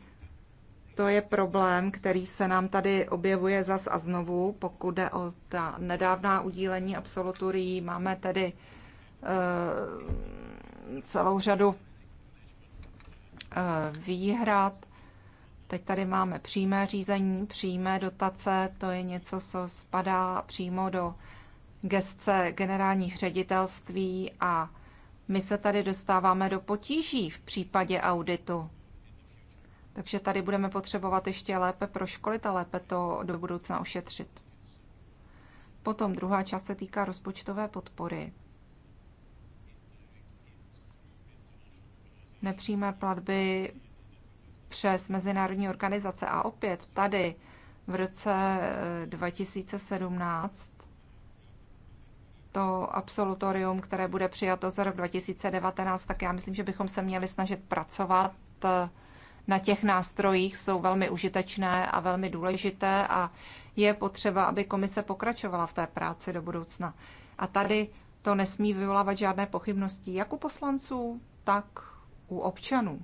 to je problém, který se nám tady objevuje zas a znovu, pokud jde o ta nedávná udílení absoluturí. Máme tedy uh, celou řadu uh, výhrad. Teď tady máme přímé řízení, přímé dotace, to je něco, co spadá přímo do gestce generálních ředitelství a my se tady dostáváme do potíží v případě auditu. Takže tady budeme potřebovat ještě lépe proškolit a lépe to do budoucna ošetřit. Potom druhá část se týká rozpočtové podpory. Nepřímé platby přes mezinárodní organizace. A opět tady v roce 2017 eh, to absolutorium, které bude přijato za rok 2019, tak já myslím, že bychom se měli snažit pracovat eh, na těch nástrojích jsou velmi užitečné a velmi důležité a je potřeba, aby komise pokračovala v té práci do budoucna. A tady to nesmí vyvolávat žádné pochybnosti jak u poslanců, tak u občanů.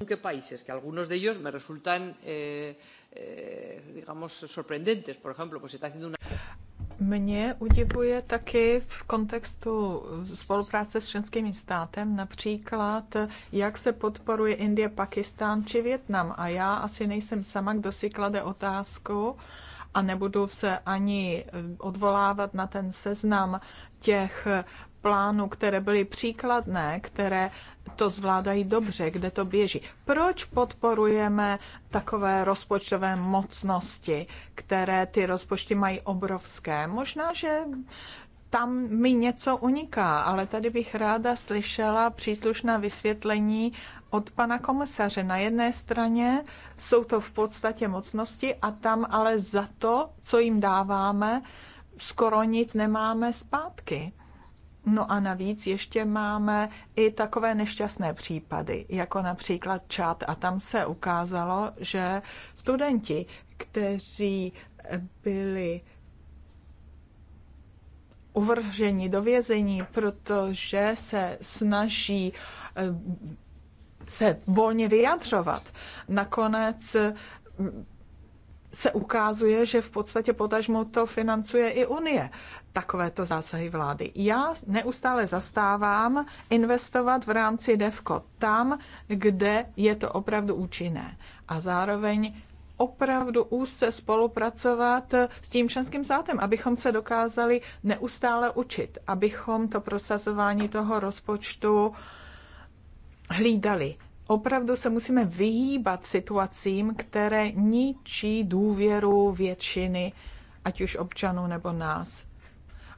¿En qué países? Que algunos de ellos me resultan, eh, eh, digamos, sorprendentes. Por ejemplo, pues está haciendo una. Mě udivuje taky v kontextu spolupráce s členskými státem například, jak se podporuje Indie, Pakistán či Větnam. A já asi nejsem sama, kdo si klade otázku a nebudu se ani odvolávat na ten seznam těch plánů, které byly příkladné, které to zvládají dobře, kde to běží. Proč podporujeme takové rozpočtové mocnosti, které ty rozpočty mají obrovské? Možná, že tam mi něco uniká, ale tady bych ráda slyšela příslušná vysvětlení od pana komisaře. Na jedné straně jsou to v podstatě mocnosti a tam ale za to, co jim dáváme, skoro nic nemáme zpátky. No a navíc ještě máme i takové nešťastné případy, jako například čat. A tam se ukázalo, že studenti, kteří byli uvrženi do vězení, protože se snaží eh, se volně vyjadřovat, nakonec se ukazuje, že v podstatě potažmo to financuje i Unie, takovéto zásahy vlády. Já neustále zastávám investovat v rámci DEVCO tam, kde je to opravdu účinné. A zároveň opravdu úzce spolupracovat s tím členským státem, abychom se dokázali neustále učit, abychom to prosazování toho rozpočtu hlídali opravdu se musíme vyhýbat situacím, které ničí důvěru většiny, ať už občanů nebo nás.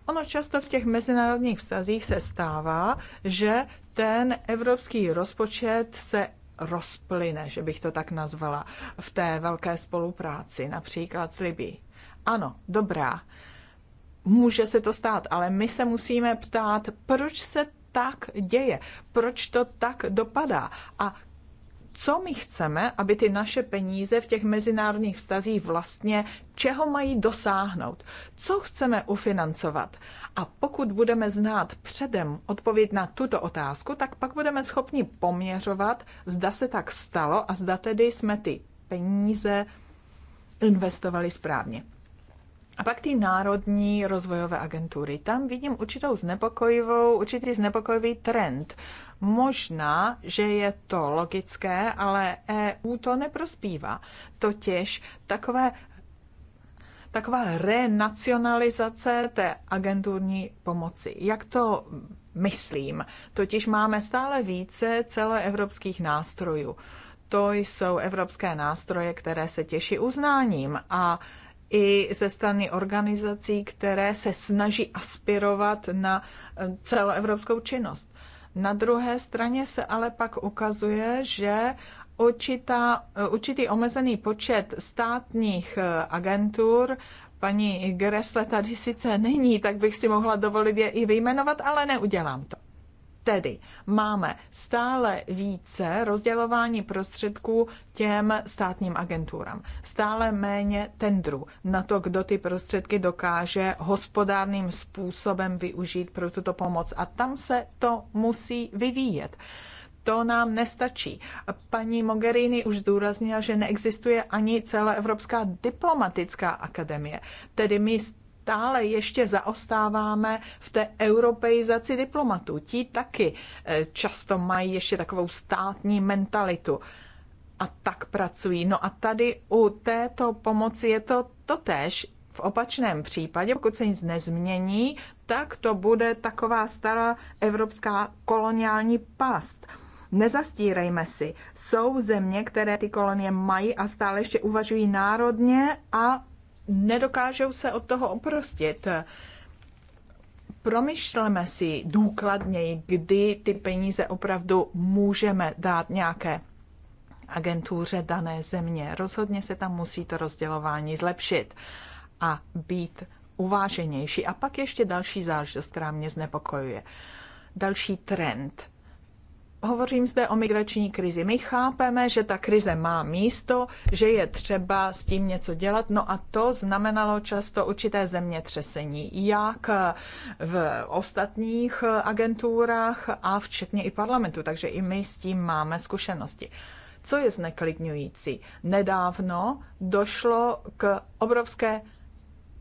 Ono často v těch mezinárodních vztazích se stává, že ten evropský rozpočet se rozplyne, že bych to tak nazvala, v té velké spolupráci, například s Libí. Ano, dobrá, může se to stát, ale my se musíme ptát, proč se tak děje, proč to tak dopadá a co my chceme, aby ty naše peníze v těch mezinárodních vztazích vlastně, čeho mají dosáhnout, co chceme ufinancovat. A pokud budeme znát předem odpověď na tuto otázku, tak pak budeme schopni poměřovat, zda se tak stalo a zda tedy jsme ty peníze investovali správně. A pak ty národní rozvojové agentury. Tam vidím určitou znepokojivou, určitý znepokojivý trend. Možná, že je to logické, ale EU to neprospívá. Totiž takové taková renacionalizace té agenturní pomoci. Jak to myslím? Totiž máme stále více celoevropských nástrojů. To jsou evropské nástroje, které se těší uznáním a i ze strany organizací, které se snaží aspirovat na eh, celoevropskou činnost. Na druhé straně se ale pak ukazuje, že určitá, eh, určitý omezený počet státních eh, agentur paní Gresle tady sice není, tak bych si mohla dovolit je i vyjmenovat, ale neudělám to. Tedy máme stále více rozdělování prostředků těm státním agenturám, stále méně tendrů na to, kdo ty prostředky dokáže hospodárným způsobem využít pro tuto pomoc. A tam se to musí vyvíjet to nám nestačí. Paní Mogherini už zdůraznila, že neexistuje ani celá Evropská diplomatická akademie. Tedy my stále ještě zaostáváme v té europeizaci diplomatů. Ti taky eh, často mají ještě takovou státní mentalitu a tak pracují. No a tady u této pomoci je to totéž. V opačném případě, pokud se nic nezmění, tak to bude taková stará evropská koloniální past. Nezastírejme si, jsou země, které ty kolonie mají a stále ještě uvažují národně a nedokážou se od toho oprostit. Promyšleme si důkladněji, kdy ty peníze opravdu můžeme dát nějaké agentuře dané země. Rozhodně se tam musí to rozdělování zlepšit a být uváženější. A pak ještě další záležitost, která mě znepokojuje. Další trend Hovořím zde o migrační krizi. My chápeme, že ta krize má místo, že je třeba s tím něco dělat, no a to znamenalo často určité zemětřesení, jak v ostatních agenturách a včetně i parlamentu, takže i my s tím máme zkušenosti. Co je zneklidňující? Nedávno došlo k obrovské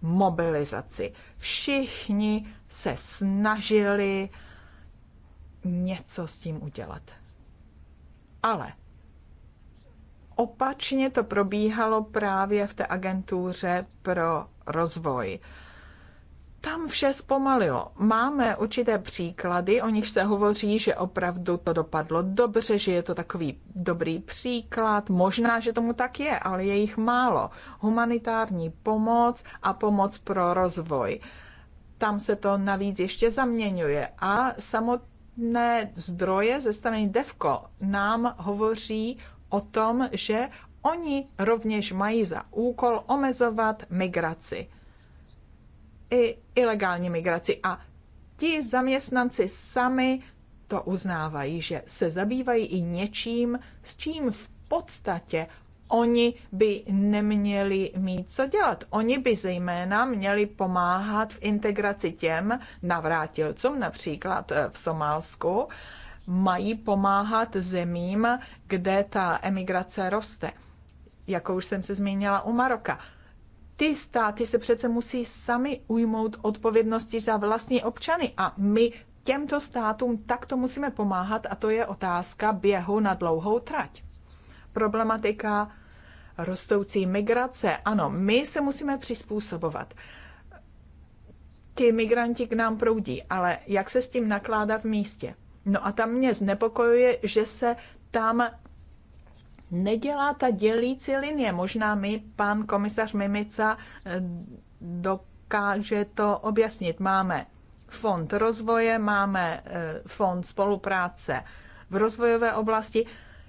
mobilizaci. Všichni se snažili něco s tím udělat. Ale opačně to probíhalo právě v té agentuře pro rozvoj. Tam vše zpomalilo. Máme určité příklady, o nich se hovoří, že opravdu to dopadlo dobře, že je to takový dobrý příklad. Možná, že tomu tak je, ale je jich málo. Humanitární pomoc a pomoc pro rozvoj tam se to navíc ještě zaměňuje a samotný nezbytné zdroje ze strany DEVKO nám hovoří o tom, že oni rovněž mají za úkol omezovat migraci. I ilegální migraci. A ti zaměstnanci sami to uznávají, že se zabývají i něčím, s čím v podstatě oni by neměli mít co dělat. Oni by zejména měli pomáhat v integraci těm navrátilcům, například eh, v Somálsku, mají pomáhat zemím, kde ta emigrace roste. Jako už jsem se zmínila u Maroka. Ty státy se přece musí sami ujmout odpovědnosti za vlastní občany a my těmto státům takto musíme pomáhat a to je otázka běhu na dlouhou trať problematika rostoucí migrace. Ano, my se musíme přizpůsobovat. Ti migranti k nám proudí, ale jak se s tím nakládá v místě? No a tam mě znepokojuje, že se tam nedělá ta dělící linie. Možná mi pan komisař Mimica eh, dokáže to objasnit. Máme fond rozvoje, máme eh, fond spolupráce v rozvojové oblasti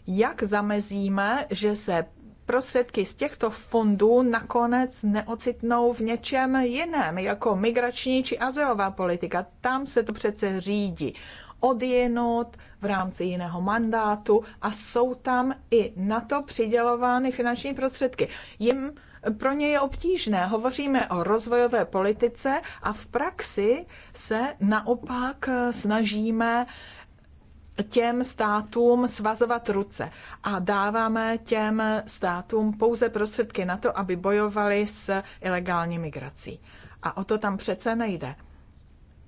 jak zamezíme, že se prostředky z těchto fondů nakonec neocitnou v něčem jiném, jako migrační či azylová politika. Tam se to přece řídí odjenut v rámci jiného mandátu a jsou tam i na to přidělovány finanční prostředky. Jim pro ně je obtížné. Hovoříme o rozvojové politice a v praxi se naopak eh, snažíme těm státům svazovat ruce a dáváme těm státům pouze prostředky na to, aby bojovali s ilegální migrací. A o to tam přece nejde.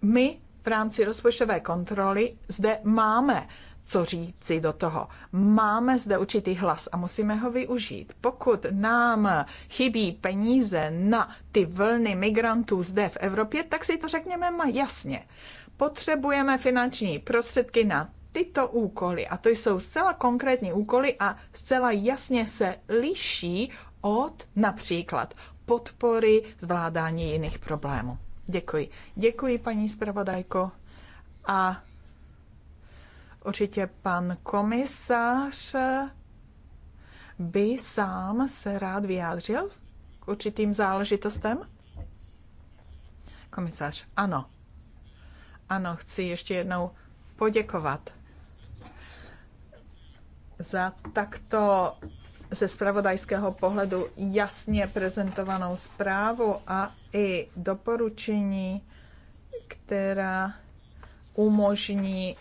My v rámci rozpočtové kontroly zde máme co říci do toho. Máme zde určitý hlas a musíme ho využít. Pokud nám chybí peníze na ty vlny migrantů zde v Evropě, tak si to řekněme jasně. Potřebujeme finanční prostředky na tyto úkoly, a to jsou zcela konkrétní úkoly a zcela jasně se liší od například podpory zvládání jiných problémů. Děkuji. Děkuji, paní zpravodajko. A určitě pan komisař by sám se rád vyjádřil k určitým záležitostem? Komisař, ano. Ano, chci ještě jednou poděkovat za takto ze spravodajského pohledu jasně prezentovanou zprávu a i doporučení, která umožní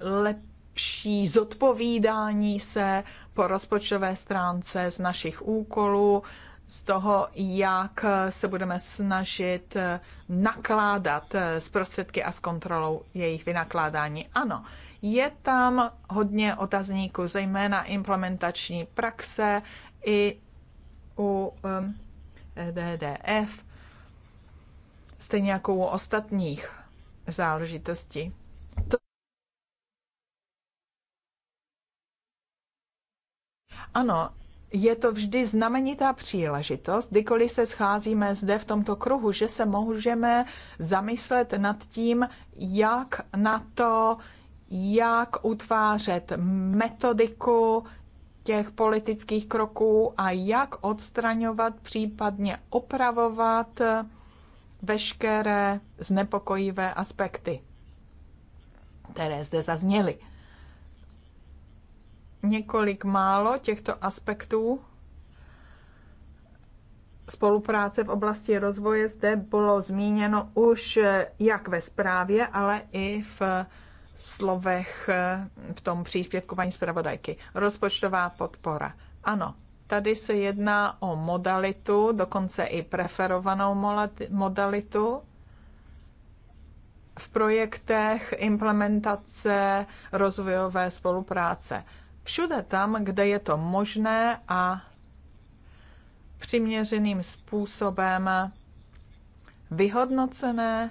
lepší zodpovídání se po rozpočtové stránce z našich úkolů, z toho, jak se budeme snažit nakládat s prostředky a s kontrolou jejich vynakládání. Ano, je tam hodně otazníků, zejména implementační praxe i u um, e DDF, stejně jako u ostatních záležitostí. Ano, je to vždy znamenitá příležitost, kdykoliv se scházíme zde v tomto kruhu, že se můžeme zamyslet nad tím, jak na to jak utvářet metodiku těch politických kroků a jak odstraňovat, případně opravovat veškeré znepokojivé aspekty, které zde zazněly. Několik málo těchto aspektů spolupráce v oblasti rozvoje zde bylo zmíněno už jak ve zprávě, ale i v slovech eh, v tom příspěvku paní zpravodajky. Rozpočtová podpora. Ano, tady se jedná o modalitu, dokonce i preferovanou modalitu v projektech implementace rozvojové spolupráce. Všude tam, kde je to možné a přiměřeným způsobem vyhodnocené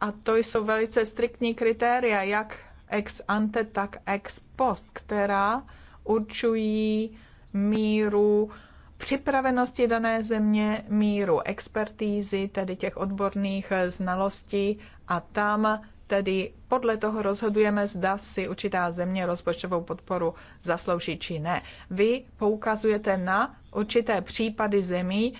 a to jsou velice striktní kritéria, jak ex ante, tak ex post, která určují míru připravenosti dané země, míru expertízy, tedy těch odborných znalostí a tam tedy podle toho rozhodujeme, zda si určitá země rozpočtovou podporu zaslouží či ne. Vy poukazujete na určité případy zemí,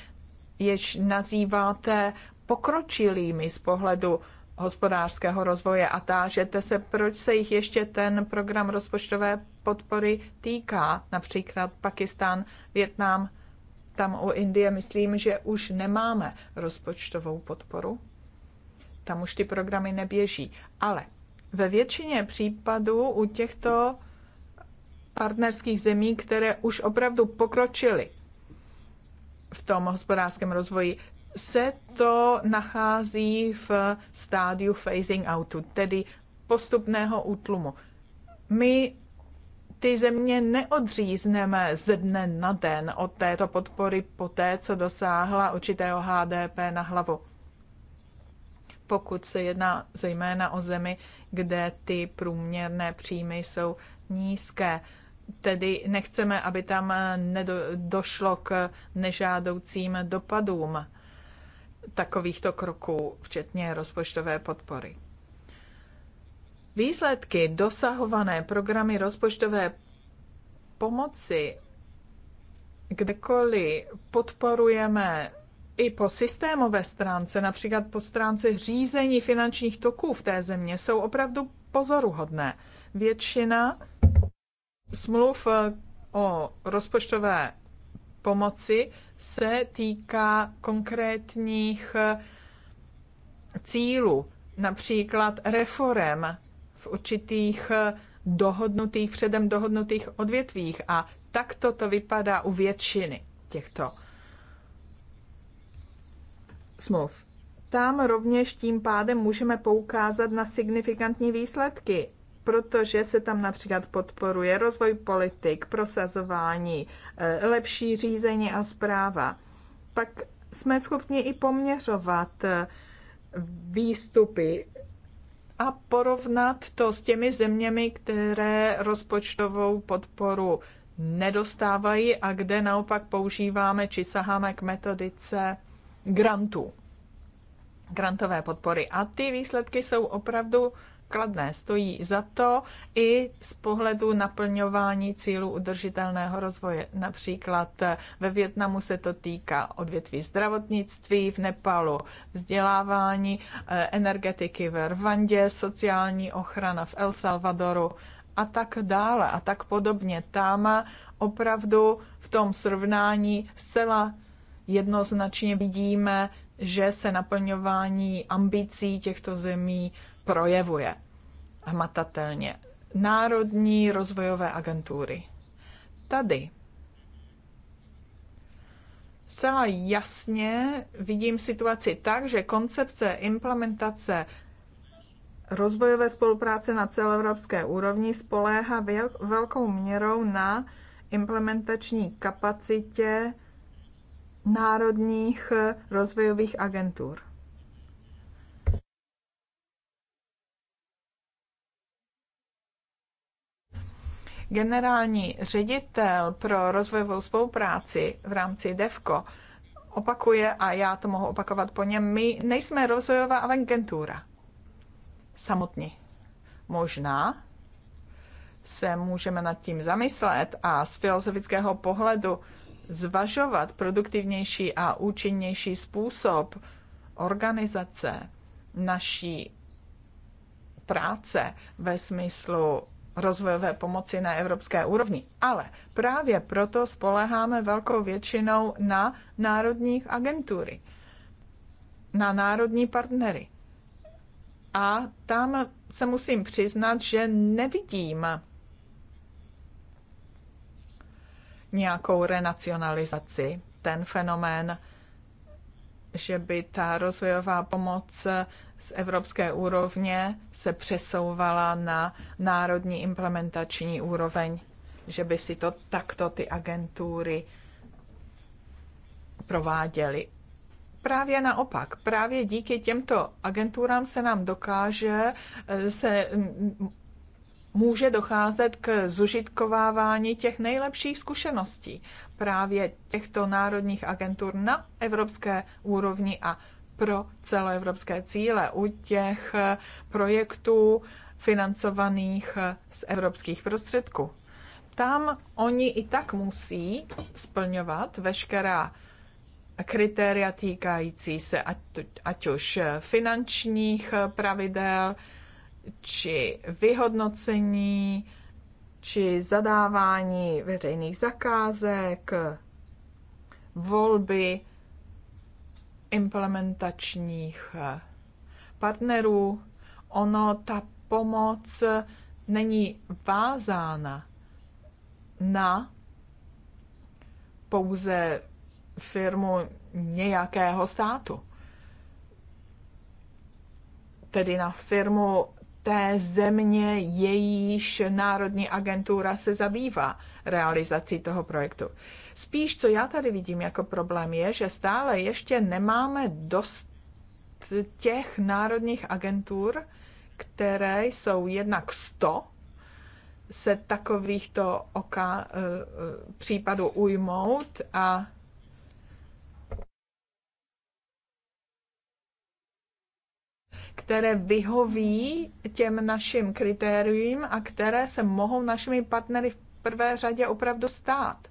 jež nazýváte pokročilými z pohledu hospodářského rozvoje a tážete se, proč se jich ještě ten program rozpočtové podpory týká, například Pakistán, Větnam, tam u Indie myslím, že už nemáme rozpočtovou podporu. Tam už ty programy neběží. Ale ve většině případů u těchto partnerských zemí, které už opravdu pokročily v tom hospodářském rozvoji, se to nachází v stádiu phasing outu, tedy postupného útlumu. My ty země neodřízneme ze dne na den od této podpory po té, co dosáhla určitého HDP na hlavu. Pokud se jedná zejména o zemi, kde ty průměrné příjmy jsou nízké. Tedy nechceme, aby tam nedošlo k nežádoucím dopadům takovýchto kroků, včetně rozpočtové podpory. Výsledky dosahované programy rozpočtové pomoci, kdekoliv podporujeme i po systémové stránce, například po stránce řízení finančních toků v té země, jsou opravdu pozoruhodné. Většina smluv o rozpočtové pomoci se týká konkrétních eh, cílů, například reform v určitých eh, dohodnutých, předem dohodnutých odvětvích. A takto to vypadá u většiny těchto smluv. Tam rovněž tím pádem můžeme poukázat na signifikantní výsledky protože se tam například podporuje rozvoj politik, prosazování, eh, lepší řízení a zpráva. Pak jsme schopni i poměřovat eh, výstupy a porovnat to s těmi zeměmi, které rozpočtovou podporu nedostávají a kde naopak používáme či saháme k metodice grantů, grantové podpory. A ty výsledky jsou opravdu kladné, stojí za to i z pohledu naplňování cílů udržitelného rozvoje. Například eh, ve Větnamu se to týká odvětví zdravotnictví, v Nepalu vzdělávání, eh, energetiky ve Rwandě, sociální ochrana v El Salvadoru a tak dále a tak podobně. Tam opravdu v tom srovnání zcela jednoznačně vidíme, že se naplňování ambicí těchto zemí projevuje hmatatelně. Národní rozvojové agentury. Tady zcela jasně vidím situaci tak, že koncepce implementace rozvojové spolupráce na celoevropské úrovni spoléhá velkou měrou na implementační kapacitě národních rozvojových agentur. Generální ředitel pro rozvojovou spolupráci v rámci DEVCO opakuje, a já to mohu opakovat po něm, my nejsme rozvojová agentura. Samotní. Možná se můžeme nad tím zamyslet a z filozofického pohledu zvažovat produktivnější a účinnější způsob organizace naší práce ve smyslu rozvojové pomoci na evropské úrovni. Ale právě proto spoleháme velkou většinou na národních agentury, na národní partnery. A tam se musím přiznat, že nevidím nějakou renacionalizaci, ten fenomén, že by ta rozvojová pomoc z evropské úrovně se přesouvala na národní implementační úroveň, že by si to takto ty agentury prováděly. Právě naopak, právě díky těmto agenturám se nám dokáže, eh, se může docházet k zužitkovávání těch nejlepších zkušeností právě těchto národních agentur na evropské úrovni a pro celoevropské cíle u těch eh, projektů financovaných eh, z evropských prostředků. Tam oni i tak musí splňovat veškerá kritéria týkající se ať, ať už eh, finančních pravidel, či vyhodnocení, či zadávání veřejných zakázek, volby implementačních eh, partnerů. Ono, ta pomoc eh, není vázána na pouze firmu nějakého státu. Tedy na firmu té země, jejíž národní agentura se zabývá realizací toho projektu. Spíš, co já tady vidím jako problém, je, že stále ještě nemáme dost těch národních agentur, které jsou jednak 100, se takovýchto oka, eh, eh, případů ujmout a které vyhoví těm našim kritériím a které se mohou našimi partnery v prvé řadě opravdu stát.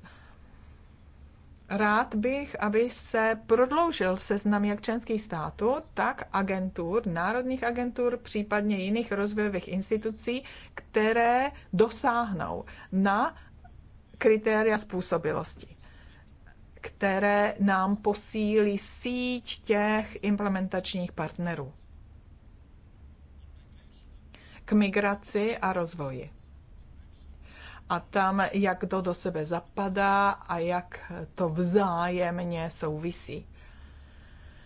Rád bych, aby se prodloužil seznam jak členských států, tak agentur, národních agentur, případně jiných rozvojových institucí, které dosáhnou na kritéria způsobilosti, které nám posílí síť těch implementačních partnerů k migraci a rozvoji a tam, jak to do sebe zapadá a jak to vzájemně souvisí.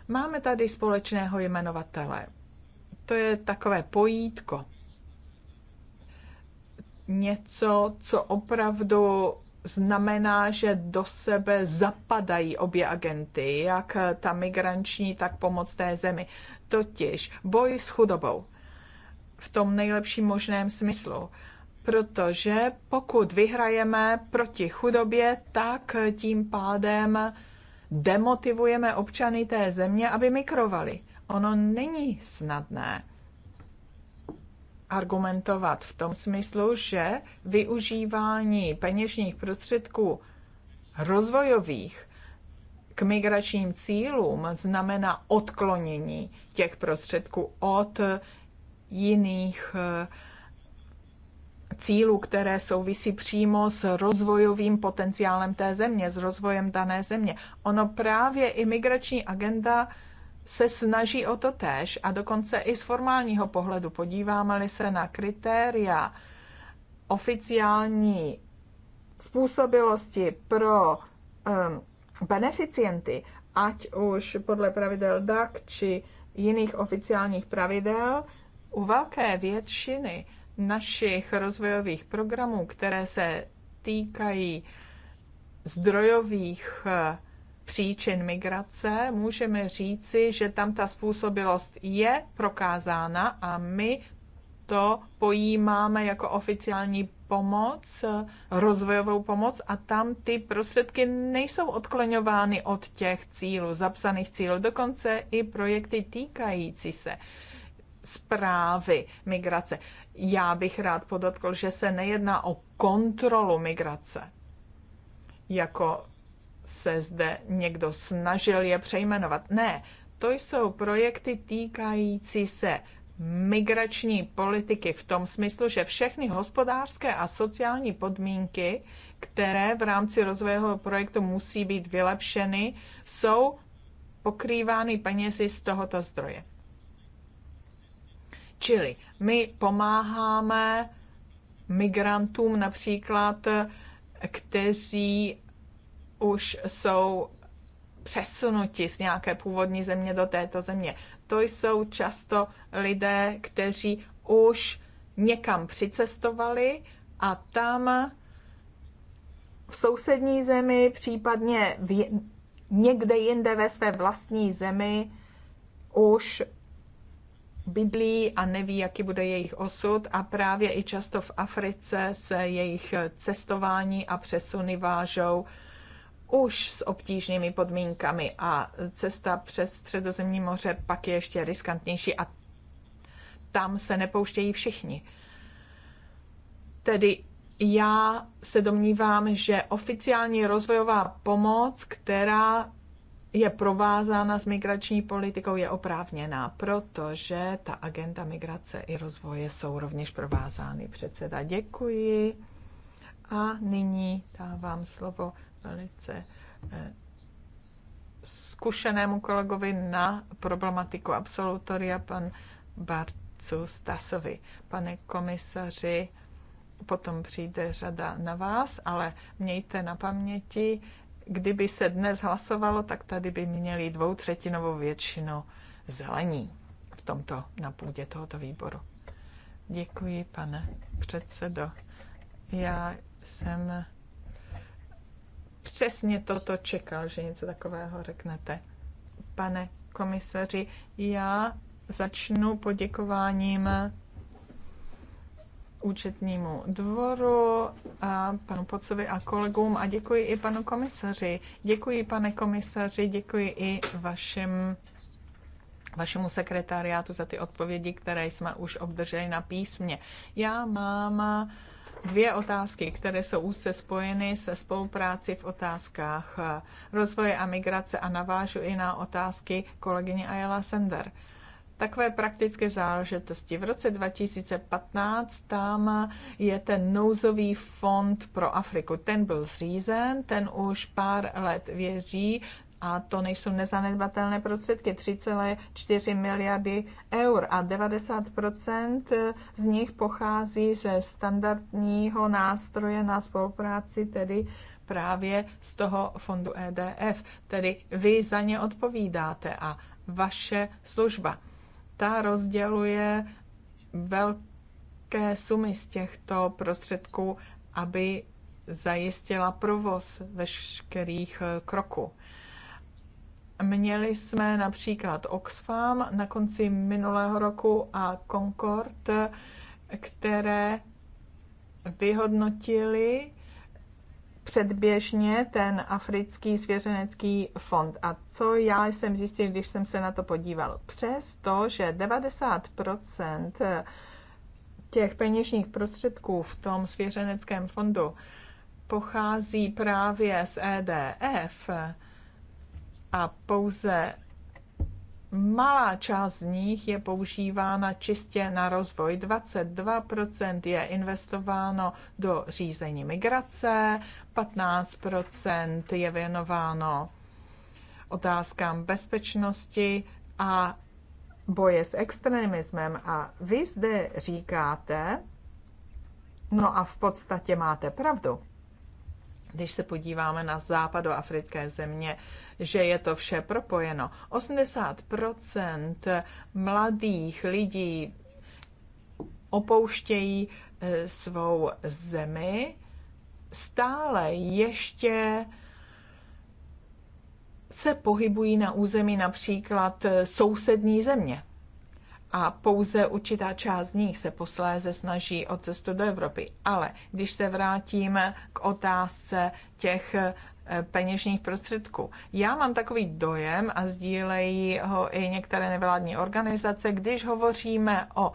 Máme tady společného jmenovatele. To je takové pojítko. Něco, co opravdu znamená, že do sebe zapadají obě agenty, jak ta migranční, tak pomoc té zemi. Totiž boj s chudobou v tom nejlepším možném smyslu protože pokud vyhrajeme proti chudobě, tak tím pádem demotivujeme občany té země, aby mikrovali. Ono není snadné argumentovat v tom smyslu, že využívání peněžních prostředků rozvojových k migračním cílům znamená odklonění těch prostředků od jiných uh, cílů, které souvisí přímo s rozvojovým potenciálem té země, s rozvojem dané země. Ono právě imigrační agenda se snaží o to též a dokonce i z formálního pohledu podíváme-li se na kritéria oficiální způsobilosti pro um, beneficienty, ať už podle pravidel DAC či jiných oficiálních pravidel, u velké většiny našich rozvojových programů, které se týkají zdrojových eh, příčin migrace, můžeme říci, že tam ta způsobilost je prokázána a my to pojímáme jako oficiální pomoc, eh, rozvojovou pomoc a tam ty prostředky nejsou odkloňovány od těch cílů, zapsaných cílů, dokonce i projekty týkající se zprávy migrace. Já bych rád podotkl, že se nejedná o kontrolu migrace, jako se zde někdo snažil je přejmenovat. Ne, to jsou projekty týkající se migrační politiky v tom smyslu, že všechny hospodářské a sociální podmínky, které v rámci rozvojového projektu musí být vylepšeny, jsou pokrývány penězi z tohoto zdroje. Čili my pomáháme migrantům například, kteří už jsou přesunuti z nějaké původní země do této země. To jsou často lidé, kteří už někam přicestovali a tam v sousední zemi, případně v, někde jinde ve své vlastní zemi už bydlí a neví, jaký bude jejich osud a právě i často v Africe se jejich cestování a přesuny vážou už s obtížnými podmínkami a cesta přes Středozemní moře pak je ještě riskantnější a tam se nepouštějí všichni. Tedy já se domnívám, že oficiální rozvojová pomoc, která je provázána s migrační politikou, je oprávněná, protože ta agenda migrace i rozvoje jsou rovněž provázány. Předseda, děkuji. A nyní dávám slovo velice eh, zkušenému kolegovi na problematiku absolutoria, pan Barcu Stasovi. Pane komisaři, potom přijde řada na vás, ale mějte na paměti, kdyby se dnes hlasovalo, tak tady by měli dvoutřetinovou většinu zelení v tomto, na půdě tohoto výboru. Děkuji, pane předsedo. Já jsem přesně toto čekal, že něco takového řeknete. Pane komisaři, já začnu poděkováním účetnímu dvoru a panu Pocovi a kolegům a děkuji i panu komisaři. Děkuji, pane komisaři, děkuji i vašim vašemu sekretariátu za ty odpovědi, které jsme už obdrželi na písmě. Já mám dvě otázky, které jsou úzce spojeny se spolupráci v otázkách rozvoje a migrace a navážu i na otázky kolegyně Ayala Sender takové praktické záležitosti. V roce 2015 tam je ten nouzový fond pro Afriku. Ten byl zřízen, ten už pár let věří, a to nejsou nezanedbatelné prostředky, 3,4 miliardy eur a 90% z nich pochází ze standardního nástroje na spolupráci, tedy právě z toho fondu EDF. Tedy vy za ně odpovídáte a vaše služba ta rozděluje velké sumy z těchto prostředků, aby zajistila provoz veškerých eh, kroků. Měli jsme například Oxfam na konci minulého roku a Concord, které vyhodnotili předběžně ten africký svěřenecký fond. A co já jsem zjistil, když jsem se na to podíval? Přesto, že 90% těch peněžních prostředků v tom svěřeneckém fondu pochází právě z EDF a pouze malá část z nich je používána čistě na rozvoj. 22% je investováno do řízení migrace, 15% je věnováno otázkám bezpečnosti a boje s extremismem. A vy zde říkáte, no a v podstatě máte pravdu, když se podíváme na západoafrické země, že je to vše propojeno. 80% mladých lidí opouštějí eh, svou zemi, stále ještě se pohybují na území například eh, sousední země. A pouze určitá část z nich se posléze snaží o cestu do Evropy. Ale když se vrátíme k otázce těch eh, Eh, peněžních prostředků. Já mám takový dojem a sdílejí ho i některé nevládní organizace, když hovoříme o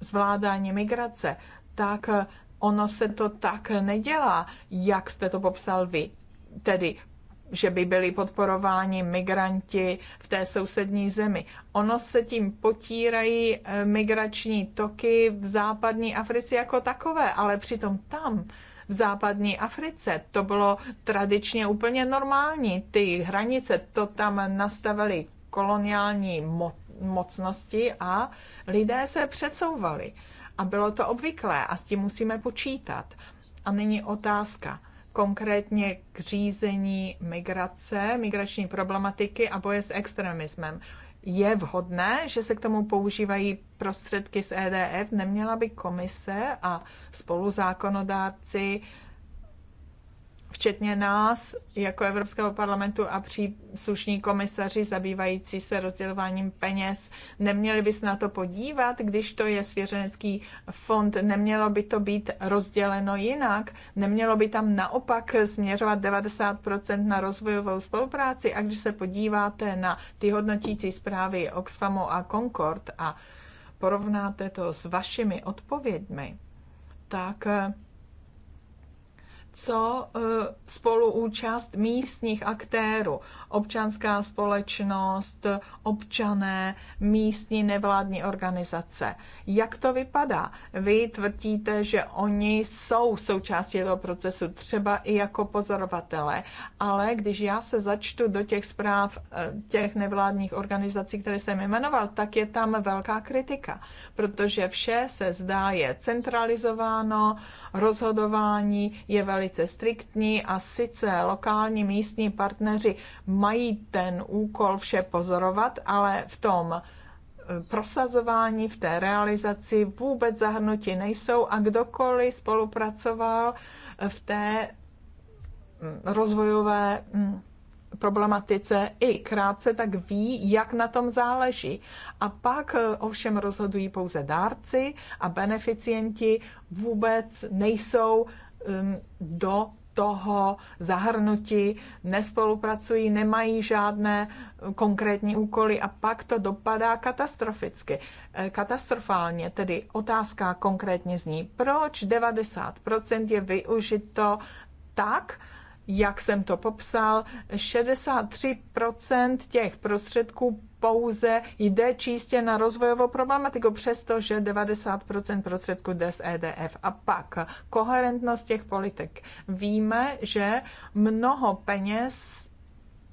zvládání migrace, tak eh, ono se to tak nedělá, jak jste to popsal vy. Tedy že by byli podporováni migranti v té sousední zemi. Ono se tím potírají eh, migrační toky v západní Africe jako takové, ale přitom tam v západní Africe. To bylo tradičně úplně normální. Ty hranice to tam nastavili koloniální mo- mocnosti a lidé se přesouvali. A bylo to obvyklé a s tím musíme počítat. A nyní otázka konkrétně k řízení migrace, migrační problematiky a boje s extremismem je vhodné, že se k tomu používají prostředky z EDF, neměla by komise a spoluzákonodárci včetně nás jako Evropského parlamentu a příslušní komisaři zabývající se rozdělováním peněz. Neměli by se na to podívat, když to je svěřenecký fond, nemělo by to být rozděleno jinak, nemělo by tam naopak směřovat 90% na rozvojovou spolupráci a když se podíváte na ty hodnotící zprávy Oxfamu a Concord a porovnáte to s vašimi odpověďmi, tak eh, co eh, spoluúčast místních aktérů občanská společnost, občané, místní nevládní organizace. Jak to vypadá? Vy tvrdíte, že oni jsou součástí toho procesu, třeba i jako pozorovatele, ale když já se začtu do těch zpráv eh, těch nevládních organizací, které jsem jmenoval, tak je tam velká kritika, protože vše se zdá je centralizováno, rozhodování je velice striktní a sice lokální místní partneři mají ten úkol vše pozorovat, ale v tom eh, prosazování, v té realizaci vůbec zahrnuti nejsou a kdokoliv spolupracoval eh, v té mm, rozvojové mm, problematice i krátce, tak ví, jak na tom záleží. A pak eh, ovšem rozhodují pouze dárci a beneficienti vůbec nejsou mm, do toho zahrnuti, nespolupracují, nemají žádné konkrétní úkoly a pak to dopadá katastroficky. Eh, katastrofálně tedy otázka konkrétně zní, proč 90% je využito tak, jak jsem to popsal, 63% těch prostředků pouze jde čistě na rozvojovou problematiku, přestože 90% prostředků jde z EDF. A pak koherentnost těch politik. Víme, že mnoho peněz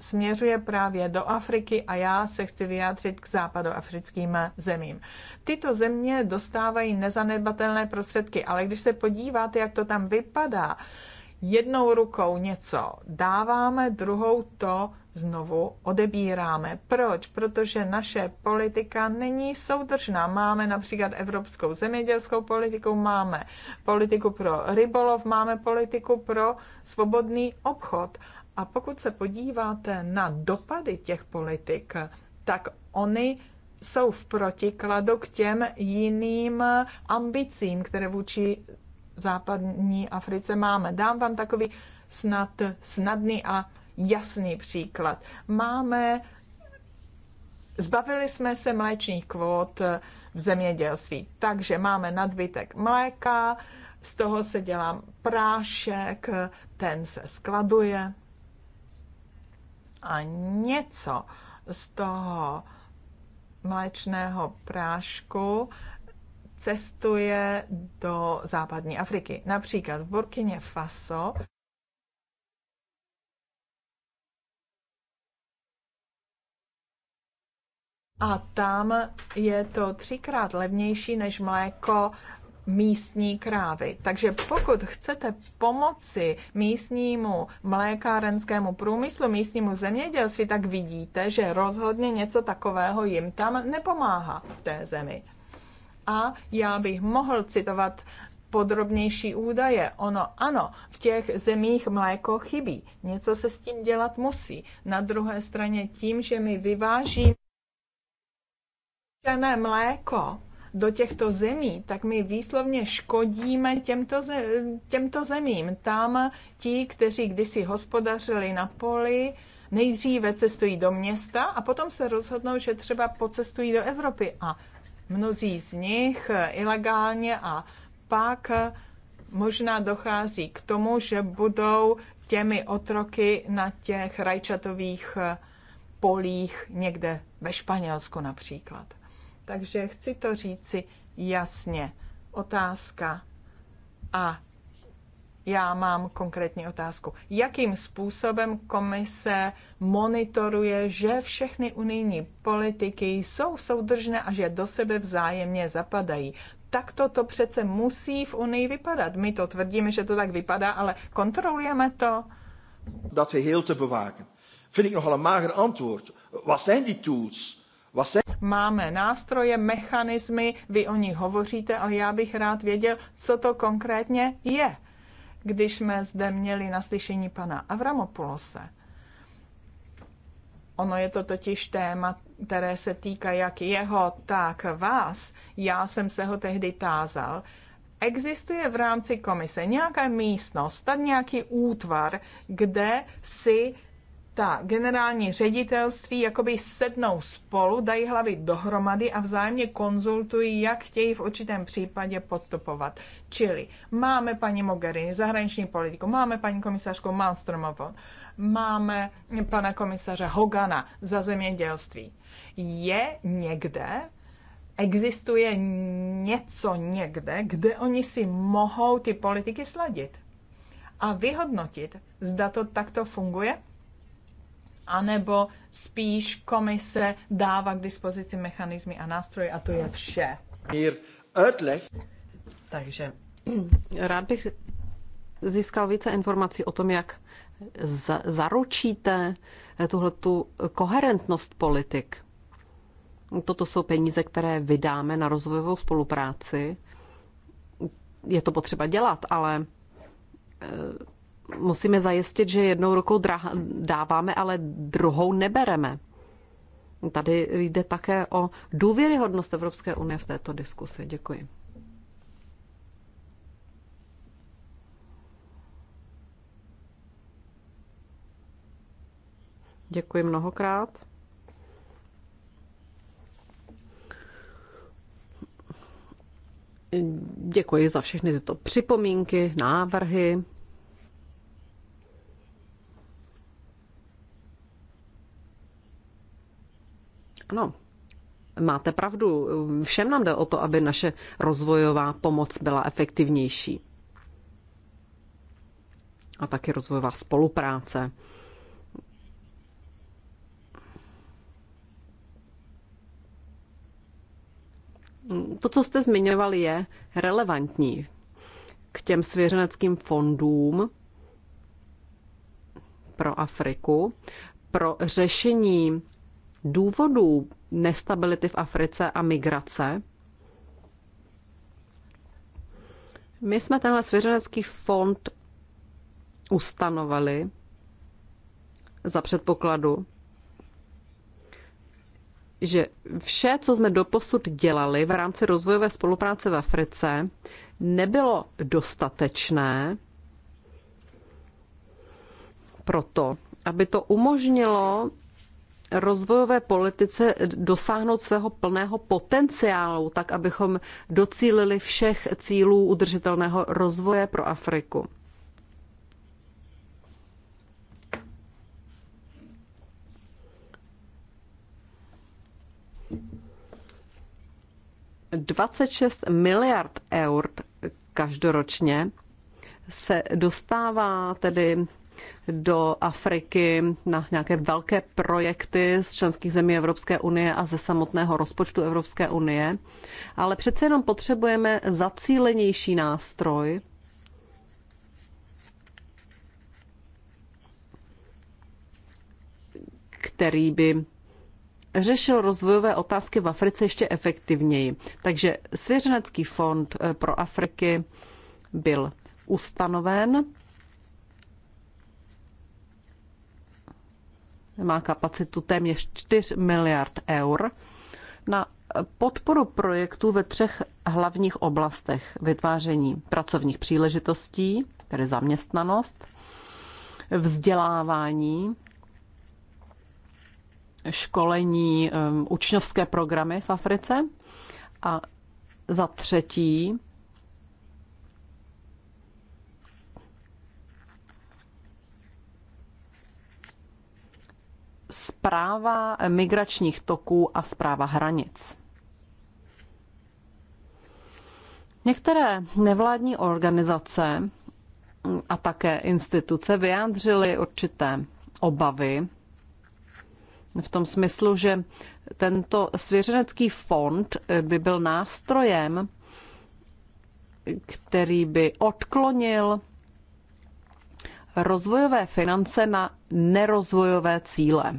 směřuje právě do Afriky a já se chci vyjádřit k západoafrickým zemím. Tyto země dostávají nezanedbatelné prostředky, ale když se podíváte, jak to tam vypadá, jednou rukou něco dáváme, druhou to znovu odebíráme. Proč? Protože naše politika není soudržná. Máme například evropskou zemědělskou politiku, máme politiku pro rybolov, máme politiku pro svobodný obchod. A pokud se podíváte na dopady těch politik, tak oni jsou v protikladu k těm jiným ambicím, které vůči západní Africe máme. Dám vám takový snad snadný a jasný příklad. Máme, zbavili jsme se mléčných kvót v zemědělství, takže máme nadbytek mléka, z toho se dělá prášek, ten se skladuje a něco z toho mléčného prášku cestuje do západní Afriky. Například v Burkině Faso a tam je to třikrát levnější než mléko místní krávy. Takže pokud chcete pomoci místnímu mlékárenskému průmyslu, místnímu zemědělství, tak vidíte, že rozhodně něco takového jim tam nepomáhá v té zemi. A já bych mohl citovat podrobnější údaje. Ono ano, v těch zemích mléko chybí. Něco se s tím dělat musí. Na druhé straně tím, že my vyvážíme mléko do těchto zemí, tak my výslovně škodíme těmto, ze, těmto zemím. Tam ti, kteří kdysi hospodařili na poli, nejdříve cestují do města a potom se rozhodnou, že třeba pocestují do Evropy. A mnozí z nich ilegálně a pak možná dochází k tomu, že budou těmi otroky na těch rajčatových eh, polích někde ve Španělsku například. Takže chci to říci jasně. Otázka a já mám konkrétní otázku. Jakým způsobem komise monitoruje, že všechny unijní politiky jsou soudržné a že do sebe vzájemně zapadají? Tak to, to přece musí v Unii vypadat. My to tvrdíme, že to tak vypadá, ale kontrolujeme to. Dat heel te bewaken. Vind ik nogal een mager antwoord. Wat zijn die tools? Máme nástroje, mechanismy, vy o nich hovoříte, ale já bych rád věděl, co to konkrétně je když jsme zde měli naslyšení pana Avramopulose. Ono je to totiž téma, které se týká jak jeho, tak vás. Já jsem se ho tehdy tázal, Existuje v rámci komise nějaká místnost, tak nějaký útvar, kde si ta generální ředitelství jakoby sednou spolu, dají hlavy dohromady a vzájemně konzultují, jak chtějí v určitém případě podstupovat. Čili máme paní Mogherini, zahraniční politiku, máme paní komisařku Malmstromovou, máme pana komisaře Hogana za zemědělství. Je někde, existuje něco někde, kde oni si mohou ty politiky sladit a vyhodnotit, zda to takto funguje anebo spíš komise dává k dispozici mechanizmy a nástroje a to je vše. Takže rád bych získal více informací o tom, jak zaručíte tuhle tu koherentnost politik. Toto jsou peníze, které vydáme na rozvojovou spolupráci. Je to potřeba dělat, ale eh, musíme zajistit, že jednou rukou dáváme, ale druhou nebereme. Tady jde také o důvěryhodnost Evropské unie v této diskusi. Děkuji. Děkuji mnohokrát. Děkuji za všechny tyto připomínky, návrhy. Ano, máte pravdu. Všem nám jde o to, aby naše rozvojová pomoc byla efektivnější. A taky rozvojová spolupráce. To, co jste zmiňovali, je relevantní k těm svěřeneckým fondům pro Afriku, pro řešení důvodů nestability v Africe a migrace. My jsme tenhle svěřenecký fond ustanovali za předpokladu, že vše, co jsme doposud dělali v rámci rozvojové spolupráce v Africe, nebylo dostatečné proto, aby to umožnilo rozvojové politice dosáhnout svého plného potenciálu, tak abychom docílili všech cílů udržitelného rozvoje pro Afriku. Dvacet šest miliard eur každoročně se dostává tedy do Afriky na nějaké velké projekty z členských zemí Evropské unie a ze samotného rozpočtu Evropské unie, ale přece jenom potřebujeme zacílenější nástroj, který by řešil rozvojové otázky v Africe ještě efektivněji. Takže Svěřenecký fond eh, pro Afriky byl ustanoven má kapacitu téměř 4 miliard eur na podporu projektů ve třech hlavních oblastech vytváření pracovních příležitostí, tedy zaměstnanost, vzdělávání, školení, um, učňovské programy v Africe a za třetí zpráva migračních toků a zpráva hranic. Některé nevládní organizace a také instituce vyjádřily určité obavy v tom smyslu, že tento svěřenecký fond by byl nástrojem, který by odklonil rozvojové finance na nerozvojové cíle.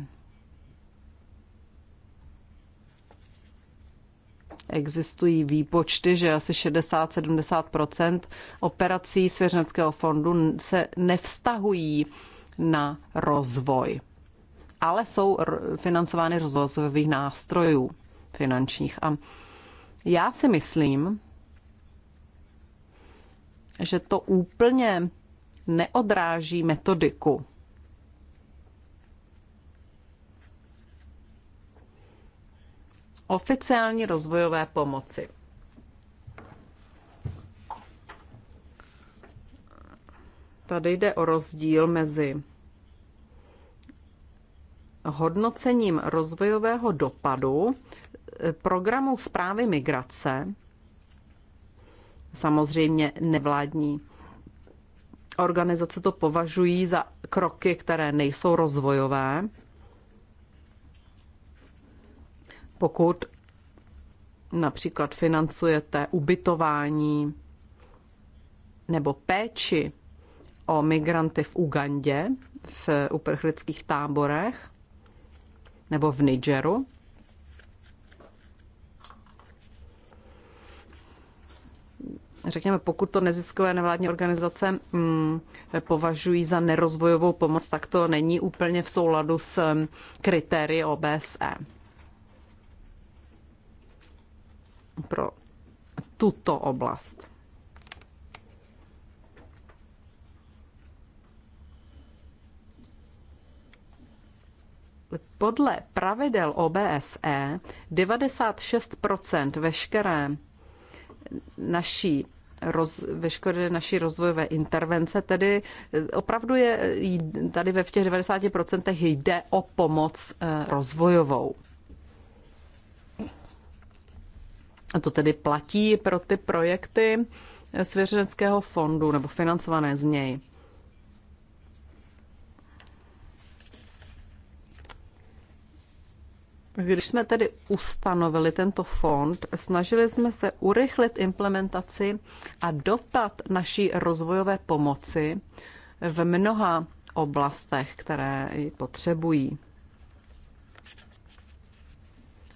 Existují výpočty, že asi 60-70 operací svěřenského fondu se nevztahují na rozvoj, ale jsou financovány z rozvojových nástrojů finančních. A já si myslím, že to úplně neodráží metodiku. Oficiální rozvojové pomoci. Tady jde o rozdíl mezi hodnocením rozvojového dopadu eh, programu zprávy migrace. Samozřejmě nevládní organizace to považují za kroky, které nejsou rozvojové, pokud například financujete ubytování nebo péči o migranty v Ugandě, v uprchlických táborech nebo v Nigeru, řekněme, pokud to neziskové nevládní organizace mm, považují za nerozvojovou pomoc, tak to není úplně v souladu s mm, kritérii OBSE. Pro tuto oblast. Podle pravidel OBSE 96 veškeré naší roz, veškeré naší rozvojové intervence, tedy eh, opravdu je tady ve v těch 90% jde o pomoc eh, rozvojovou. A to tedy platí pro ty projekty eh, svěřenského fondu nebo financované z něj. Když jsme tedy ustanovili tento fond, snažili jsme se urychlit implementaci a dopad naší rozvojové pomoci v mnoha oblastech, které ji potřebují.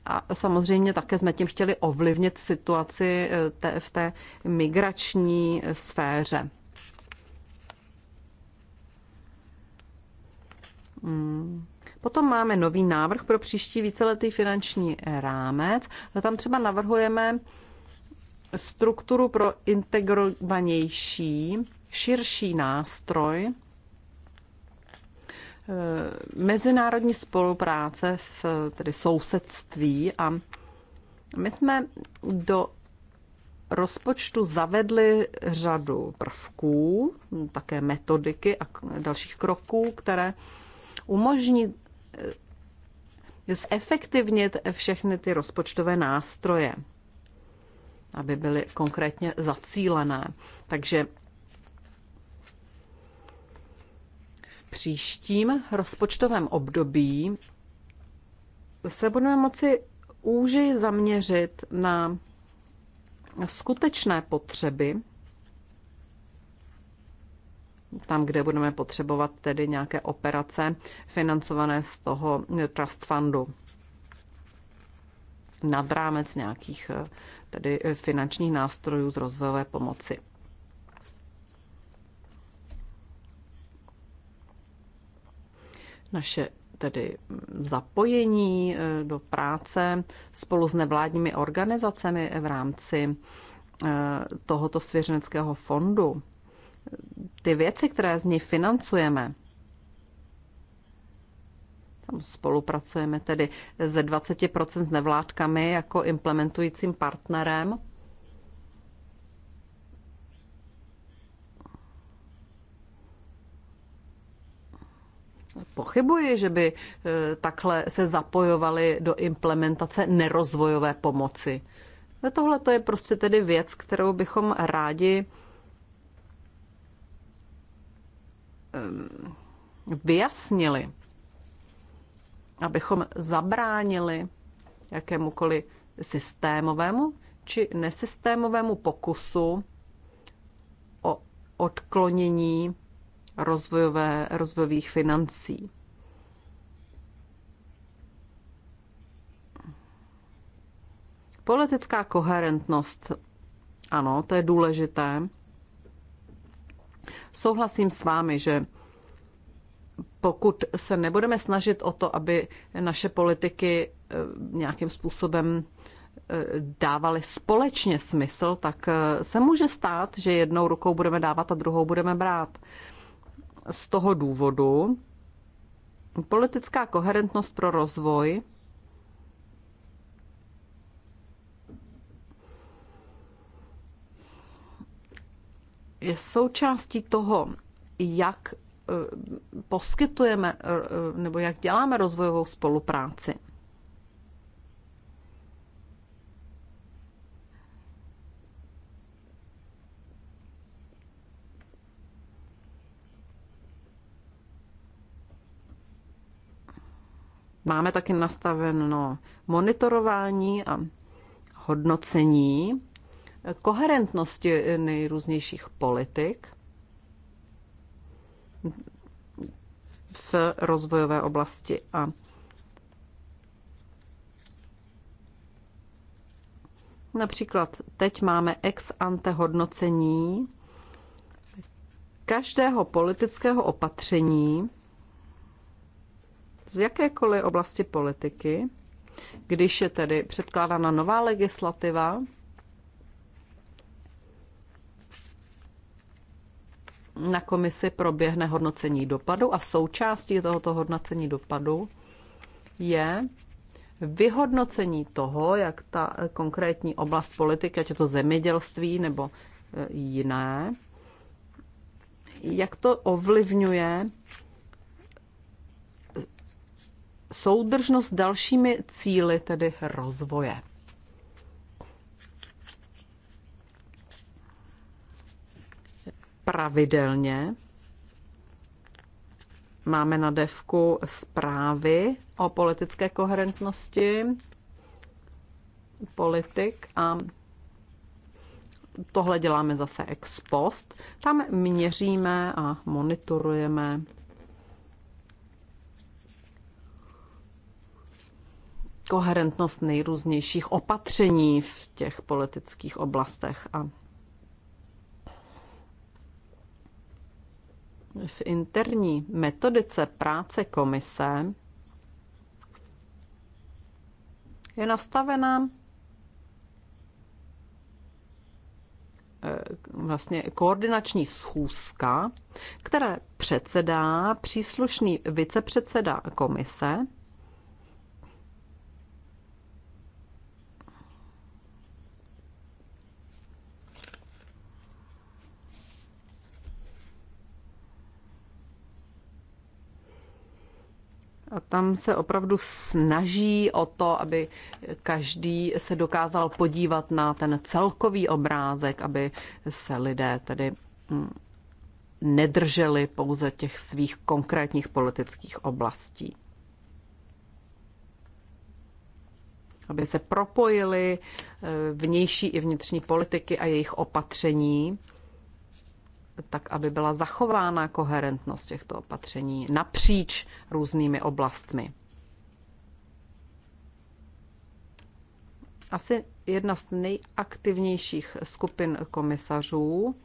A samozřejmě také jsme tím chtěli ovlivnit situaci eh, v té migrační sféře. Hmm. Potom máme nový návrh pro příští víceletý finanční rámec. Tam třeba navrhujeme strukturu pro integrovanější, širší nástroj e, mezinárodní spolupráce v tedy sousedství a my jsme do rozpočtu zavedli řadu prvků, také metodiky a dalších kroků, které umožní Eh, zefektivnit všechny ty rozpočtové nástroje, aby byly konkrétně zacílené. Takže v příštím rozpočtovém období se budeme moci úžeji zaměřit na skutečné potřeby tam, kde budeme potřebovat tedy nějaké operace financované z toho trust fundu nad rámec nějakých eh, tedy eh, finančních nástrojů z rozvojové pomoci. Naše tedy zapojení eh, do práce spolu s nevládními organizacemi v rámci tohoto svěřeneckého fondu ty věci, které z ní financujeme, tam spolupracujeme tedy ze 20% s nevládkami jako implementujícím partnerem. Pochybuji, že by eh, takhle se zapojovali do implementace nerozvojové pomoci. Tohle to je prostě tedy věc, kterou bychom rádi Ehm, vyjasnili, abychom zabránili jakémukoliv systémovému či nesystémovému pokusu o odklonění rozvojové, rozvojových financí. Politická koherentnost, ano, to je důležité. Souhlasím s vámi, že pokud se nebudeme snažit o to, aby naše politiky eh, nějakým způsobem eh, dávaly společně smysl, tak eh, se může stát, že jednou rukou budeme dávat a druhou budeme brát. Z toho důvodu politická koherentnost pro rozvoj je součástí toho, jak eh, poskytujeme eh, eh, nebo jak děláme rozvojovou spolupráci. Máme taky nastaveno monitorování a hodnocení koherentnosti nejrůznějších politik v rozvojové oblasti. A například teď máme ex ante hodnocení každého politického opatření z jakékoliv oblasti politiky, když je tedy předkládána nová legislativa, na komisi proběhne hodnocení dopadu a součástí tohoto hodnocení dopadu je vyhodnocení toho, jak ta konkrétní oblast politiky, ať je to zemědělství nebo e, jiné, jak to ovlivňuje soudržnost dalšími cíly, tedy rozvoje. pravidelně. Máme na devku zprávy o politické koherentnosti politik a tohle děláme zase ex post. Tam měříme a monitorujeme koherentnost nejrůznějších opatření v těch politických oblastech a v interní metodice práce komise je nastavena eh, vlastně koordinační schůzka, které předsedá příslušný vicepředseda komise A tam se opravdu snaží o to, aby každý se dokázal podívat na ten celkový obrázek, aby se lidé tedy hm, nedrželi pouze těch svých konkrétních politických oblastí. Aby se propojili eh, vnější i vnitřní politiky a jejich opatření tak aby byla zachována koherentnost těchto opatření napříč různými oblastmi. Asi jedna z nejaktivnějších skupin komisařů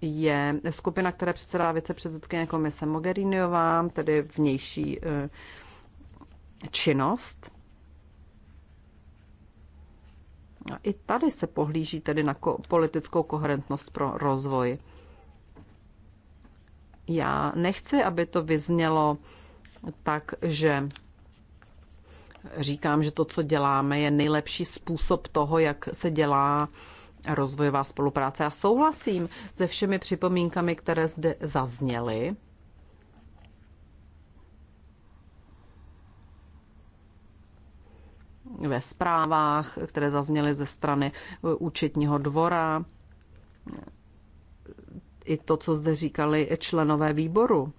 je skupina, která předsedá vicepředsedkyně komise Mogheriniová, tedy vnější eh, činnost. A i tady se pohlíží tedy na ko- politickou koherentnost pro rozvoj. Já nechci, aby to vyznělo tak, že říkám, že to, co děláme, je nejlepší způsob toho, jak se dělá rozvojová spolupráce. Já souhlasím se všemi připomínkami, které zde zazněly. ve zprávách, které zazněly ze strany eh, účetního dvora, i to, co zde říkali členové výboru.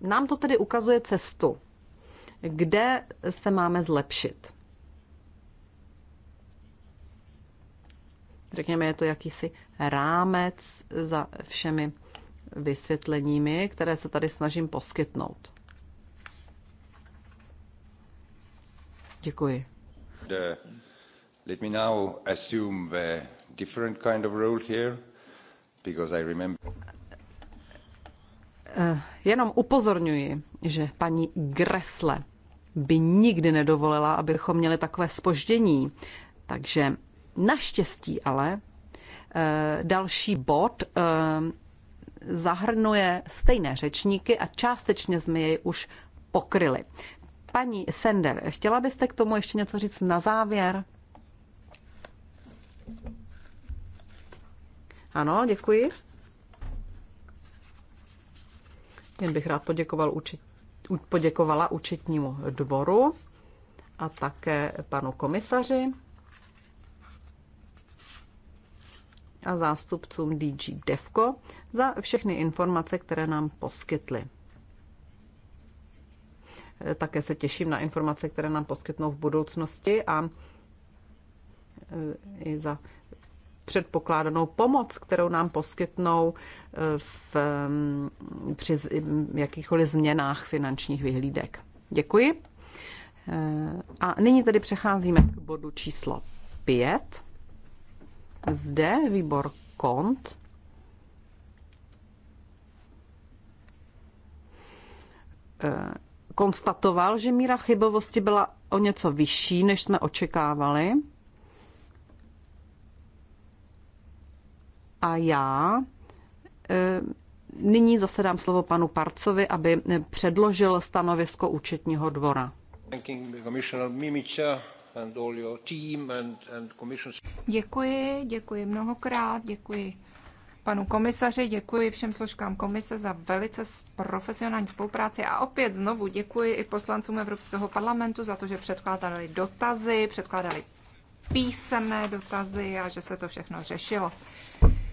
Nám to tedy ukazuje cestu, kde se máme zlepšit. Řekněme, je to jakýsi rámec za všemi vysvětleními, které se tady snažím poskytnout. Děkuji. The, let me now assume the different kind of role here, because I remember... Eh, jenom upozorňuji, že paní Gresle by nikdy nedovolila, abychom měli takové spoždění. Takže naštěstí ale Eh, další bod eh, zahrnuje stejné řečníky a částečně jsme jej už pokryli. Paní Sender, chtěla byste k tomu ještě něco říct na závěr? Ano, děkuji. Jen bych rád poděkoval učit, poděkovala účetnímu dvoru a také panu komisaři. a zástupcům DG DEVCO za všechny informace, které nám poskytly. Eh, také se těším na informace, které nám poskytnou v budoucnosti a eh, i za předpokládanou pomoc, kterou nám poskytnou eh, v, mm, při mm, jakýchkoliv změnách finančních vyhlídek. Děkuji. A nyní tedy přecházíme k bodu číslo 5 zde výbor kont. Eh, konstatoval, že míra chybovosti byla o něco vyšší, než jsme očekávali. A já eh, nyní zase dám slovo panu Parcovi, aby předložil stanovisko účetního dvora. Děkuji, děkuji mnohokrát, děkuji panu komisaři, děkuji všem složkám komise za velice profesionální spolupráci a opět znovu děkuji i poslancům Evropského parlamentu za to, že předkládali dotazy, předkládali písemné dotazy a že se to všechno řešilo.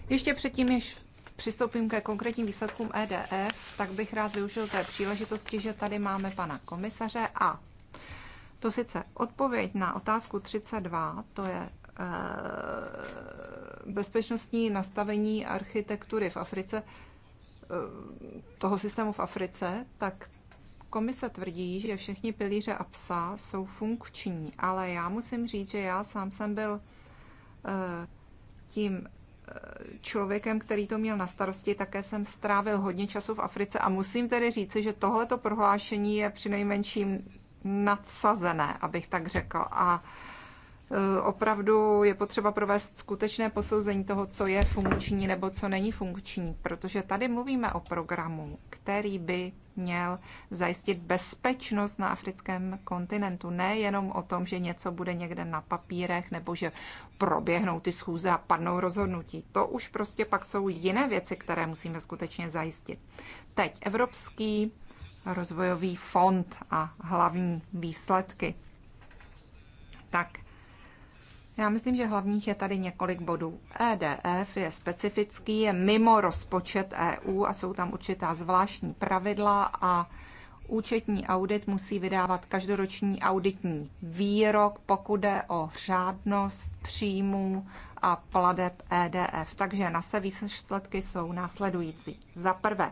Ještě předtím, než přistoupím ke konkrétním výsledkům EDF, tak bych rád využil té příležitosti, že tady máme pana komisaře a to sice odpověď na otázku 32, to je eh, bezpečnostní nastavení architektury v Africe, eh, toho systému v Africe, tak komise tvrdí, že všechny pilíře APSA jsou funkční, ale já musím říct, že já sám jsem byl eh, tím člověkem, který to měl na starosti, také jsem strávil hodně času v Africe a musím tedy říci, že tohleto prohlášení je přinejmenším nadsazené, abych tak řekl. A e, opravdu je potřeba provést skutečné posouzení toho, co je funkční nebo co není funkční, protože tady mluvíme o programu, který by měl zajistit bezpečnost na africkém kontinentu. Ne jenom o tom, že něco bude někde na papírech nebo že proběhnou ty schůze a padnou rozhodnutí. To už prostě pak jsou jiné věci, které musíme skutečně zajistit. Teď Evropský rozvojový fond a hlavní výsledky. Tak, já myslím, že hlavních je tady několik bodů. EDF je specifický, je mimo rozpočet EU a jsou tam určitá zvláštní pravidla a účetní audit musí vydávat každoroční auditní výrok, pokud jde o řádnost příjmů a pladeb EDF. Takže naše výsledky jsou následující. Za prvé,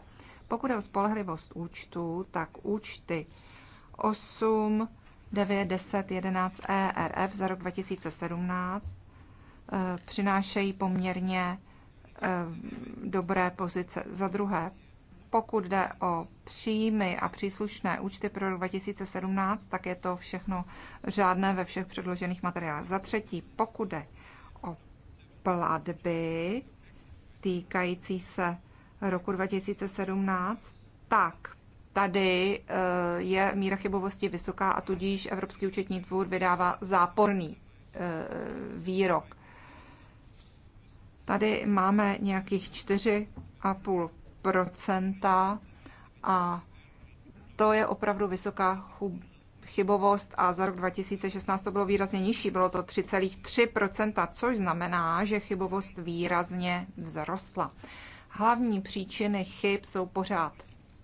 pokud je o spolehlivost účtů, tak účty 8, 9, 10, 11 ERF za rok 2017 eh, přinášejí poměrně eh, dobré pozice. Za druhé, pokud jde o příjmy a příslušné účty pro rok 2017, tak je to všechno řádné ve všech předložených materiálech. Za třetí, pokud jde o platby týkající se roku 2017, tak tady eh, je míra chybovosti vysoká a tudíž Evropský účetní dvůr vydává záporný eh, výrok. Tady máme nějakých 4,5 a to je opravdu vysoká chybovost a za rok 2016 to bylo výrazně nižší, bylo to 3,3 což znamená, že chybovost výrazně vzrostla. Hlavní příčiny chyb jsou pořád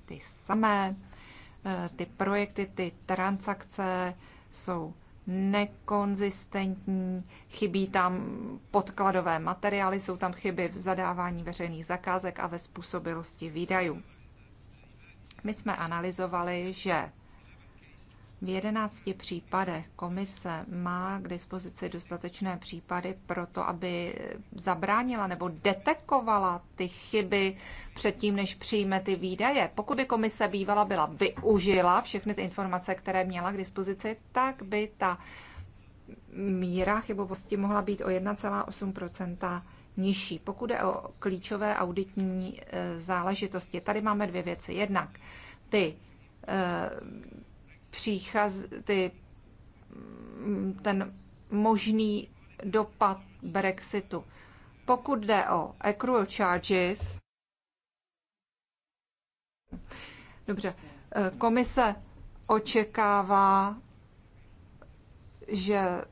ty samé. Eh, ty projekty, ty transakce jsou nekonzistentní, chybí tam podkladové materiály, jsou tam chyby v zadávání veřejných zakázek a ve způsobilosti výdajů. My jsme analyzovali, že v jedenácti případech komise má k dispozici dostatečné případy pro to, aby zabránila nebo detekovala ty chyby předtím, než přijme ty výdaje. Pokud by komise bývala byla využila všechny ty informace, které měla k dispozici, tak by ta míra chybovosti mohla být o 1,8 nižší. Pokud je o klíčové auditní e, záležitosti, tady máme dvě věci. Jednak ty e, příchaz, ty, ten možný dopad Brexitu. Pokud jde o accrual charges, dobře, komise očekává, že eh,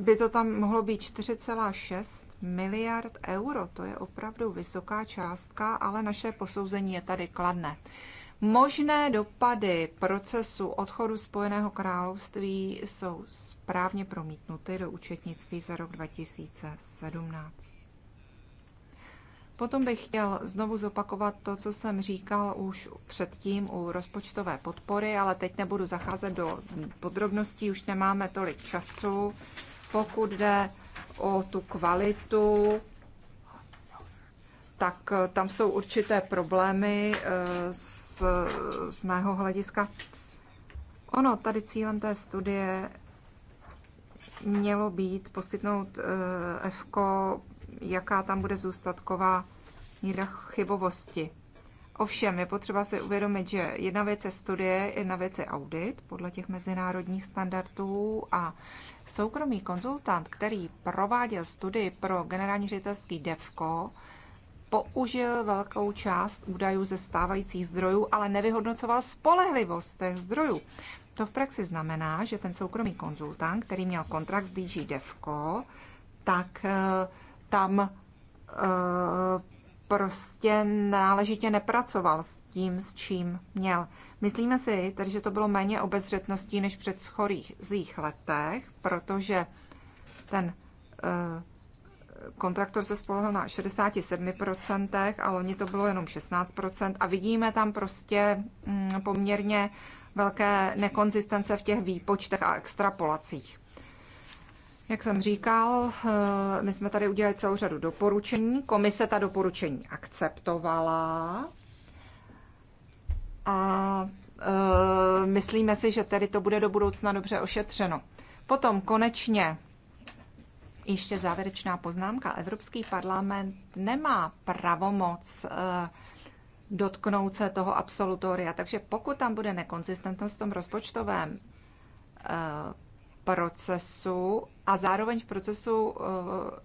by to tam mohlo být 4,6 miliard euro. To je opravdu vysoká částka, ale naše posouzení je tady kladné. Možné dopady procesu odchodu Spojeného království jsou správně promítnuty do účetnictví za rok 2017. Potom bych chtěl znovu zopakovat to, co jsem říkal už předtím u rozpočtové podpory, ale teď nebudu zacházet do podrobností, už nemáme tolik času. Pokud jde o tu kvalitu tak eh, tam jsou určité problémy z, eh, z mého hlediska. Ono tady cílem té studie mělo být poskytnout eh, FKO, jaká tam bude zůstatková míra chybovosti. Ovšem, je potřeba si uvědomit, že jedna věc je studie, jedna věc je audit podle těch mezinárodních standardů a soukromý konzultant, který prováděl studii pro generální ředitelský DEVKO, použil velkou část údajů ze stávajících zdrojů, ale nevyhodnocoval spolehlivost těch zdrojů. To v praxi znamená, že ten soukromý konzultant, který měl kontrakt s DG Devco, tak eh, tam eh, prostě náležitě nepracoval s tím, s čím měl. Myslíme si, tedy, že to bylo méně obezřetností než před schorých zích letech, protože ten uh, kontraktor se spolehl na 67% a loni to bylo jenom 16% a vidíme tam prostě mm, poměrně velké nekonzistence v těch výpočtech a extrapolacích. Jak jsem říkal, eh, my jsme tady udělali celou řadu doporučení. Komise ta doporučení akceptovala a eh, myslíme si, že tedy to bude do budoucna dobře ošetřeno. Potom konečně ještě závěrečná poznámka. Evropský parlament nemá pravomoc eh, dotknout se toho absolutoria. Takže pokud tam bude nekonzistentnost v tom rozpočtovém eh, procesu a zároveň v procesu eh,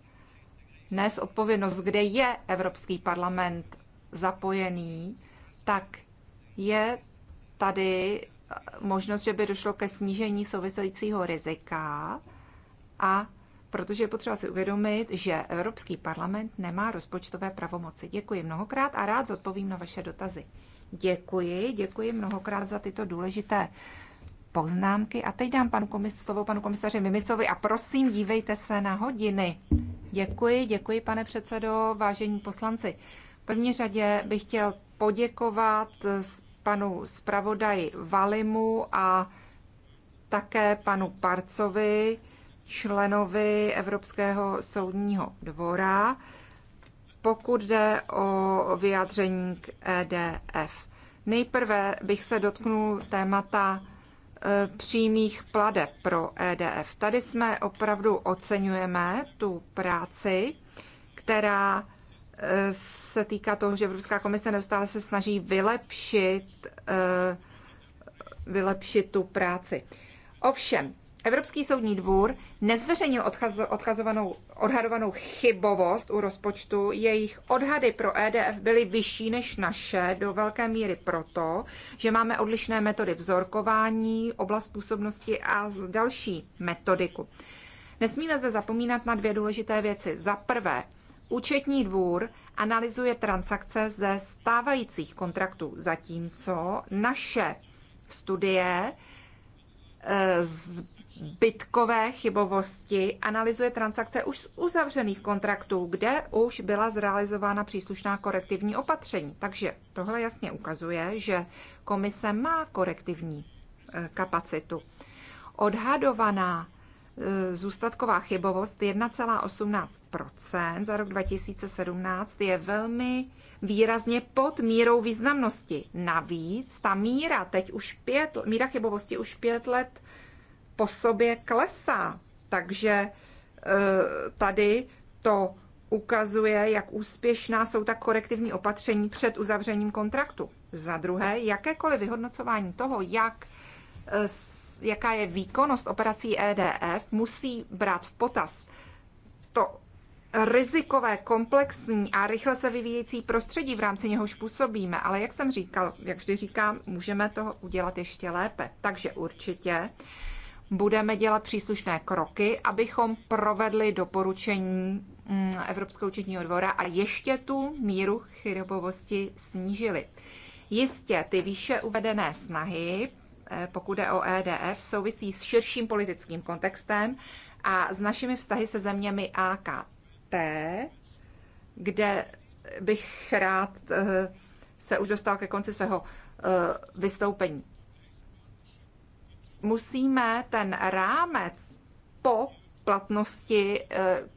nes odpovědnost, kde je Evropský parlament zapojený, tak je tady možnost, že by došlo ke snížení souvisejícího rizika a protože je potřeba si uvědomit, že Evropský parlament nemá rozpočtové pravomoci. Děkuji mnohokrát a rád zodpovím na vaše dotazy. Děkuji, děkuji mnohokrát za tyto důležité poznámky. A teď dám panu komis- slovo panu komisaři Mimicovi a prosím, dívejte se na hodiny. Děkuji, děkuji, pane předsedo, vážení poslanci. V první řadě bych chtěl poděkovat panu zpravodaji Valimu a také panu Parcovi, členovi Evropského soudního dvora, pokud jde o vyjádření k EDF. Nejprve bych se dotknul témata e, přímých pladeb pro EDF. Tady jsme opravdu oceňujeme tu práci, která e, se týká toho, že Evropská komise neustále se snaží vylepšit, e, vylepšit tu práci. Ovšem, Evropský soudní dvůr nezveřejnil odchaz, odhadovanou chybovost u rozpočtu. Jejich odhady pro EDF byly vyšší než naše do velké míry proto, že máme odlišné metody vzorkování, oblast působnosti a další metodiku. Nesmíme zde zapomínat na dvě důležité věci. Za prvé, Účetní dvůr analyzuje transakce ze stávajících kontraktů, zatímco naše studie eh, zbytkové chybovosti analyzuje transakce už z uzavřených kontraktů, kde už byla zrealizována příslušná korektivní opatření. Takže tohle jasně ukazuje, že komise má korektivní eh, kapacitu. Odhadovaná eh, zůstatková chybovost 1,18 za rok 2017 je velmi výrazně pod mírou významnosti. Navíc ta míra teď už pět, míra chybovosti už pět let po sobě klesá. Takže e, tady to ukazuje, jak úspěšná jsou tak korektivní opatření před uzavřením kontraktu. Za druhé, jakékoliv vyhodnocování toho, jak, e, jaká je výkonnost operací EDF, musí brát v potaz to rizikové, komplexní a rychle se vyvíjející prostředí, v rámci něhož působíme. Ale jak jsem říkal, jak vždy říkám, můžeme to udělat ještě lépe. Takže určitě budeme dělat příslušné kroky, abychom provedli doporučení mm, Evropského účetního dvora a ještě tu míru chyrobovosti snížili. Jistě ty výše uvedené snahy, eh, pokud je o EDF, souvisí s širším politickým kontextem a s našimi vztahy se zeměmi AKT, kde bych rád eh, se už dostal ke konci svého eh, vystoupení musíme ten rámec po platnosti e,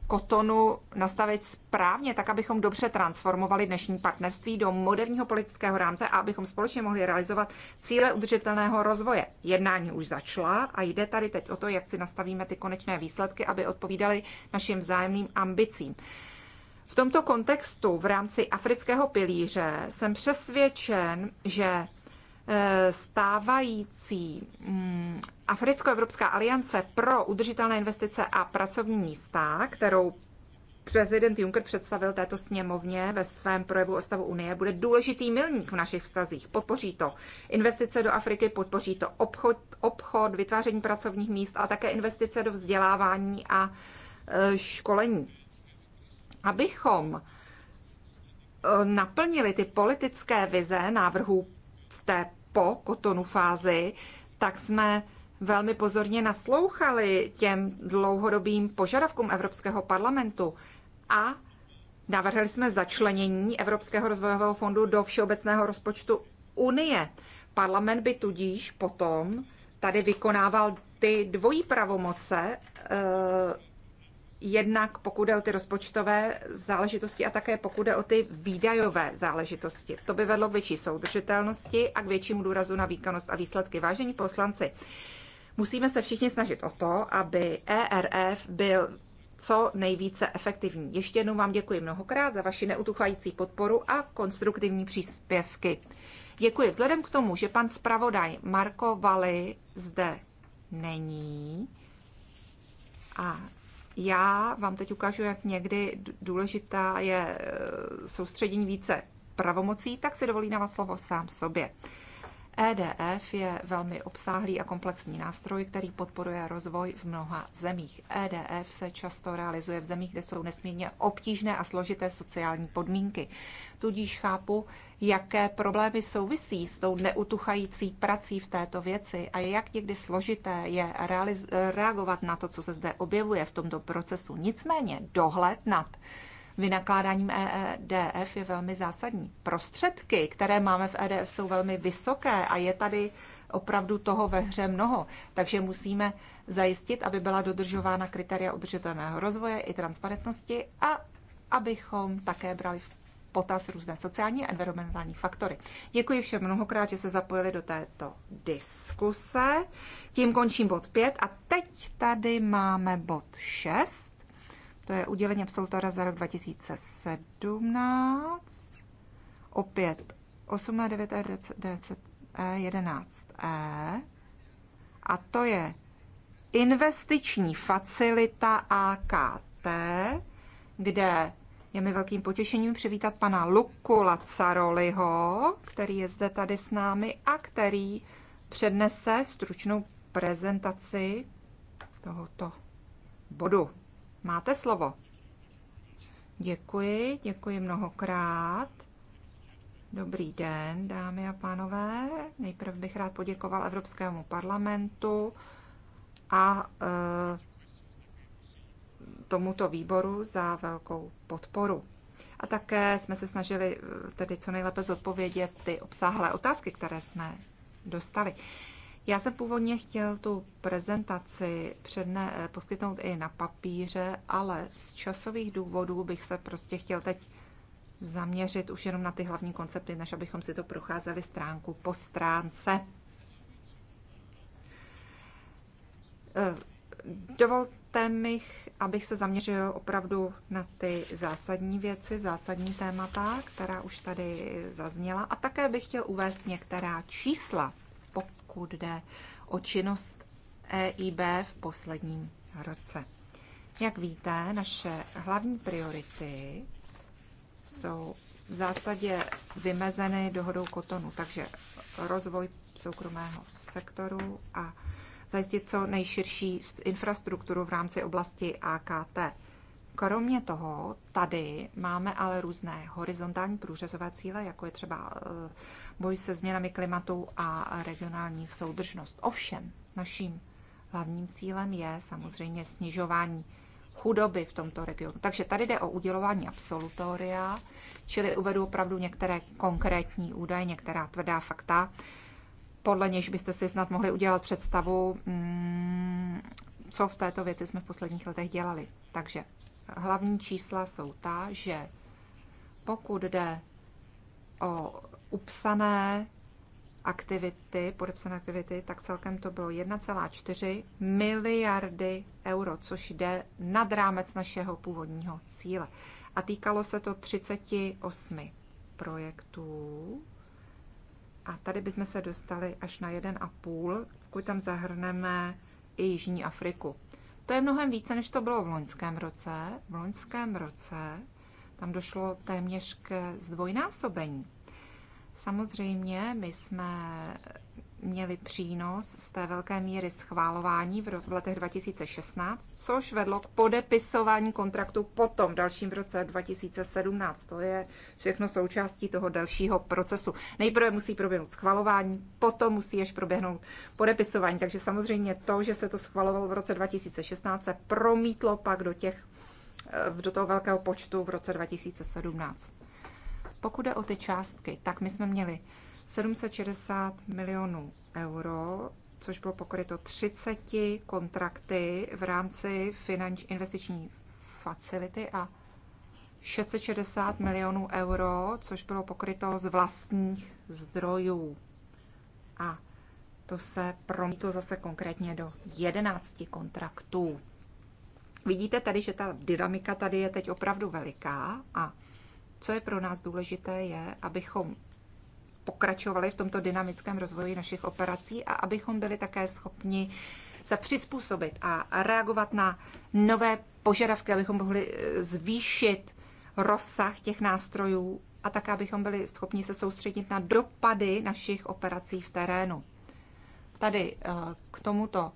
kotonu nastavit správně, tak abychom dobře transformovali dnešní partnerství do moderního politického rámce a abychom společně mohli realizovat cíle udržitelného rozvoje. Jednání už začala a jde tady teď o to, jak si nastavíme ty konečné výsledky, aby odpovídaly našim vzájemným ambicím. V tomto kontextu v rámci afrického pilíře jsem přesvědčen, že Eh, stávající mm, Africko-Evropská aliance pro udržitelné investice a pracovní místa, kterou prezident Juncker představil této sněmovně ve svém projevu o stavu Unie, bude důležitý milník v našich vztazích. Podpoří to investice do Afriky, podpoří to obchod, obchod vytváření pracovních míst a také investice do vzdělávání a eh, školení. Abychom eh, naplnili ty politické vize návrhů v té po kotonu fázi, tak jsme velmi pozorně naslouchali těm dlouhodobým požadavkům Evropského parlamentu a navrhli jsme začlenění Evropského rozvojového fondu do všeobecného rozpočtu Unie. Parlament by tudíž potom tady vykonával ty dvojí pravomoce eh, Jednak pokud jde o ty rozpočtové záležitosti a také pokud jde o ty výdajové záležitosti. To by vedlo k větší soudržitelnosti a k většímu důrazu na výkonnost a výsledky. Vážení poslanci, musíme se všichni snažit o to, aby ERF byl co nejvíce efektivní. Ještě jednou vám děkuji mnohokrát za vaši neutuchající podporu a konstruktivní příspěvky. Děkuji. Vzhledem k tomu, že pan zpravodaj Marko Vali zde není a já vám teď ukážu, jak někdy důležitá je e, soustředění více pravomocí, tak si dovolí dávat slovo sám sobě. EDF je velmi obsáhlý a komplexní nástroj, který podporuje rozvoj v mnoha zemích. EDF se často realizuje v zemích, kde jsou nesmírně obtížné a složité sociální podmínky. Tudíž chápu, jaké problémy souvisí s tou neutuchající prací v této věci a jak někdy složité je reagovat na to, co se zde objevuje v tomto procesu. Nicméně dohled nad vynakládáním EDF e je velmi zásadní. Prostředky, které máme v EDF, jsou velmi vysoké a je tady opravdu toho ve hře mnoho. Takže musíme zajistit, aby byla dodržována kritéria udržitelného rozvoje i transparentnosti a abychom také brali v potaz různé sociální a environmentální faktory. Děkuji všem mnohokrát, že se zapojili do této diskuse. Tím končím bod 5 a teď tady máme bod 6. To je udělení absolutora za rok 2017. Opět 8 a 9 DC, 11E. A to je investiční facilita AKT, kde je mi velkým potěšením přivítat pana Luku Lacaroliho, který je zde tady s námi a který přednese stručnou prezentaci tohoto bodu. Máte slovo. Děkuji, děkuji mnohokrát. Dobrý den, dámy a pánové. Nejprve bych rád poděkoval Evropskému parlamentu a e, tomuto výboru za velkou podporu. A také jsme se snažili e, tedy co nejlépe zodpovědět ty obsáhlé otázky, které jsme dostali. E, já jsem původně chtěl tu prezentaci předne, eh, poskytnout i na papíře, ale z časových důvodů bych se prostě chtěl teď zaměřit už jenom na ty hlavní koncepty, než abychom si to procházeli stránku po stránce. Eh, dovolte mi, abych se zaměřil opravdu na ty zásadní věci, zásadní témata, která už tady zazněla. A také bych chtěl uvést některá čísla, pokud jde o činnost EIB v posledním roce. Jak víte, naše hlavní priority jsou v zásadě vymezeny dohodou kotonu, takže rozvoj soukromého sektoru a zajistit co nejširší infrastrukturu v rámci oblasti AKT. Kromě toho, tady máme ale různé horizontální průřezové cíle, jako je třeba eh, boj se změnami klimatu a regionální soudržnost. Ovšem, naším hlavním cílem je samozřejmě snižování chudoby v tomto regionu. Takže tady jde o udělování absolutoria, čili uvedu opravdu některé konkrétní údaje, některá tvrdá fakta, podle něž byste si snad mohli udělat představu, mm, co v této věci jsme v posledních letech dělali. Takže hlavní čísla jsou ta, že pokud jde o upsané aktivity, podepsané aktivity, tak celkem to bylo 1,4 miliardy euro, což jde nad rámec našeho původního cíle. A týkalo se to 38 projektů. A tady bychom se dostali až na 1,5, pokud tam zahrneme i Jižní Afriku. To je mnohem více, než to bylo v loňském roce. V loňském roce tam došlo téměř k zdvojnásobení. Samozřejmě my jsme měli přínos z té velké míry schválování v letech 2016, což vedlo k podepisování kontraktu potom v dalším roce 2017. To je všechno součástí toho dalšího procesu. Nejprve musí proběhnout schvalování, potom musí ještě proběhnout podepisování. Takže samozřejmě to, že se to schvalovalo v roce 2016, se promítlo pak do, těch, eh, do toho velkého počtu v roce 2017. Pokud jde o ty částky, tak my jsme měli 760 milionů euro, což bylo pokryto 30 kontrakty v rámci finanč, investiční facility a 660 milionů euro, což bylo pokryto z vlastních zdrojů. A to se promítlo zase konkrétně do 11 kontraktů. Vidíte tady, že ta dynamika tady je teď opravdu veliká a co je pro nás důležité, je, abychom pokračovali v tomto dynamickém rozvoji našich operací a abychom byli také schopni se přizpůsobit a reagovat na nové požadavky, abychom mohli eh, zvýšit rozsah těch nástrojů a tak, abychom byli schopni se soustředit na dopady našich operací v terénu. Tady eh, k tomuto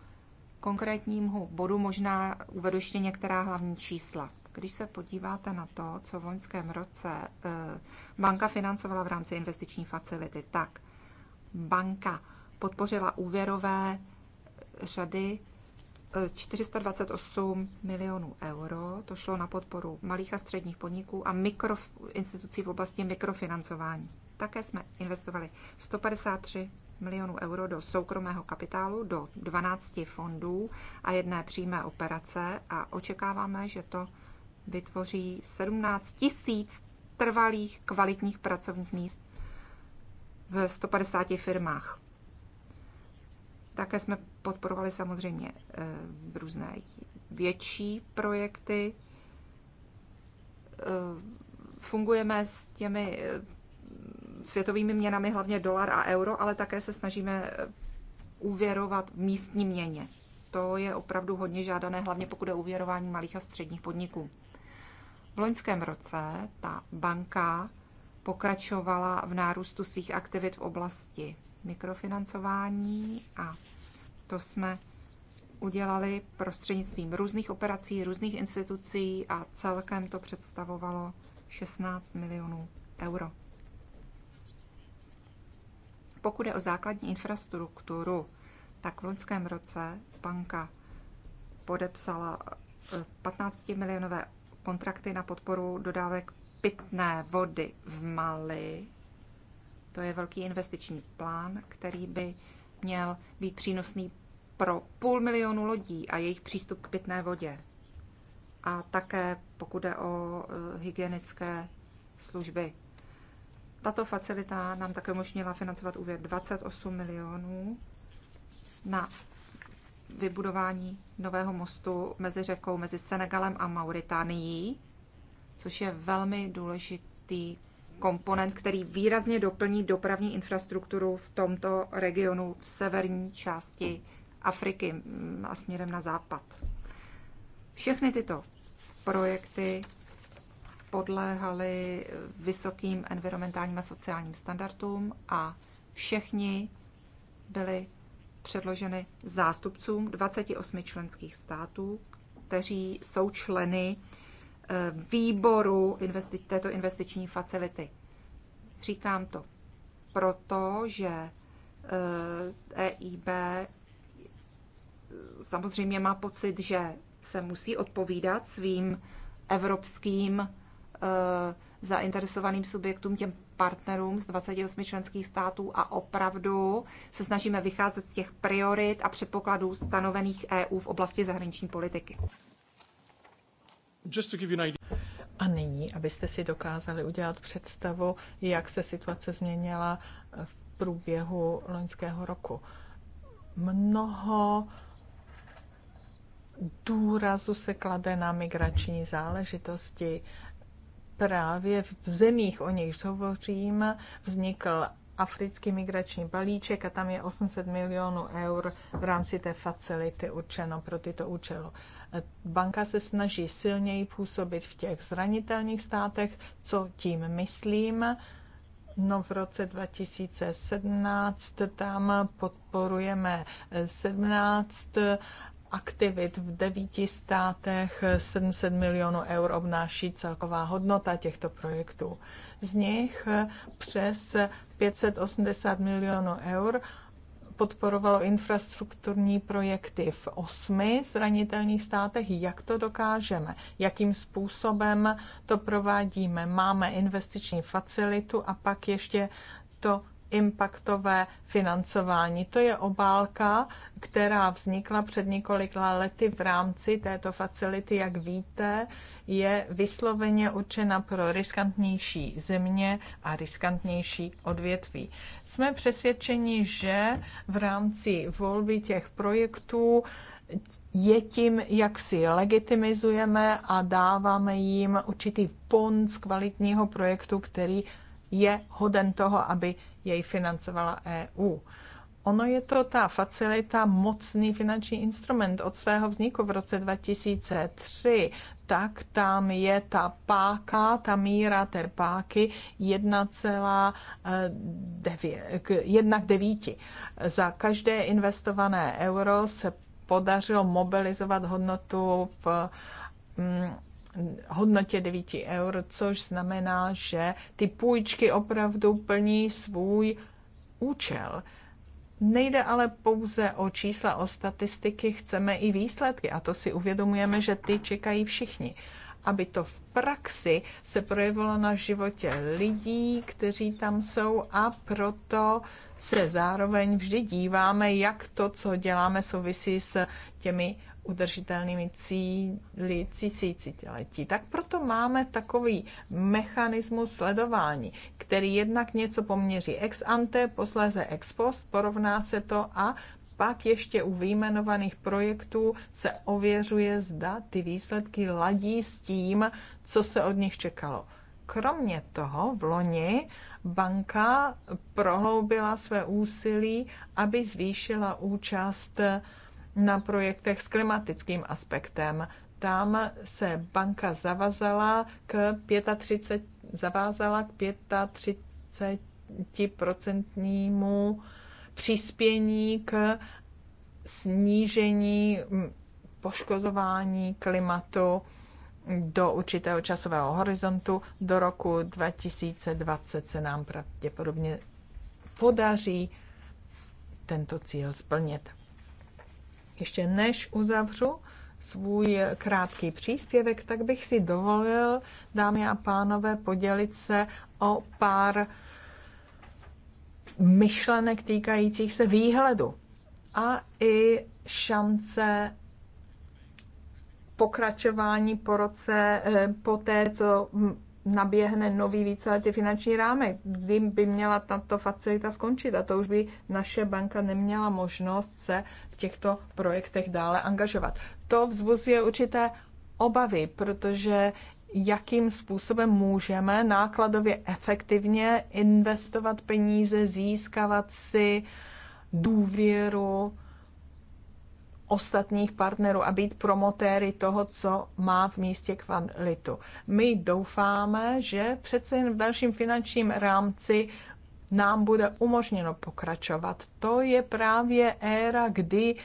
konkrétnímu bodu možná uvedu ještě některá hlavní čísla. Když se podíváte na to, co v loňském roce eh, banka financovala v rámci investiční facility, tak banka podpořila úvěrové řady 428 eh, milionů euro. To šlo na podporu malých a středních podniků a mikro, institucí v oblasti mikrofinancování. Také jsme investovali 153 milionů euro do soukromého kapitálu, do 12 fondů a jedné přímé operace a očekáváme, že to vytvoří 17 tisíc trvalých kvalitních pracovních míst v 150 firmách. Také jsme podporovali samozřejmě eh, různé větší projekty. Eh, fungujeme s těmi eh, světovými měnami, hlavně dolar a euro, ale také se snažíme eh, uvěrovat v místní měně. To je opravdu hodně žádané, hlavně pokud je uvěrování malých a středních podniků. V loňském roce ta banka pokračovala v nárůstu svých aktivit v oblasti mikrofinancování a to jsme udělali prostřednictvím různých operací, různých institucí a celkem to představovalo 16 milionů euro. Pokud je o základní infrastrukturu, tak v loňském roce banka podepsala 15 eh, milionové kontrakty na podporu dodávek pitné vody v Mali. To je velký investiční plán, který by měl být přínosný pro půl milionu lodí a jejich přístup k pitné vodě. A také pokud jde o eh, hygienické služby tato facilita nám také umožnila financovat úvěr 28 milionů na vybudování nového mostu mezi řekou, mezi Senegalem a Mauritánií, což je velmi důležitý komponent, který výrazně doplní dopravní infrastrukturu v tomto regionu v severní části Afriky mm, a směrem na západ. Všechny tyto projekty podléhaly vysokým environmentálním a sociálním standardům a všichni byly předloženy zástupcům 28 členských států, kteří jsou členy eh, výboru investi- této investiční facility. Říkám to proto, že EIB eh, e eh, samozřejmě má pocit, že se musí odpovídat svým evropským Eh, zainteresovaným subjektům, těm partnerům z 28 členských států a opravdu se snažíme vycházet z těch priorit a předpokladů stanovených EU v oblasti zahraniční politiky. A nyní, abyste si dokázali udělat představu, jak se situace změnila v průběhu loňského roku. Mnoho důrazu se klade na migrační záležitosti právě v zemích, o nichž hovořím, vznikl africký migrační balíček a tam je 800 milionů eur v rámci té facility určeno pro tyto účely. Banka se snaží silněji působit v těch zranitelných státech, co tím myslím. No v roce 2017 tam podporujeme 17 aktivit v devíti státech 700 milionů eur obnáší celková hodnota těchto projektů. Z nich přes 580 milionů eur podporovalo infrastrukturní projekty v osmi zranitelných státech. Jak to dokážeme? Jakým způsobem to provádíme? Máme investiční facilitu a pak ještě to impactové financování. To je obálka, která vznikla před několika lety v rámci této facility, jak víte, je vysloveně určena pro riskantnější země a riskantnější odvětví. Jsme přesvědčeni, že v rámci volby těch projektů je tím, jak si legitimizujeme a dáváme jim určitý pon z kvalitního projektu, který je hoden toho, aby jej financovala EU. Ono je to ta facilita mocný finanční instrument od svého vzniku v roce 2003, tak tam je ta páka, ta míra té páky 1,9 k 9. Za každé investované euro se podařilo mobilizovat hodnotu v mm, hodnotě 9 eur, což znamená, že ty půjčky opravdu plní svůj účel. Nejde ale pouze o čísla, o statistiky, chceme i výsledky a to si uvědomujeme, že ty čekají všichni. Aby to v praxi se projevilo na životě lidí, kteří tam jsou a proto se zároveň vždy díváme, jak to, co děláme, souvisí s těmi udržitelnými cíli tisíciletí. Tak proto máme takový mechanismus sledování, který jednak něco poměří ex ante, posléze ex post, porovná se to a pak ještě u výjmenovaných projektů se ověřuje, zda ty výsledky ladí s tím, co se od nich čekalo. Kromě toho v loni banka prohloubila své úsilí, aby zvýšila účast na projektech s klimatickým aspektem. Tam se banka zavazala k 35, zavázala k 35% přispění k snížení poškozování klimatu do určitého časového horizontu. Do roku 2020 se nám pravděpodobně podaří tento cíl splnit. Ještě než uzavřu svůj krátký příspěvek, tak bych si dovolil, dámy a pánové, podělit se o pár myšlenek týkajících se výhledu a i šance pokračování po roce, eh, po té, co hm, naběhne nový víceletý finanční rámek, kdy by měla tato facilita skončit a to už by naše banka neměla možnost se v těchto projektech dále angažovat. To vzbuzuje určité obavy, protože jakým způsobem můžeme nákladově efektivně investovat peníze, získávat si důvěru ostatních partnerů a být promotéry toho, co má v místě kvalitu. My doufáme, že přece jen v dalším finančním rámci nám bude umožněno pokračovat. To je právě éra, kdy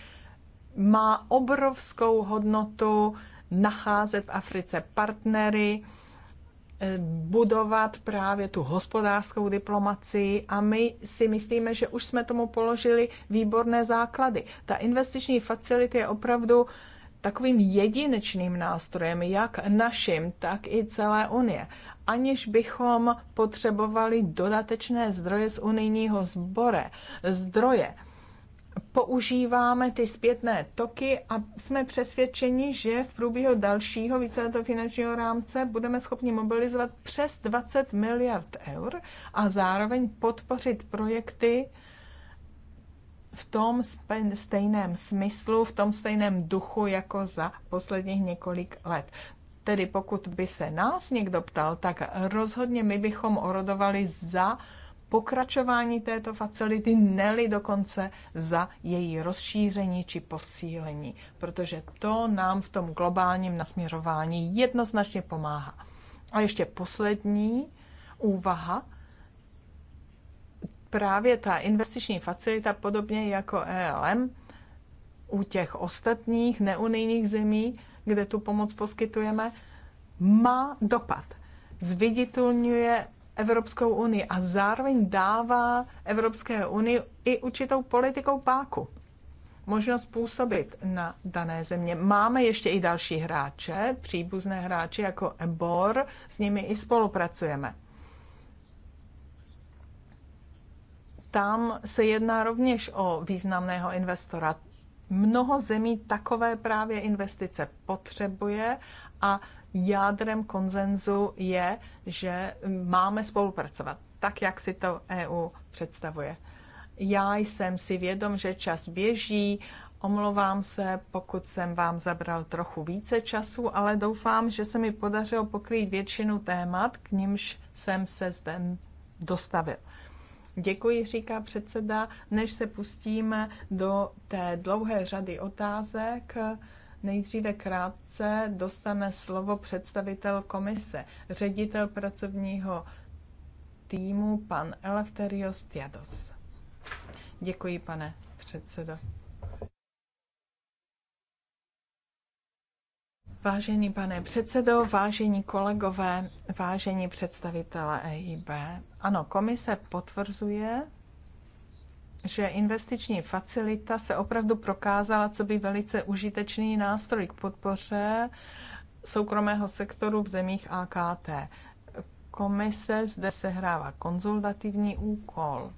má obrovskou hodnotu nacházet v Africe partnery, Eh, budovat právě tu hospodářskou diplomacii a my si myslíme, že už jsme tomu položili výborné základy. Ta investiční facility je opravdu takovým jedinečným nástrojem, jak našim, tak i celé Unie, aniž bychom potřebovali dodatečné zdroje z unijního zbore, zdroje používáme ty zpětné toky a jsme přesvědčeni, že v průběhu dalšího víceletého finančního rámce budeme schopni mobilizovat přes 20 miliard eur a zároveň podpořit projekty v tom stejném smyslu, v tom stejném duchu jako za posledních několik let. Tedy pokud by se nás někdo ptal, tak rozhodně my bychom orodovali za pokračování této facility, neli dokonce za její rozšíření či posílení, protože to nám v tom globálním nasměrování jednoznačně pomáhá. A ještě poslední úvaha. Právě ta investiční facilita, podobně jako ELM, u těch ostatních neunijních zemí, kde tu pomoc poskytujeme, má dopad. Zviditelňuje Evropskou unii a zároveň dává Evropské unii i určitou politikou páku. Možnost působit na dané země. Máme ještě i další hráče, příbuzné hráče jako EBOR, s nimi i spolupracujeme. Tam se jedná rovněž o významného investora. Mnoho zemí takové právě investice potřebuje a jádrem konzenzu je, že máme spolupracovat tak, jak si to EU představuje. Já jsem si vědom, že čas běží, omlouvám se, pokud jsem vám zabral trochu více času, ale doufám, že se mi podařilo pokrýt většinu témat, k nímž jsem se zde dostavil. Děkuji, říká předseda, než se pustíme do té dlouhé řady otázek, Nejdříve krátce dostane slovo představitel komise, ředitel pracovního týmu, pan Elefterios Tiados. Děkuji, pane předsedo. Vážený pane předsedo, vážení kolegové, vážení představitelé EIB, ano, komise potvrzuje že investiční facilita se opravdu prokázala, co by velice užitečný nástroj k podpoře soukromého sektoru v zemích AKT. Komise zde sehrává konzultativní úkol,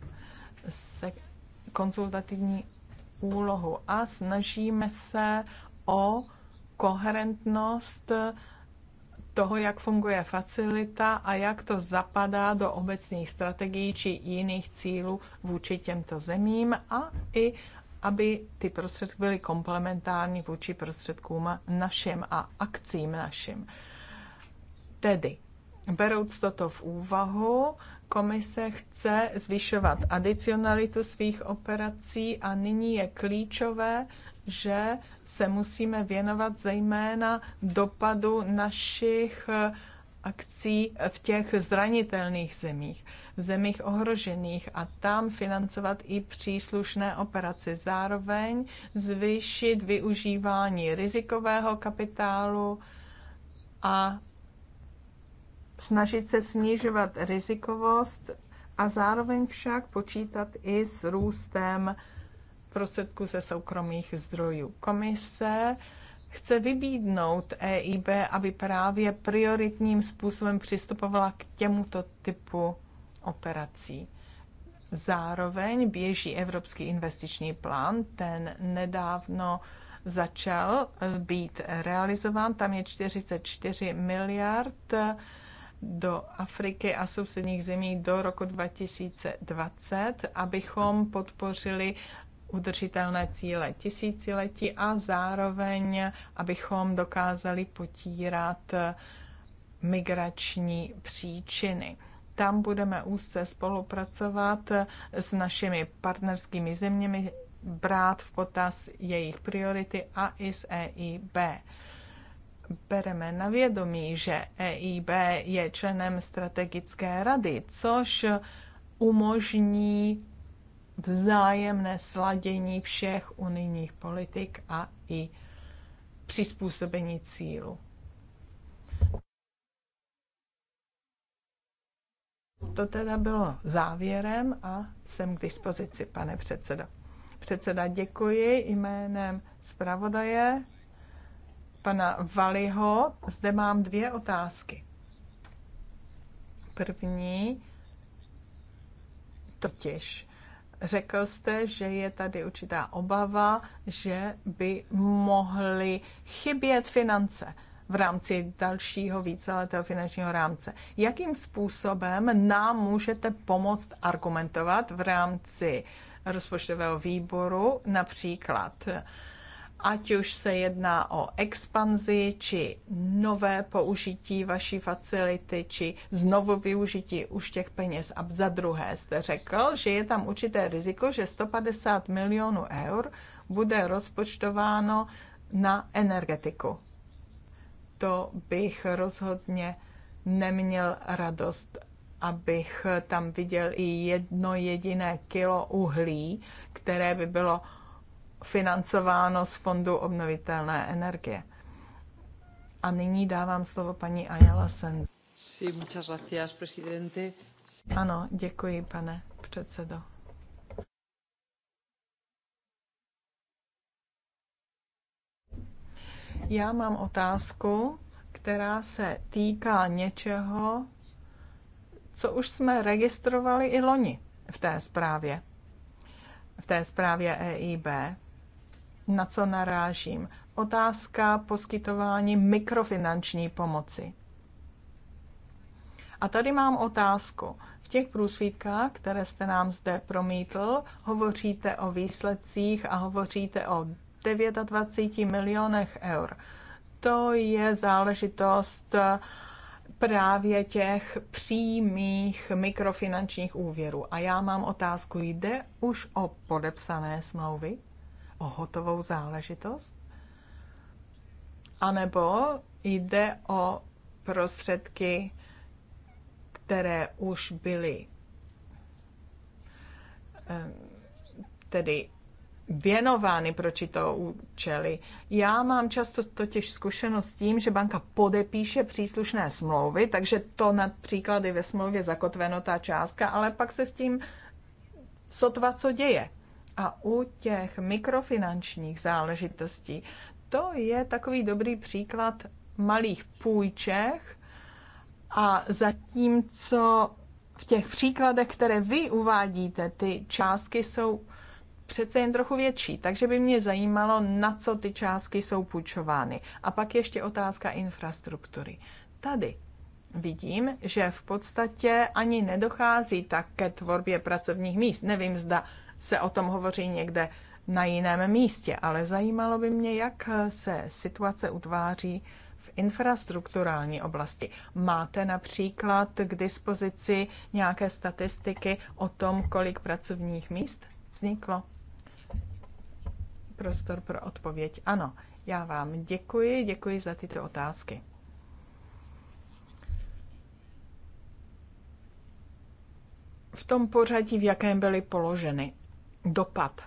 se, konzultativní úlohu a snažíme se o koherentnost toho, jak funguje facilita a jak to zapadá do obecných strategií či jiných cílů vůči těmto zemím a i aby ty prostředky byly komplementární vůči prostředkům našim a akcím našim. Tedy, berouc toto v úvahu, komise chce zvyšovat adicionalitu svých operací a nyní je klíčové, že se musíme věnovat zejména dopadu našich eh, akcí v těch zranitelných zemích, v zemích ohrožených a tam financovat i příslušné operace. Zároveň zvýšit využívání rizikového kapitálu a snažit se snižovat rizikovost a zároveň však počítat i s růstem prostředků ze soukromých zdrojů. Komise chce vybídnout EIB, aby právě prioritním způsobem přistupovala k těmuto typu operací. Zároveň běží Evropský investiční plán, ten nedávno začal být realizován. Tam je 44 miliard do Afriky a sousedních zemí do roku 2020, abychom podpořili udržitelné cíle tisíciletí a zároveň, abychom dokázali potírat migrační příčiny. Tam budeme úzce spolupracovat s našimi partnerskými zeměmi, brát v potaz jejich priority a i s EIB bereme na vědomí, že EIB je členem strategické rady, což umožní vzájemné sladění všech unijních politik a i přizpůsobení cílu. To teda bylo závěrem a jsem k dispozici, pane předsedo. Předseda, děkuji jménem zpravodaje pana Valiho. Zde mám dvě otázky. První, totiž Řekl jste, že je tady určitá obava, že by mohly chybět finance v rámci dalšího víceletého finančního rámce. Jakým způsobem nám můžete pomoct argumentovat v rámci rozpočtového výboru, například ať už se jedná o expanzi, či nové použití vaší facility, či znovu využití už těch peněz. A za druhé jste řekl, že je tam určité riziko, že 150 milionů eur bude rozpočtováno na energetiku. To bych rozhodně neměl radost, abych tam viděl i jedno jediné kilo uhlí, které by bylo financováno z Fondu obnovitelné energie. A nyní dávám slovo paní Ayala Sen. Sí, muchas gracias, presidente. Ano, děkuji, pane předsedo. Já mám otázku, která se týká něčeho, co už jsme registrovali i loni v té zprávě. V té zprávě EIB na co narážím. Otázka poskytování mikrofinanční pomoci. A tady mám otázku. V těch průsvítkách, které jste nám zde promítl, hovoříte o výsledcích a hovoříte o 29 milionech eur. To je záležitost eh, právě těch přímých mikrofinančních úvěrů. A já mám otázku, jde už o podepsané smlouvy? o hotovou záležitost? A nebo jde o prostředky, které už byly ehm, tedy věnovány pro čito účely. Já mám často totiž zkušenost s tím, že banka podepíše příslušné smlouvy, takže to například i ve smlouvě zakotveno ta částka, ale pak se s tím sotva co děje. A u těch mikrofinančních záležitostí, to je takový dobrý příklad malých půjček a zatímco v těch příkladech, které vy uvádíte, ty částky jsou přece jen trochu větší, takže by mě zajímalo, na co ty částky jsou půjčovány. A pak ještě otázka infrastruktury. Tady vidím, že v podstatě ani nedochází tak ke tvorbě pracovních míst. Nevím, zda se o tom hovoří někde na jiném místě, ale zajímalo by mě, jak se situace utváří v infrastrukturální oblasti. Máte například k dispozici nějaké statistiky o tom, kolik pracovních míst vzniklo? Prostor pro odpověď. Ano, já vám děkuji, děkuji za tyto otázky. V tom pořadí, v jakém byly položeny dopad.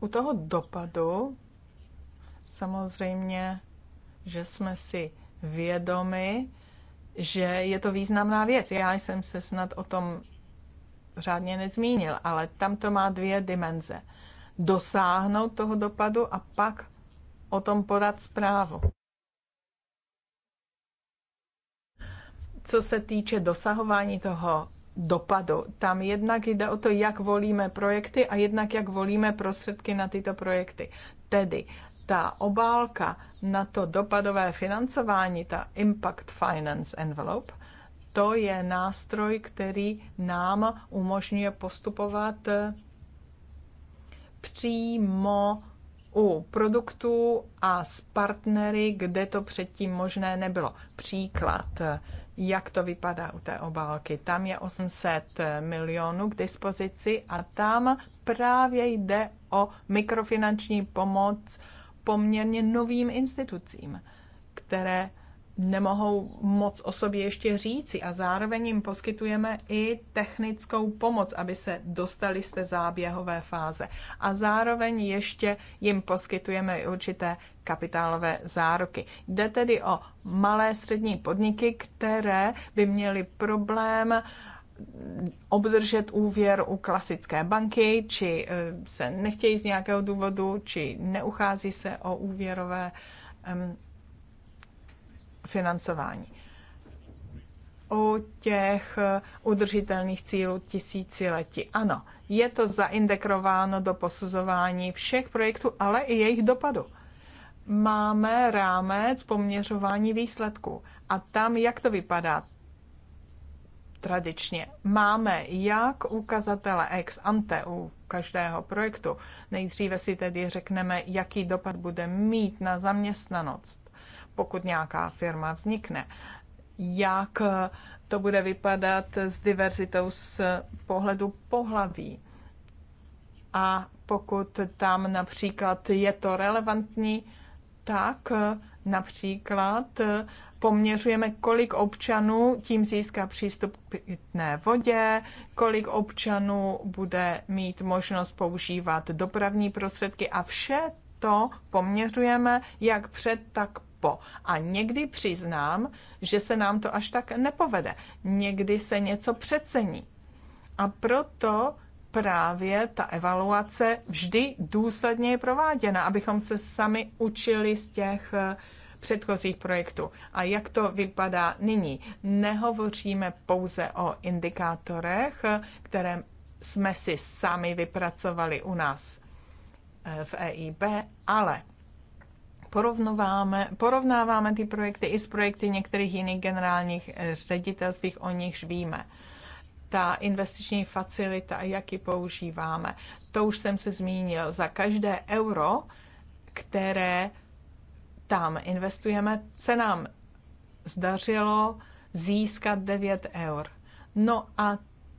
U toho dopadu samozřejmě, že jsme si vědomi, že je to významná věc. Já jsem se snad o tom řádně nezmínil, ale tam to má dvě dimenze. Dosáhnout toho dopadu a pak o tom podat zprávu. Co se týče dosahování toho dopadu. Tam jednak jde o to, jak volíme projekty a jednak jak volíme prostředky na tyto projekty. Tedy ta obálka na to dopadové financování, ta Impact Finance Envelope, to je nástroj, který nám umožňuje postupovat eh, přímo u produktů a s partnery, kde to předtím možné nebylo. Příklad eh, jak to vypadá u té obálky. Tam je 800 milionů k dispozici a tam právě jde o mikrofinanční pomoc poměrně novým institucím, které nemohou moc o sobě ještě říci a zároveň jim poskytujeme i technickou pomoc, aby se dostali z té záběhové fáze. A zároveň ještě jim poskytujeme i určité kapitálové záruky. Jde tedy o malé střední podniky, které by měly problém obdržet úvěr u klasické banky, či eh, se nechtějí z nějakého důvodu, či neuchází se o úvěrové um, financování. U těch udržitelných cílů tisíciletí. Ano, je to zaintegrováno do posuzování všech projektů, ale i jejich dopadu. Máme rámec poměřování výsledků. A tam, jak to vypadá? tradičně. Máme jak ukazatele ex ante u každého projektu. Nejdříve si tedy řekneme, jaký dopad bude mít na zaměstnanost pokud nějaká firma vznikne. Jak to bude vypadat s diverzitou z pohledu pohlaví? A pokud tam například je to relevantní, tak například poměřujeme, kolik občanů tím získá přístup k pitné vodě, kolik občanů bude mít možnost používat dopravní prostředky a vše to poměřujeme jak před, tak po. A někdy přiznám, že se nám to až tak nepovede. Někdy se něco přecení. A proto právě ta evaluace vždy důsledně je prováděna, abychom se sami učili z těch eh, předchozích projektů. A jak to vypadá nyní? Nehovoříme pouze o indikátorech, které jsme si sami vypracovali u nás eh, v EIB, ale porovnáváme, porovnáváme ty projekty i s projekty některých jiných generálních eh, ředitelství, o nichž víme. Ta investiční facilita, jak ji používáme, to už jsem se zmínil. Za každé euro, které tam investujeme, se nám zdařilo získat 9 eur. No a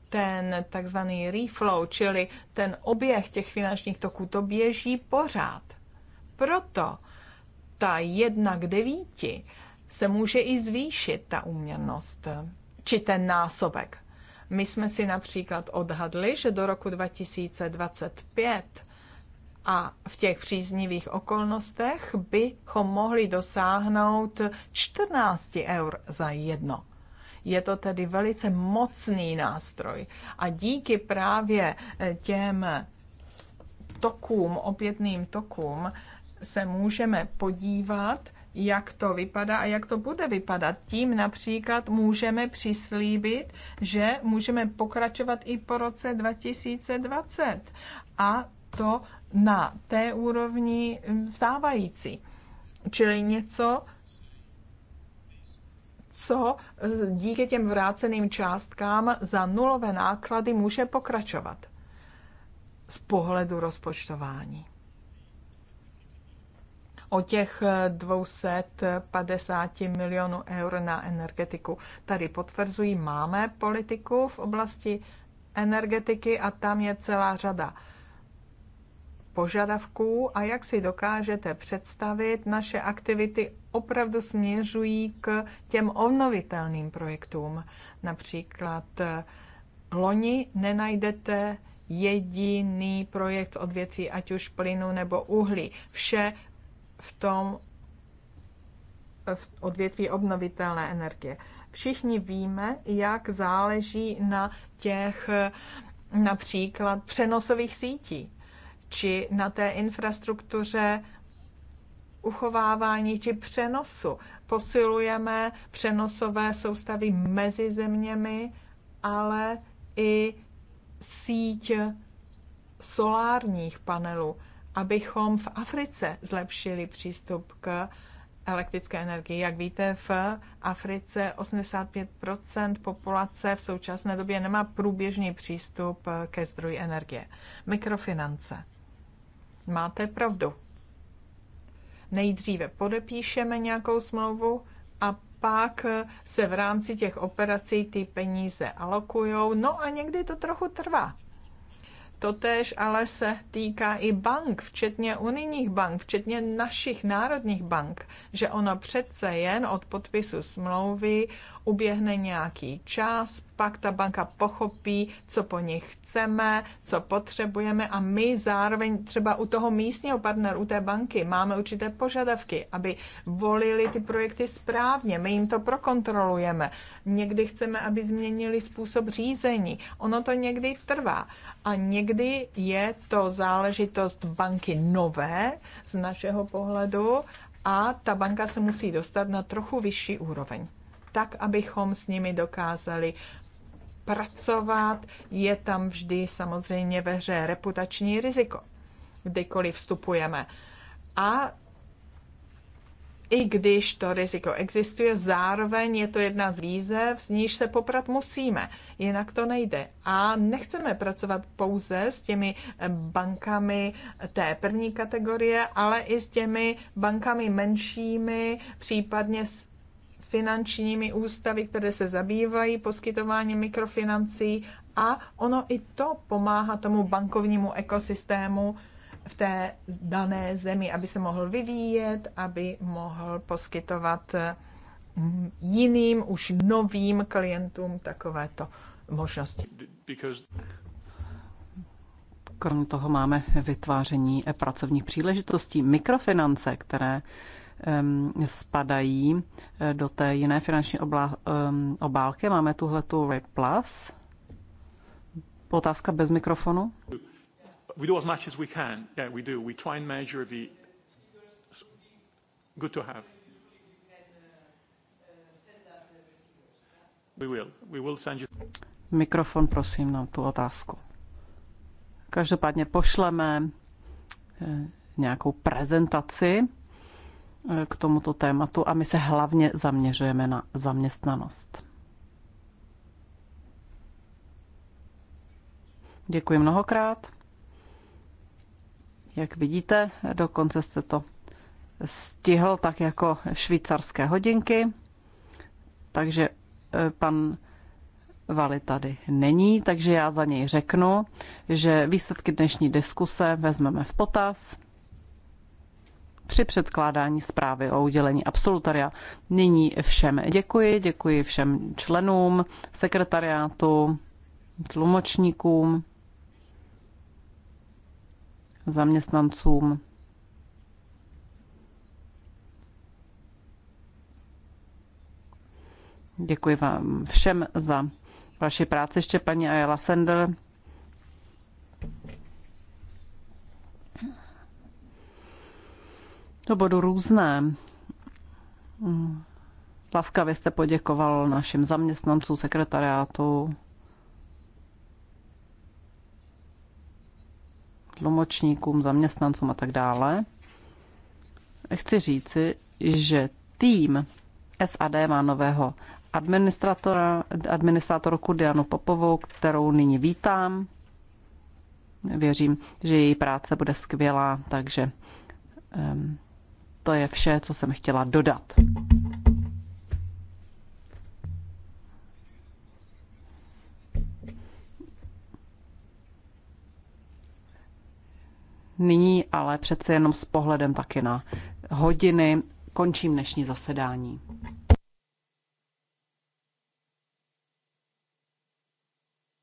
ten takzvaný reflow, čili ten oběh těch finančních toků, to běží pořád. Proto ta jedna k devíti se může i zvýšit ta uměrnost, či ten násobek. My jsme si například odhadli, že do roku 2025 a v těch příznivých okolnostech bychom mohli dosáhnout 14 eur za jedno. Je to tedy velice mocný nástroj a díky právě těm tokům, opětným tokům, se můžeme podívat, jak to vypadá a jak to bude vypadat. Tím například můžeme přislíbit, že můžeme pokračovat i po roce 2020 a to na té úrovni stávající. Čili něco, co díky těm vráceným částkám za nulové náklady může pokračovat z pohledu rozpočtování o těch 250 eh, milionů eur na energetiku. Tady potvrzují, máme politiku v oblasti energetiky a tam je celá řada požadavků a jak si dokážete představit, naše aktivity opravdu směřují k těm obnovitelným projektům. Například eh, loni nenajdete jediný projekt odvětví, ať už plynu nebo uhlí. Vše v tom v odvětví obnovitelné energie. Všichni víme, jak záleží na těch například přenosových sítí či na té infrastruktuře uchovávání či přenosu. Posilujeme přenosové soustavy mezi zeměmi, ale i síť solárních panelů abychom v Africe zlepšili přístup k elektrické energii. Jak víte, v Africe 85 populace v současné době nemá průběžný přístup ke zdroji energie. Mikrofinance. Máte pravdu. Nejdříve podepíšeme nějakou smlouvu a pak se v rámci těch operací ty peníze alokujou. No a někdy to trochu trvá totéž ale se týká i bank, včetně unijních bank, včetně našich národních bank, že ono přece jen od podpisu smlouvy uběhne nějaký čas, pak ta banka pochopí, co po nich chceme, co potřebujeme a my zároveň třeba u toho místního partneru, u té banky máme určité požadavky, aby volili ty projekty správně, my jim to prokontrolujeme. Někdy chceme, aby změnili způsob řízení. Ono to někdy trvá. A někdy je to záležitost banky nové z našeho pohledu a ta banka se musí dostat na trochu vyšší úroveň tak, abychom s nimi dokázali pracovat. Je tam vždy samozřejmě ve hře reputační riziko, kdykoliv vstupujeme. A i když to riziko existuje, zároveň je to jedna z výzev, z níž se poprat musíme. Jinak to nejde. A nechceme pracovat pouze s těmi bankami té první kategorie, ale i s těmi bankami menšími, případně s finančními ústavy, které se zabývají poskytováním mikrofinancí a ono i to pomáhá tomu bankovnímu ekosystému v té dané zemi, aby se mohl vyvíjet, aby mohl poskytovat mm, jiným, už novým klientům takovéto možnosti. Krom toho máme vytváření pracovních příležitostí, mikrofinance, které spadají eh, do té jiné finanční obla, obálky. Máme tuhle tu RIP Plus. Otázka bez mikrofonu. We do as much as we can. Yeah, we do. We try and measure the... Good to have. We will. We will send you... Mikrofon, prosím, na tu otázku. Každopádně pošleme eh, nějakou prezentaci k tomuto tématu a my se hlavně zaměřujeme na zaměstnanost. Děkuji mnohokrát. Jak vidíte, dokonce jste to stihl tak jako švýcarské hodinky. Takže eh, pan Vali tady není, takže já za něj řeknu, že výsledky dnešní diskuse vezmeme v potaz při předkládání zprávy o udělení absolutoria. Nyní všem děkuji, děkuji všem členům, sekretariátu, tlumočníkům, zaměstnancům. Děkuji vám všem za vaši práci. Ještě paní Ayala Sender, To bodu různé. Mm. Laskavě jste poděkoval našim zaměstnancům sekretariátu, tlumočníkům, zaměstnancům a tak dále. Chci říci, že tým SAD má nového administratora, administratorku Dianu Popovou, kterou nyní vítám. Věřím, že její práce bude skvělá, takže um, to je vše, co jsem chtěla dodat. Nyní ale přece jenom s pohledem taky na hodiny končím dnešní zasedání.